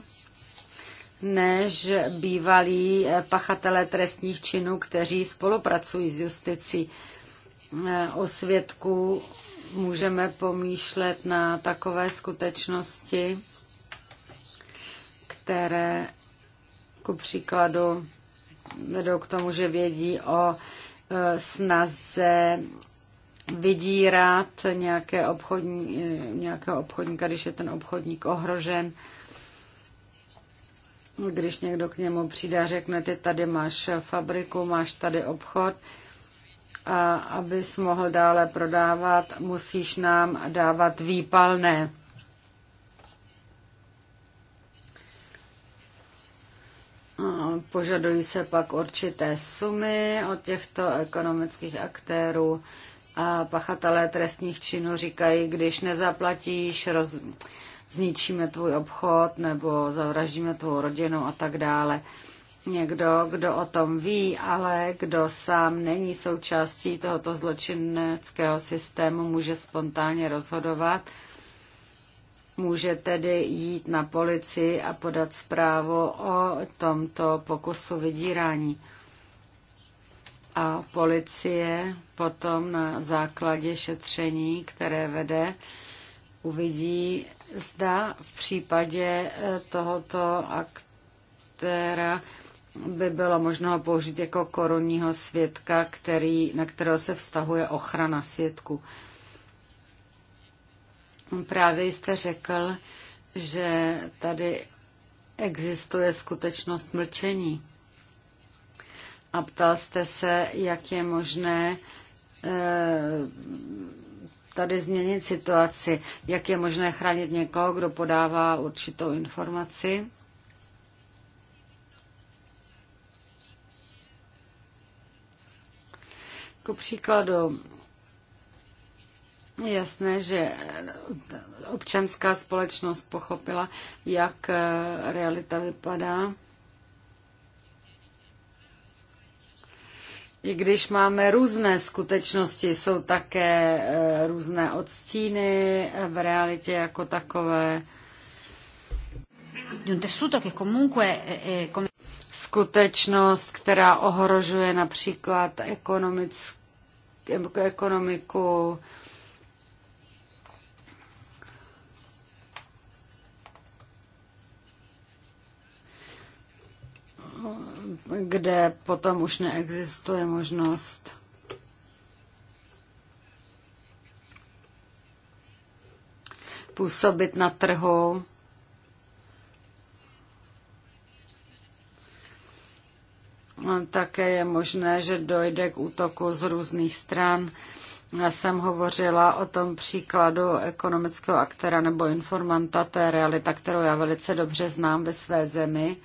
Speaker 3: než bývalí eh, pachatelé trestních činů, kteří spolupracují s justicí. Eh, o svědku můžeme pomýšlet na takové skutečnosti, které ku příkladu vedou k tomu, že vědí o eh, snaze vydírat nějaké obchodní, nějakého obchodníka, když je ten obchodník ohrožen. Když někdo k němu přijde a řekne, ty tady máš fabriku, máš tady obchod, a abys mohl dále prodávat, musíš nám dávat výpalné. Požadují se pak určité sumy od těchto ekonomických aktérů a pachatelé trestních činů říkají, když nezaplatíš, roz zničíme tvůj obchod nebo zavraždíme tvou rodinu a tak dále. Někdo, kdo o tom ví, ale kdo sám není součástí tohoto zločineckého systému, může spontánně rozhodovat, může tedy jít na policii a podat zprávu o tomto pokusu vydírání. A policie potom na základě šetření, které vede, uvidí, Zda v případě eh, tohoto aktéra by bylo možno ho použít jako korunního svědka, který, na kterého se vztahuje ochrana svědku. Právě jste řekl, že tady existuje skutečnost mlčení. A ptal jste se, jak je možné e, tady změnit situaci? Jak je možné chránit někoho, kdo podává určitou informaci? Ku příkladu, Jasné, že občanská společnost pochopila, jak eh, realita vypadá. i když máme různé skutečnosti, jsou také e, různé odstíny v realitě jako takové. Skutečnost, která ohrožuje například ekonomiku, kde potom už neexistuje možnost působit na trhu. Také je možné, že dojde k útoku z různých stran. Já jsem hovořila o tom příkladu ekonomického aktéra nebo informanta, to je realita, kterou já velice dobře znám ve své zemi.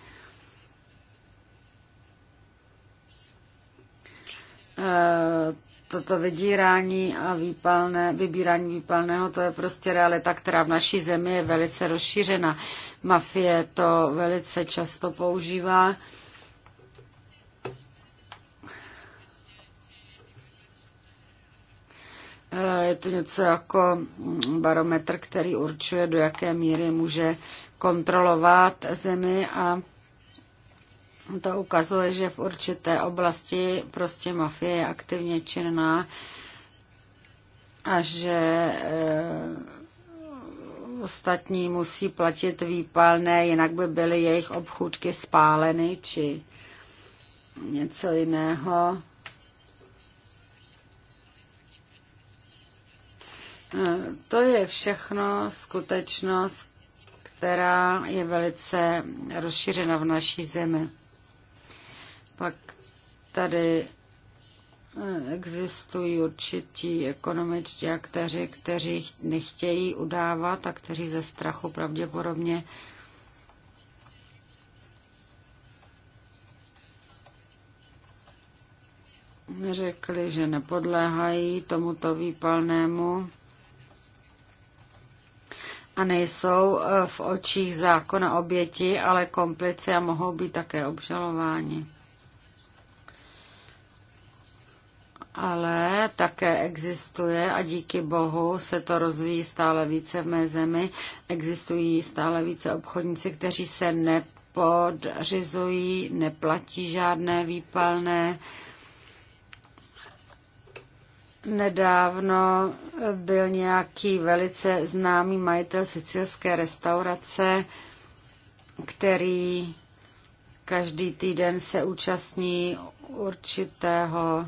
Speaker 3: Eh, toto vydírání a výpalné, vybírání výpalného, to je prostě realita, která v naší zemi je velice rozšířena. Mafie to velice často používá. Eh, je to něco jako barometr, který určuje, do jaké míry může kontrolovat zemi a to ukazuje, že v určité oblasti prostě mafie je aktivně činná a že e, ostatní musí platit výpalné, jinak by byly jejich obchůdky spáleny či něco jiného. Eh, to je všechno skutečnost, která je velice rozšířena v naší zemi. Pak tady eh, existují určití ekonomičtí aktéři, kteří nechtějí udávat a kteří ze strachu pravděpodobně řekli, že nepodléhají tomuto výpalnému a nejsou eh, v očích zákona oběti, ale komplici a mohou být také obžalováni. ale také existuje a díky bohu se to rozvíjí stále více v mé zemi. Existují stále více obchodníci, kteří se nepodřizují, neplatí žádné výpalné. Nedávno byl nějaký velice známý majitel sicilské restaurace, který každý týden se účastní určitého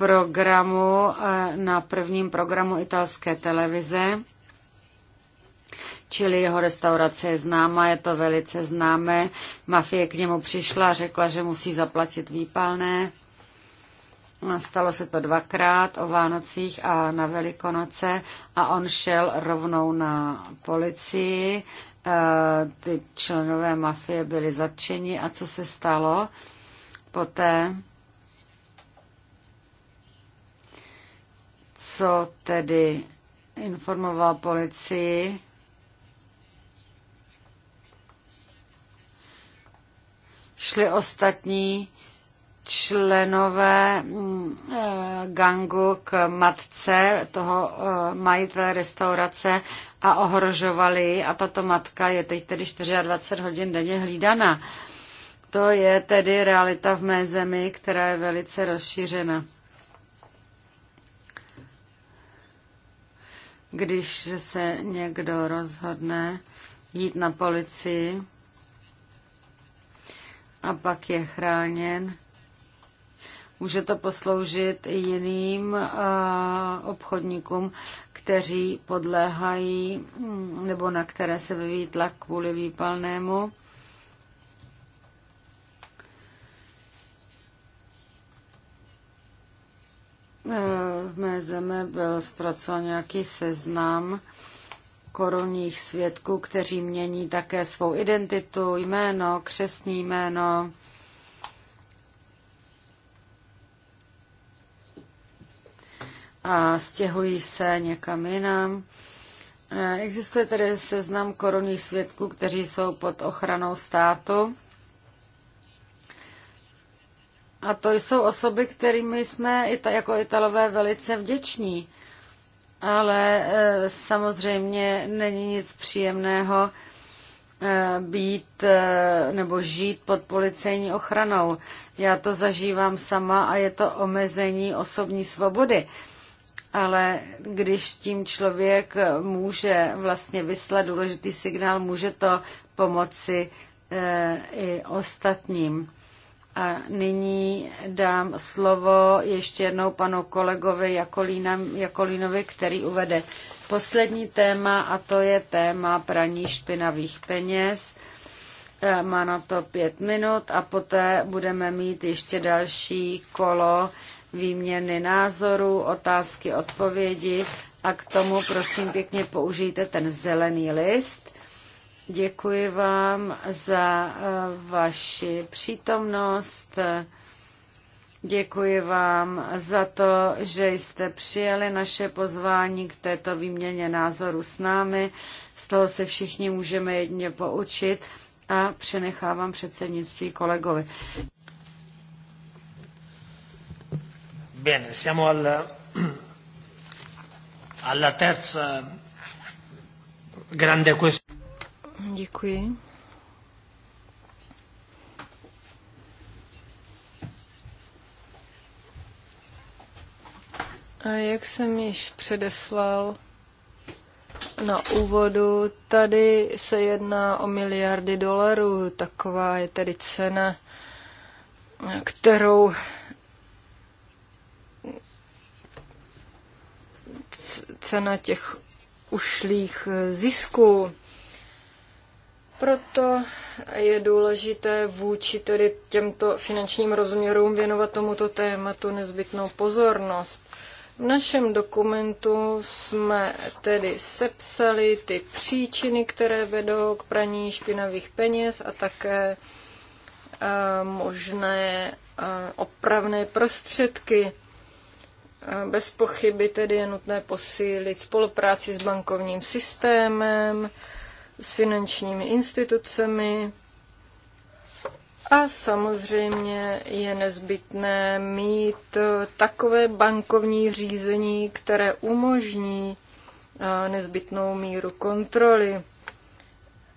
Speaker 3: programu, eh, na prvním programu italské televize, čili jeho restaurace je známa, je to velice známé. Mafie k němu přišla, řekla, že musí zaplatit výpalné. Stalo se to dvakrát o Vánocích a na Velikonoce a on šel rovnou na policii. Eh, ty členové mafie byli zatčeni a co se stalo poté? co tedy informoval policii, šli ostatní členové mm, eh, gangu k matce toho eh, majitele restaurace a ohrožovali ji a tato matka je teď tedy 24 hodin denně hlídana. To je tedy realita v mé zemi, která je velice rozšířena. když se někdo rozhodne jít na policii a pak je chráněn, může to posloužit i jiným obchodníkům, kteří podléhají mm, nebo na které se vyvíjí tlak kvůli výpalnému. Eh, v mé zemi byl zpracován nějaký seznam korunních svědků, kteří mění také svou identitu, jméno, křesní jméno. A stěhují se někam jinam. Eh, existuje tedy seznam korunních svědků, kteří jsou pod ochranou státu a to jsou osoby, kterými jsme jako Italové velice vděční. Ale eh, samozřejmě není nic příjemného eh, být eh, nebo žít pod policejní ochranou. Já to zažívám sama a je to omezení osobní svobody. Ale když tím člověk může vlastně vyslat důležitý signál, může to pomoci i ostatním. A nyní dám slovo ještě jednou panu kolegovi Jakolína, Jakolínovi, který uvede poslední téma a to je téma praní špinavých peněz. E, má na to pět minut a poté budeme mít ještě další kolo výměny názorů, otázky, odpovědi a k tomu prosím pěkně použijte ten zelený list Děkuji vám za eh, vaši přítomnost. Děkuji vám za to, že jste přijali naše pozvání k této výměně názoru s námi. Z toho se všichni můžeme jedně poučit a přenechávám předsednictví kolegovi.
Speaker 4: Bene, siamo alla, alla terza grande questione.
Speaker 1: Děkuji. A jak jsem již předeslal na úvodu, tady se jedná o miliardy dolarů. Taková je tedy cena, kterou cena těch ušlých zisků. Proto je důležité vůči tedy těmto finančním rozměrům věnovat tomuto tématu nezbytnou pozornost. V našem dokumentu jsme tedy sepsali ty příčiny, které vedou k praní špinavých peněz a také eh, možné eh, opravné prostředky. Eh, bez pochyby tedy je nutné posílit spolupráci s bankovním systémem, s finančními institucemi, a samozřejmě je nezbytné mít takové bankovní řízení, které umožní nezbytnou míru kontroly.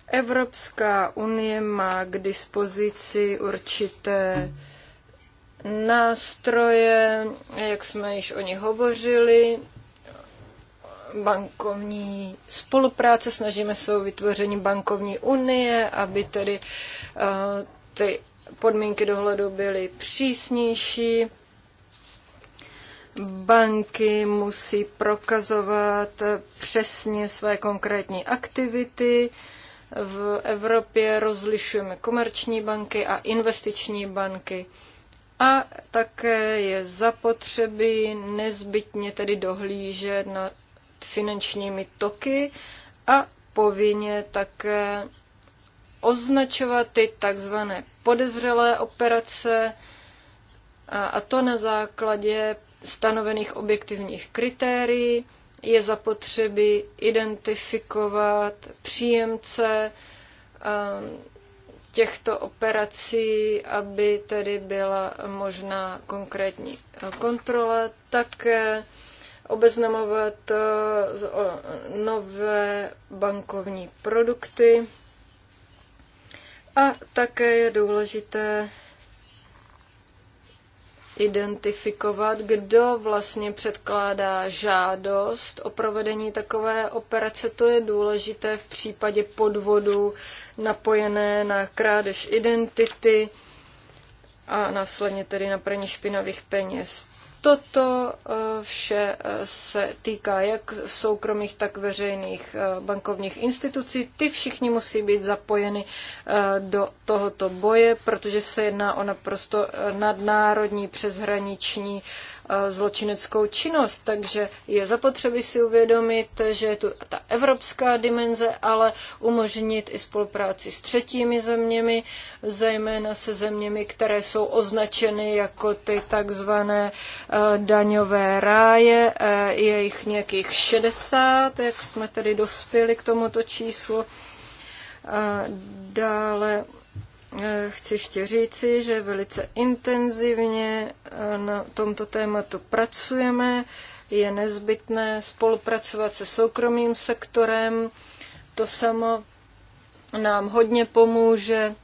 Speaker 1: Evropská unie má k dispozici určité nástroje, jak jsme již o nich hovořili, bankovní spolupráce, snažíme se o vytvoření bankovní unie, aby tedy eh, ty podmínky dohledu byly přísnější. Banky musí prokazovat přesně své konkrétní aktivity. V Evropě rozlišujeme komerční banky a investiční banky. A také je zapotřebí nezbytně tedy dohlížet na finančními toky a povinně také označovat ty takzvané podezřelé operace, a to na základě stanovených objektivních kritérií. Je zapotřebí identifikovat příjemce ehm, těchto operací, aby tedy byla možná konkrétní eh, kontrola. Také obeznamovat eh, nové bankovní produkty. A také je důležité identifikovat, kdo vlastně předkládá žádost o provedení takové operace. To je důležité v případě podvodu napojené na krádež identity a následně tedy na praní špinavých peněz. Toto eh, vše eh, se týká jak soukromých, tak veřejných eh, bankovních institucí. Ty všichni musí být zapojeny do tohoto boje, protože se jedná o naprosto nadnárodní přeshraniční uh, zločineckou činnost. Takže je zapotřebí si uvědomit, že je tu ta evropská dimenze, ale umožnit i spolupráci s třetími zeměmi, zejména se zeměmi, které jsou označeny jako ty takzvané daňové ráje. Je jich nějakých 60, jak jsme tedy dospěli k tomuto číslu. Dále Eh, chci ještě říci, že velice intenzivně eh, na tomto tématu pracujeme. Je nezbytné spolupracovat se soukromým sektorem. To samo nám hodně pomůže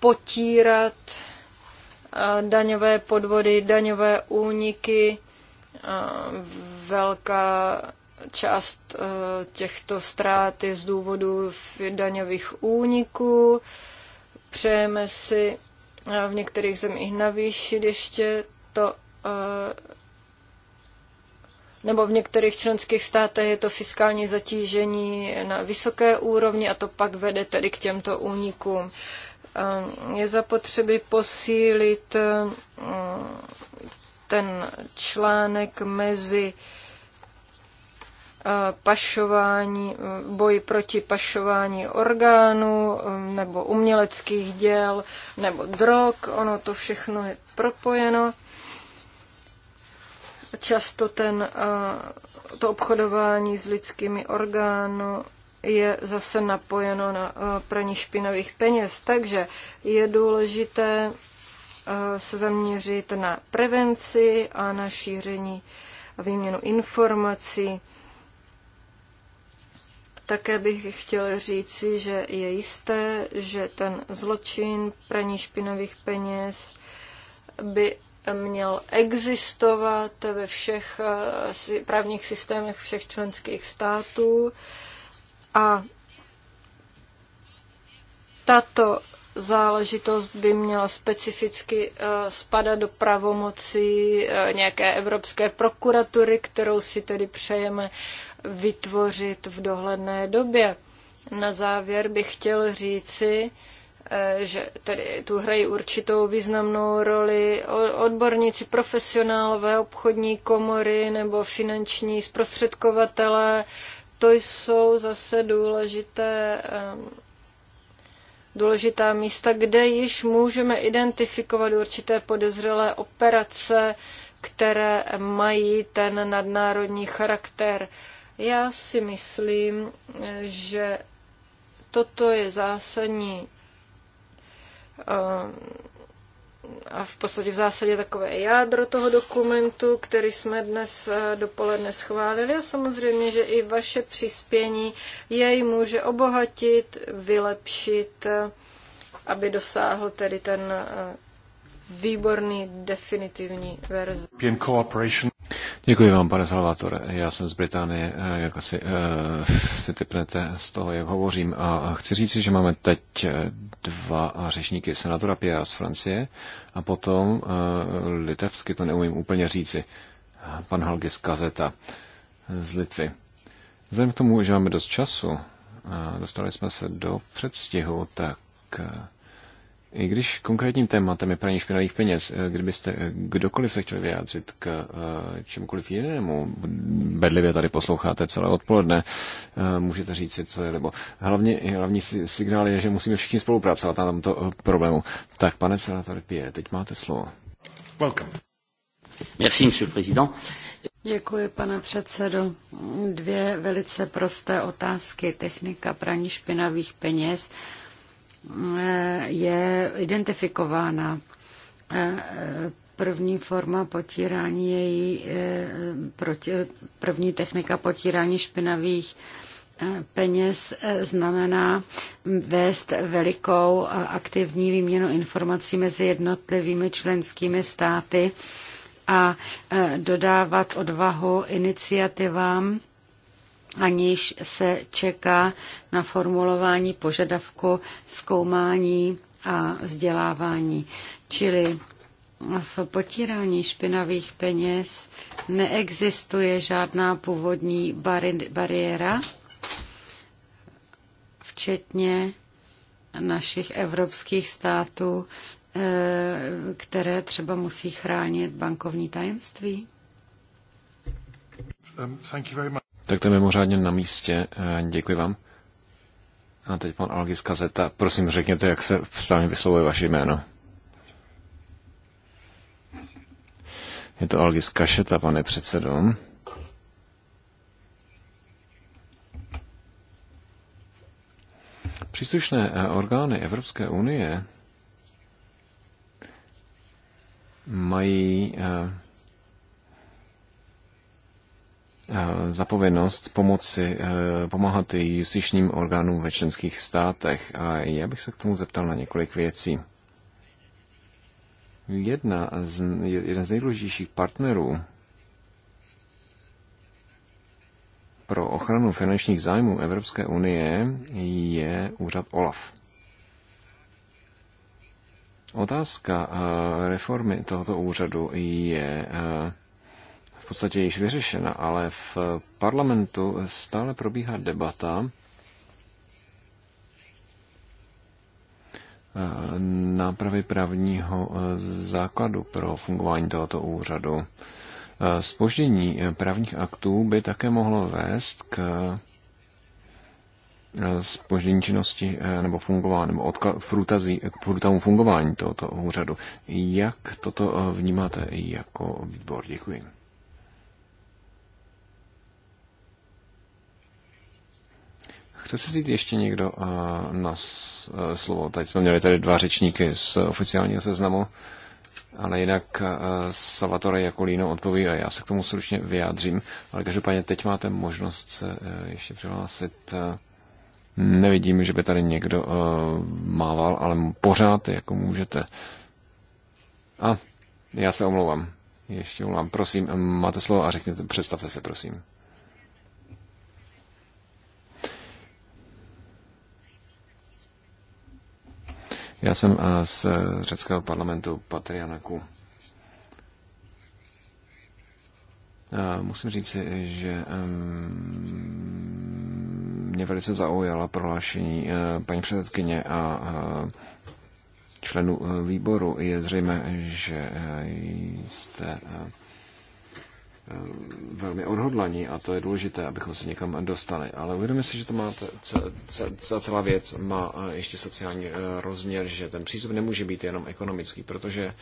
Speaker 1: potírat eh, daňové podvody, daňové úniky. Velká část těchto ztrát je z důvodu daňových úniků. Přejeme si v některých zemích navýšit ještě to nebo v některých členských státech je to fiskální zatížení na vysoké úrovni a to pak vede tedy k těmto únikům. Je zapotřebí posílit ten článek mezi pašování, boji proti pašování orgánů um, nebo uměleckých děl nebo drog. Ono to všechno je propojeno. Často ten, to obchodování s lidskými orgány je zase napojeno na praní špinavých peněz. Takže je důležité se zaměřit na prevenci a na šíření a výměnu informací také bych chtěl říci, že je jisté, že ten zločin praní špinavých peněz by měl existovat ve všech eh, právních systémech všech členských států a tato záležitost by měla specificky eh, spadat do pravomoci eh, nějaké evropské prokuratury, kterou si tedy přejeme vytvořit v dohledné době. Na závěr bych chtěl říci, eh, že tedy tu hrají určitou významnou roli odborníci, profesionálové, obchodní komory nebo finanční zprostředkovatelé. To jsou zase důležité důležitá místa, kde již můžeme identifikovat určité podezřelé operace, které mají ten nadnárodní charakter. Já si myslím, že toto je zásadní eh, a v podstatě v zásadě takové jádro toho dokumentu, který jsme dnes eh, dopoledne schválili a samozřejmě, že i vaše přispění jej může obohatit, vylepšit, eh, aby dosáhl tedy ten eh, výborný definitivní verze.
Speaker 2: Děkuji vám, pane Salvatore. Já jsem z Británie, eh, jak asi uh, si typnete z toho, jak hovořím. A chci říct, že máme teď eh, dva řečníky, senátora Pierre z Francie a potom uh, litevsky, to neumím úplně říci, pan Halgis Kazeta z Litvy. Vzhledem k tomu, že máme dost času, uh, dostali jsme se do předstihu, tak uh, i když konkrétním tématem je praní špinavých peněz, eh, kdybyste eh, kdokoliv se chtěl vyjádřit k eh, čemukoliv jinému, bedlivě tady posloucháte celé odpoledne, můžete říct si, co je, nebo hlavně, hlavní signál je, že musíme všichni spolupracovat na tomto problému. Tak, pane senátor Pije, teď máte slovo. Welcome. Merci, monsieur le président.
Speaker 3: Děkuji, pane předsedo. Dvě velice prosté otázky. Technika praní špinavých peněz je identifikována. E, první forma potírání její, e, první technika potírání špinavých e, peněz znamená vést velikou aktivní výměnu informací mezi jednotlivými členskými státy a dodávat odvahu iniciativám aniž se čeká na formulování požadavku zkoumání a vzdělávání. Čili v potírání špinavých peněz neexistuje žádná původní bari- bariéra, včetně našich evropských států, eh, které třeba musí chránit bankovní tajemství.
Speaker 4: Um,
Speaker 2: tak to je mimořádně na místě. Eh, děkuji vám. A teď pan Algis Kazeta. Prosím, řekněte, jak se správně vyslovuje vaše jméno. Je to Algis Kašeta, pane předsedo. Příslušné eh, orgány Evropské unie mají eh, za povinnost pomoci, e, pomáhat justičním orgánům ve členských státech. A já bych se k tomu zeptal na několik věcí. Jedna z, jeden z nejdůležitějších partnerů pro ochranu finančních zájmů Evropské unie je úřad OLAF. Otázka e, reformy tohoto úřadu je e, v podstatě již vyřešena, ale v parlamentu stále probíhá debata eh, nápravy právního eh, základu pro fungování tohoto úřadu. Spoždění eh, právních aktů by také mohlo vést k spoždění činnosti nebo fungování, nebo frutazí, k frutavu fungování tohoto úřadu. Jak toto vnímáte jako výbor? Děkuji. Chce si vzít ještě někdo eh, na eh, slovo? Teď jsme měli tady dva řečníky z oficiálního seznamu, ale jinak eh, Salvatore Jakolino odpoví a já se k tomu slušně vyjádřím. Ale každopádně teď máte možnost se ještě přihlásit. Nevidím, že by tady někdo mával, ale pořád jako můžete. A já se omlouvám. Ještě omlouvám. Prosím, máte slovo a řekněte, představte se, prosím. Já jsem eh, z řeckého parlamentu Patrianaku. Eh, musím říct, že mě velice zaujala prohlášení eh, paní předsedkyně a členů výboru. Je zřejmé, že jste Eh, velmi odhodlaní a to je důležité, abychom se někam dostali. Ale uvědomí si, že to má ta celá věc má eh, ještě sociální eh, rozměr, že ten přístup nemůže být jenom ekonomický, protože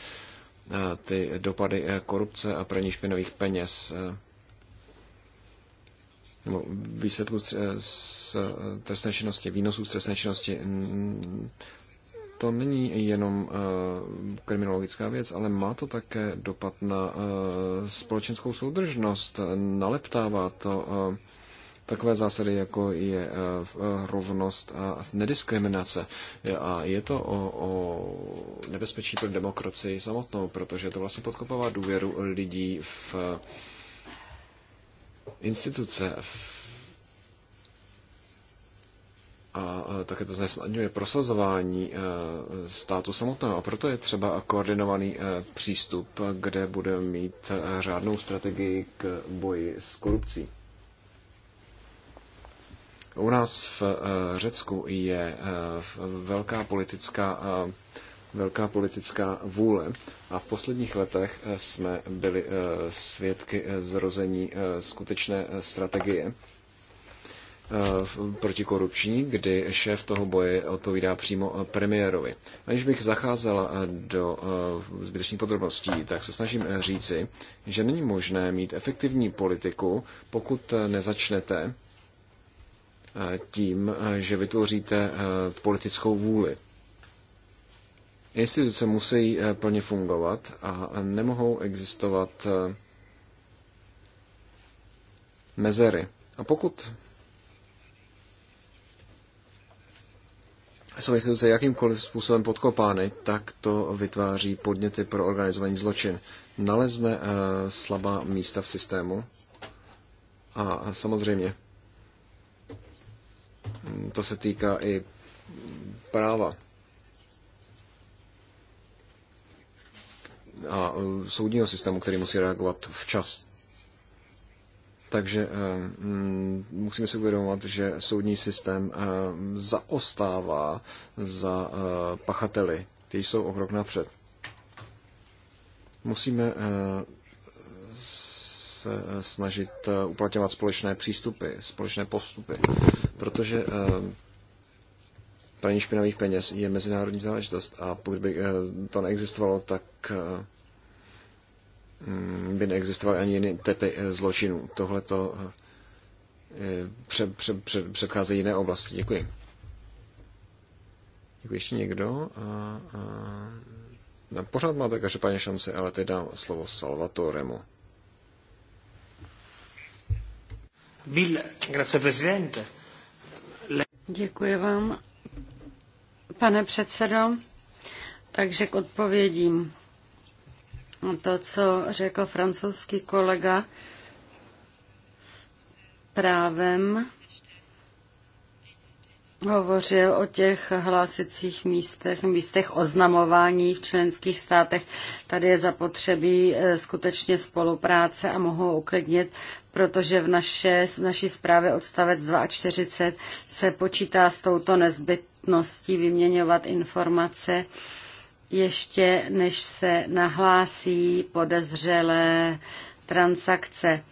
Speaker 2: ty dopady korupce a praní špinových peněz nebo výsledků z trestné činnosti, výnosů z trestné činnosti to není jenom eh, kriminologická věc, ale má to také dopad na eh, společenskou soudržnost. Naleptává to eh, takové zásady, jako je rovnost a nediskriminace. A je to o, o nebezpečí pro demokracii samotnou, protože to vlastně podkopává důvěru lidí v instituce, v a také to znesnadňuje prosazování e, státu samotného. A proto je třeba koordinovaný e, přístup, kde bude mít e, řádnou strategii k boji s korupcí. U nás v Řecku je velká politická, velká politická vůle a v posledních letech jsme byli svědky zrození skutečné strategie Eh, protikorupční, kdy šéf toho boje odpovídá přímo eh, premiérovi. Aniž bych zacházela eh, do zbytečných podrobností, tak se snažím říci, že není možné mít efektivní politiku, pokud nezačnete tím, že vytvoříte politickou vůli. Instituce musí plně fungovat a nemohou existovat mezery. A pokud jsou se jakýmkoliv způsobem podkopány, tak to vytváří podněty pro organizovaný zločin. Nalezne eh, slabá místa v systému a samozřejmě hm, to se týká i práva. A eh, soudního systému, který musí reagovat včas. Takže eh, mm, musíme si uvědomovat, že soudní systém eh, zaostává za eh, pachateli. Ty jsou o krok napřed. Musíme se snažit uplatňovat společné přístupy, společné postupy, protože praní špinavých peněz je mezinárodní záležitost a pokud by to neexistovalo, tak Mm, by neexistovaly ani jiné typy eh, zločinů. Tohle to eh, před, před, před, předchází jiné oblasti. Děkuji. Děkuji ještě někdo. A, a... na pořád máte každopádně šance, ale teď dám slovo Salvatoremu.
Speaker 4: Bill, grazie presidente.
Speaker 3: Děkuji vám, pane předsedo. Takže k odpovědím to, co řekl francouzský kolega, právem hovořil o těch hlásicích místech, místech oznamování v členských státech. Tady je zapotřebí e, skutečně spolupráce a mohu uklidnit, protože v, naše, v naší zprávě odstavec 42 se počítá s touto nezbytností vyměňovat informace ještě než se nahlásí podezřelé transakce.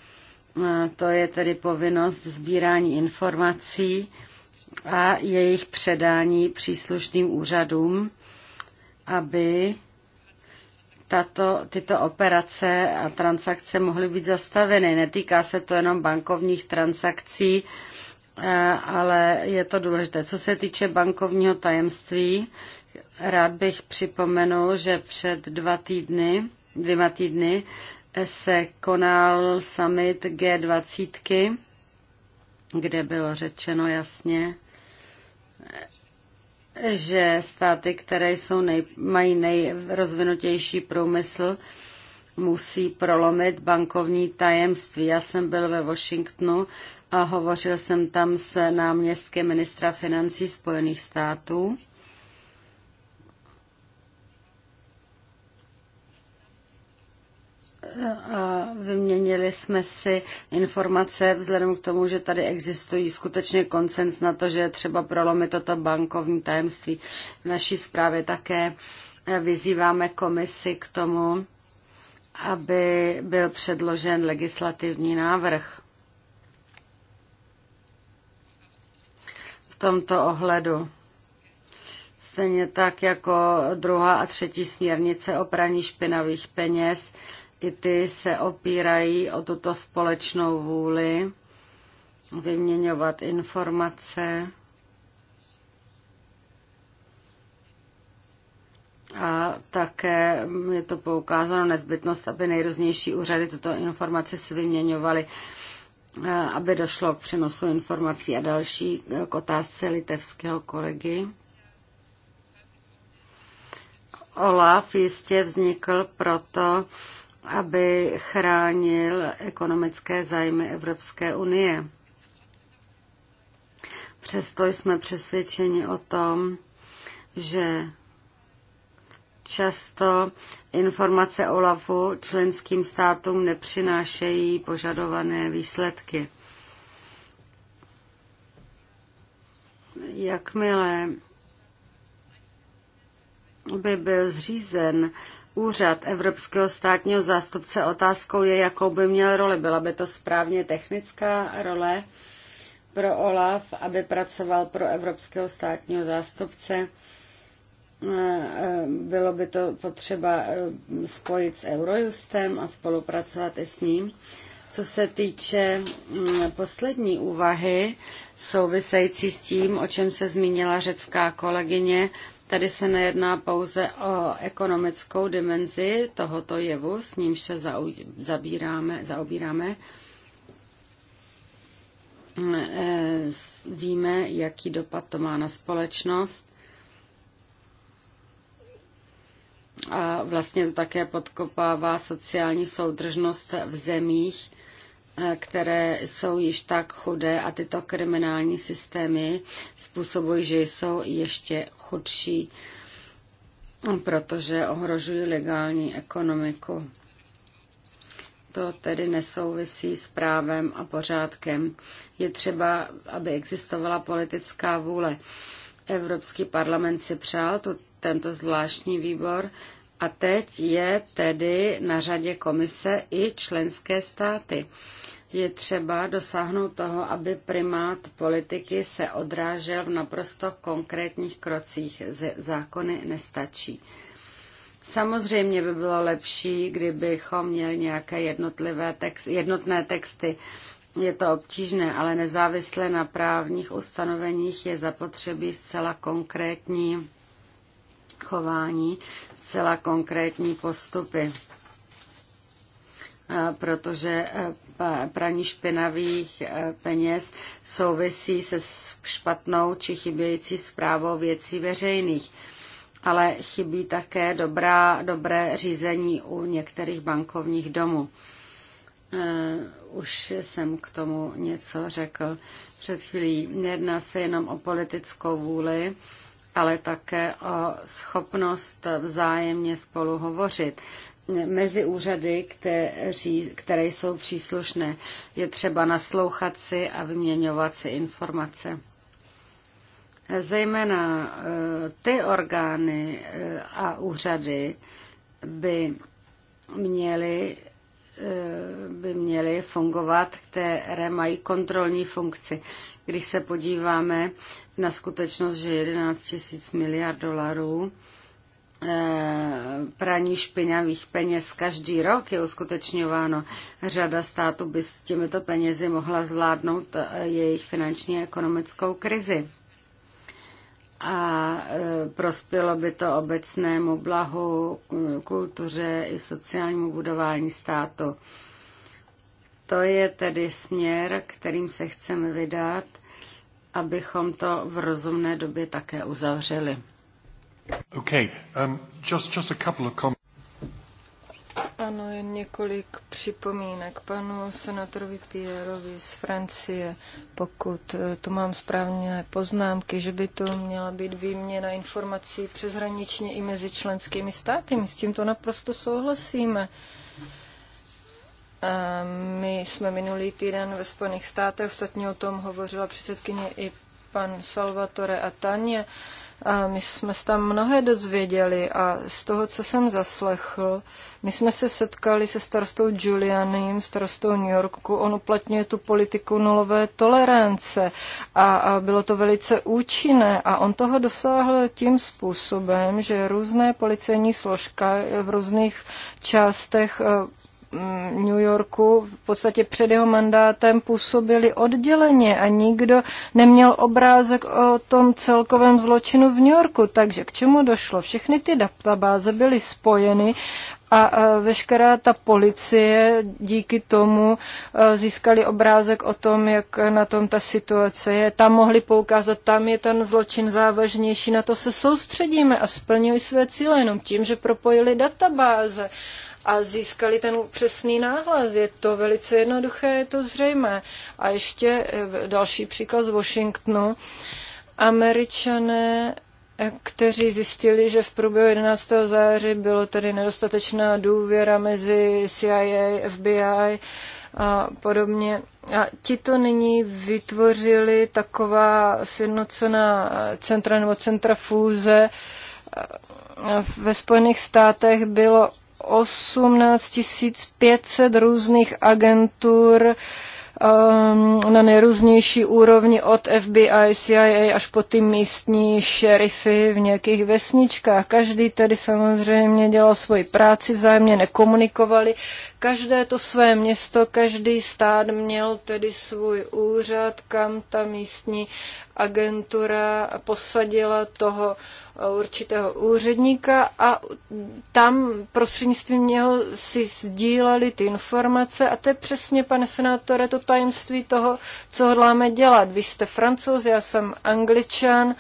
Speaker 3: To je tedy povinnost sbírání informací a jejich předání příslušným úřadům, aby tato, tyto operace a transakce mohly být zastaveny. Netýká se to jenom bankovních transakcí, ale je to důležité. Co se týče bankovního tajemství, Rád bych připomenul, že před dva týdny, dvěma týdny se konal summit G20, kde bylo řečeno jasně, že státy, které jsou nej, mají nejrozvinutější průmysl, musí prolomit bankovní tajemství. Já jsem byl ve Washingtonu a hovořil jsem tam s náměstkem ministra financí Spojených států a vyměnili jsme si informace vzhledem k tomu, že tady existují skutečně koncens na to, že třeba prolomit toto bankovní tajemství. V naší zprávě také eh, vyzýváme komisi k tomu, aby byl předložen legislativní návrh. V tomto ohledu. Stejně tak jako druhá a třetí směrnice o praní špinavých peněz, i ty se opírají o tuto společnou vůli vyměňovat informace a také je to poukázáno nezbytnost, aby nejrůznější úřady tuto informaci si vyměňovaly eh, aby došlo k přenosu informací a další eh, k otázce litevského kolegy. OLAF jistě vznikl proto, aby chránil ekonomické zájmy Evropské unie. Přesto jsme přesvědčeni o tom, že často informace o LAVu členským státům nepřinášejí požadované výsledky. Jakmile by byl zřízen úřad Evropského státního zástupce. Otázkou je, jakou by měl roli. Byla by to správně technická role pro OLAF, aby pracoval pro Evropského státního zástupce. E, e, bylo by to potřeba e, spojit s Eurojustem a spolupracovat i s ním. Co se týče mm, poslední úvahy související s tím, o čem se zmínila řecká kolegyně, Tady se nejedná pouze o ekonomickou dimenzi tohoto jevu, s nímž se zabíráme, zaobíráme. Eh, víme, jaký dopad to má na společnost. A vlastně to také podkopává sociální soudržnost v zemích, Eh, které jsou již tak chudé a tyto kriminální systémy způsobují, že jsou ještě chudší, protože ohrožují legální ekonomiku. To tedy nesouvisí s právem a pořádkem. Je třeba, aby existovala politická vůle. Evropský parlament si přál tu, tento zvláštní výbor, a teď je tedy na řadě komise i členské státy. Je třeba dosáhnout toho, aby primát politiky se odrážel v naprosto konkrétních krocích. Zákony nestačí. Samozřejmě by bylo lepší, kdybychom měli nějaké jednotlivé text, jednotné texty. Je to obtížné, ale nezávisle na právních ustanoveních je zapotřebí zcela konkrétní chování zcela konkrétní postupy, eh, protože eh, praní špinavých eh, peněz souvisí se špatnou či chybějící zprávou věcí veřejných ale chybí také dobrá, dobré řízení u některých bankovních domů. Už jsem k tomu něco řekl před chvílí. Nejedná se jenom o politickou vůli, ale také o schopnost vzájemně spolu hovořit mezi úřady, kteří, které jsou příslušné. Je třeba naslouchat si a vyměňovat si informace. Zejména eh, ty orgány eh, a úřady by měly by měly fungovat, které mají kontrolní funkci. Když se podíváme na skutečnost, že 11 000 miliard dolarů eh, praní špinavých peněz každý rok je uskutečňováno. Řada států by s těmito penězi mohla zvládnout eh, jejich finanční a ekonomickou krizi a e, prospělo by to obecnému blahu, kultuře i sociálnímu budování státu. To je tedy směr, kterým se chceme vydat, abychom to v rozumné době také
Speaker 4: uzavřeli. Okay, um, just, just a couple of comments.
Speaker 1: Ano, jen několik připomínek panu senátorovi Pierovi z Francie. Pokud eh, tu mám správně poznámky, že by to měla být výměna informací přeshraničně i mezi členskými státy, my s tím to naprosto souhlasíme. A my jsme minulý týden ve Spojených státech, ostatně o tom hovořila předsedkyně i pan Salvatore Tanje. A my jsme se tam mnohé dozvěděli a z toho, co jsem zaslechl, my jsme se setkali se starostou Julianem, starostou New Yorku. On uplatňuje tu politiku nulové tolerance a, a bylo to velice účinné a on toho dosáhl tím způsobem, že různé policejní složka v různých částech eh, Mm, New Yorku v podstatě před jeho mandátem působili odděleně a nikdo neměl obrázek o tom celkovém zločinu v New Yorku. Takže k čemu došlo? Všechny ty databáze byly spojeny a veškerá ta policie díky tomu získali obrázek o tom, jak na tom ta situace je. Tam mohli poukázat, tam je ten zločin závažnější, na to se soustředíme a splnili své cíle jenom tím, že propojili databáze a získali ten přesný náhlas. Je to velice jednoduché, je to zřejmé. A ještě eh, další příklad z Washingtonu. Američané eh, kteří zjistili, že v průběhu 11. září bylo tedy nedostatečná důvěra mezi CIA, FBI a podobně. A ti to nyní vytvořili taková sjednocená eh, centra nebo centra fůze. Ve Spojených státech bylo 18 500 různých agentur um, na nejrůznější úrovni od FBI, CIA až po ty místní šerify v nějakých vesničkách. Každý tedy samozřejmě dělal svoji práci, vzájemně nekomunikovali. Každé to své město, každý stát měl tedy svůj úřad, kam ta místní agentura posadila toho eh, určitého úředníka a tam prostřednictvím něho si sdíleli ty informace a to je přesně, pane senátore, to tajemství toho, co hodláme dělat. Vy jste francouz, já jsem angličan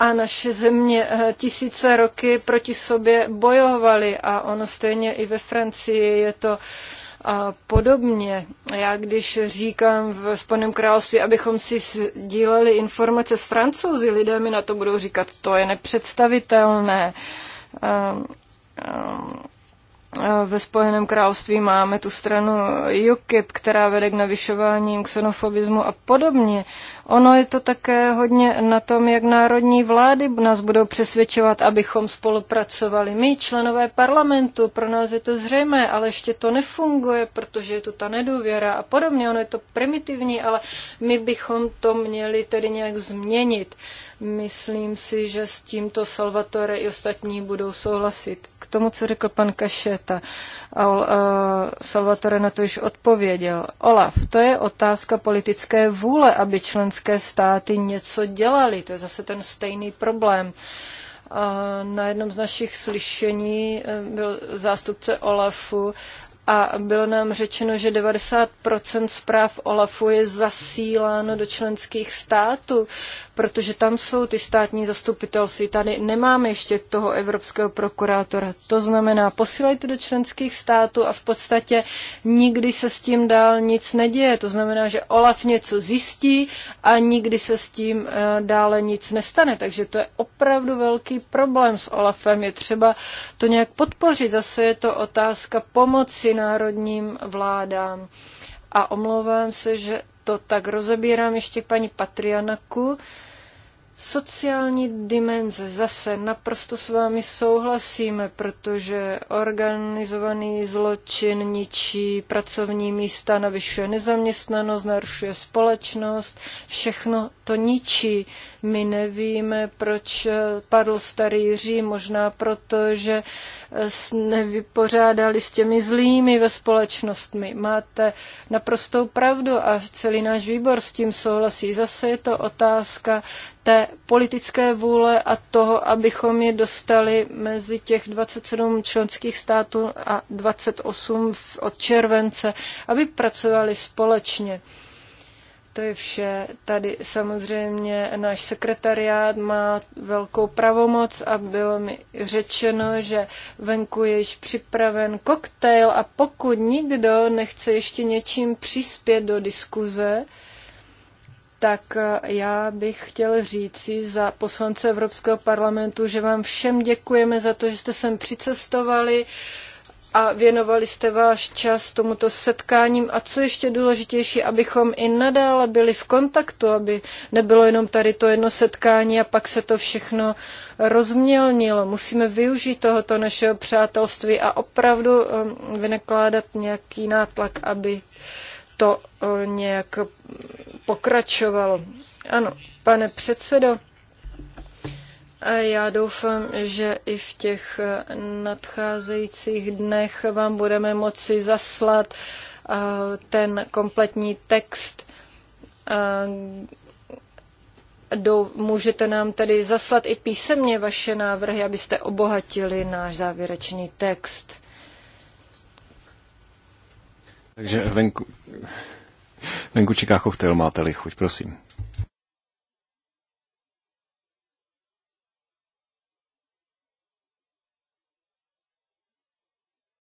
Speaker 1: a naše země eh, tisíce roky proti sobě bojovaly a ono stejně i ve Francii je to uh, a podobně. Já když říkám v Spojeném království, abychom si sdíleli informace s francouzi, lidé mi na to budou říkat, to je nepředstavitelné. Um, um, ve Spojeném království máme tu stranu UKIP, která vede k navyšování xenofobismu a podobně. Ono je to také hodně na tom, jak národní vlády nás budou přesvědčovat, abychom spolupracovali. My, členové parlamentu, pro nás je to zřejmé, ale ještě to nefunguje, protože je tu ta nedůvěra a podobně. Ono je to primitivní, ale my bychom to měli tedy nějak změnit. Myslím si, že s tímto Salvatore i ostatní budou souhlasit. K tomu, co řekl pan Kašeta, Al, uh, Salvatore na to již odpověděl. Olaf, to je otázka politické vůle, aby členské státy něco dělali. To je zase ten stejný problém. Uh, na jednom z našich slyšení eh, byl zástupce Olafu a bylo nám řečeno, že 90% zpráv OLAFu je zasíláno do členských států, protože tam jsou ty státní zastupitelství. Tady nemáme ještě toho evropského prokurátora. To znamená, posílají to do členských států a v podstatě nikdy se s tím dál nic neděje. To znamená, že OLAF něco zjistí a nikdy se s tím eh, dále nic nestane. Takže to je opravdu velký problém s OLAFem. Je třeba to nějak podpořit. Zase je to otázka pomoci proti národním vládám. A omlouvám se, že to tak rozebírám ještě k paní Patrianaku. Sociální dimenze, zase naprosto s vámi souhlasíme, protože organizovaný zločin ničí pracovní místa, navyšuje nezaměstnanost, narušuje společnost, všechno to ničí. My nevíme, proč padl starý Řím, možná proto, že nevypořádali s těmi zlými ve společnostmi. Máte naprostou pravdu a celý náš výbor s tím souhlasí. Zase je to otázka té politické vůle a toho, abychom je dostali mezi těch 27 členských států a 28 od července, aby pracovali společně. To je vše. Tady samozřejmě náš sekretariát má velkou pravomoc a bylo mi řečeno, že venku je již připraven koktejl a pokud nikdo nechce ještě něčím přispět do diskuze, tak já bych chtěl říci za poslance Evropského parlamentu, že vám všem děkujeme za to, že jste sem přicestovali a věnovali jste váš čas tomuto setkáním a co ještě důležitější, abychom i nadále byli v kontaktu, aby nebylo jenom tady to jedno setkání a pak se to všechno rozmělnilo. Musíme využít tohoto našeho přátelství a opravdu um, vynakládat nějaký nátlak, aby to uh, nějak pokračovalo. Ano, pane předsedo. Já doufám, že i v těch nadcházejících dnech vám budeme moci zaslat ten kompletní text. Do Můžete nám tedy zaslat i písemně vaše návrhy, abyste obohatili náš závěrečný text.
Speaker 2: Takže venku, venku čeká koktejl, máte-li chuť, prosím.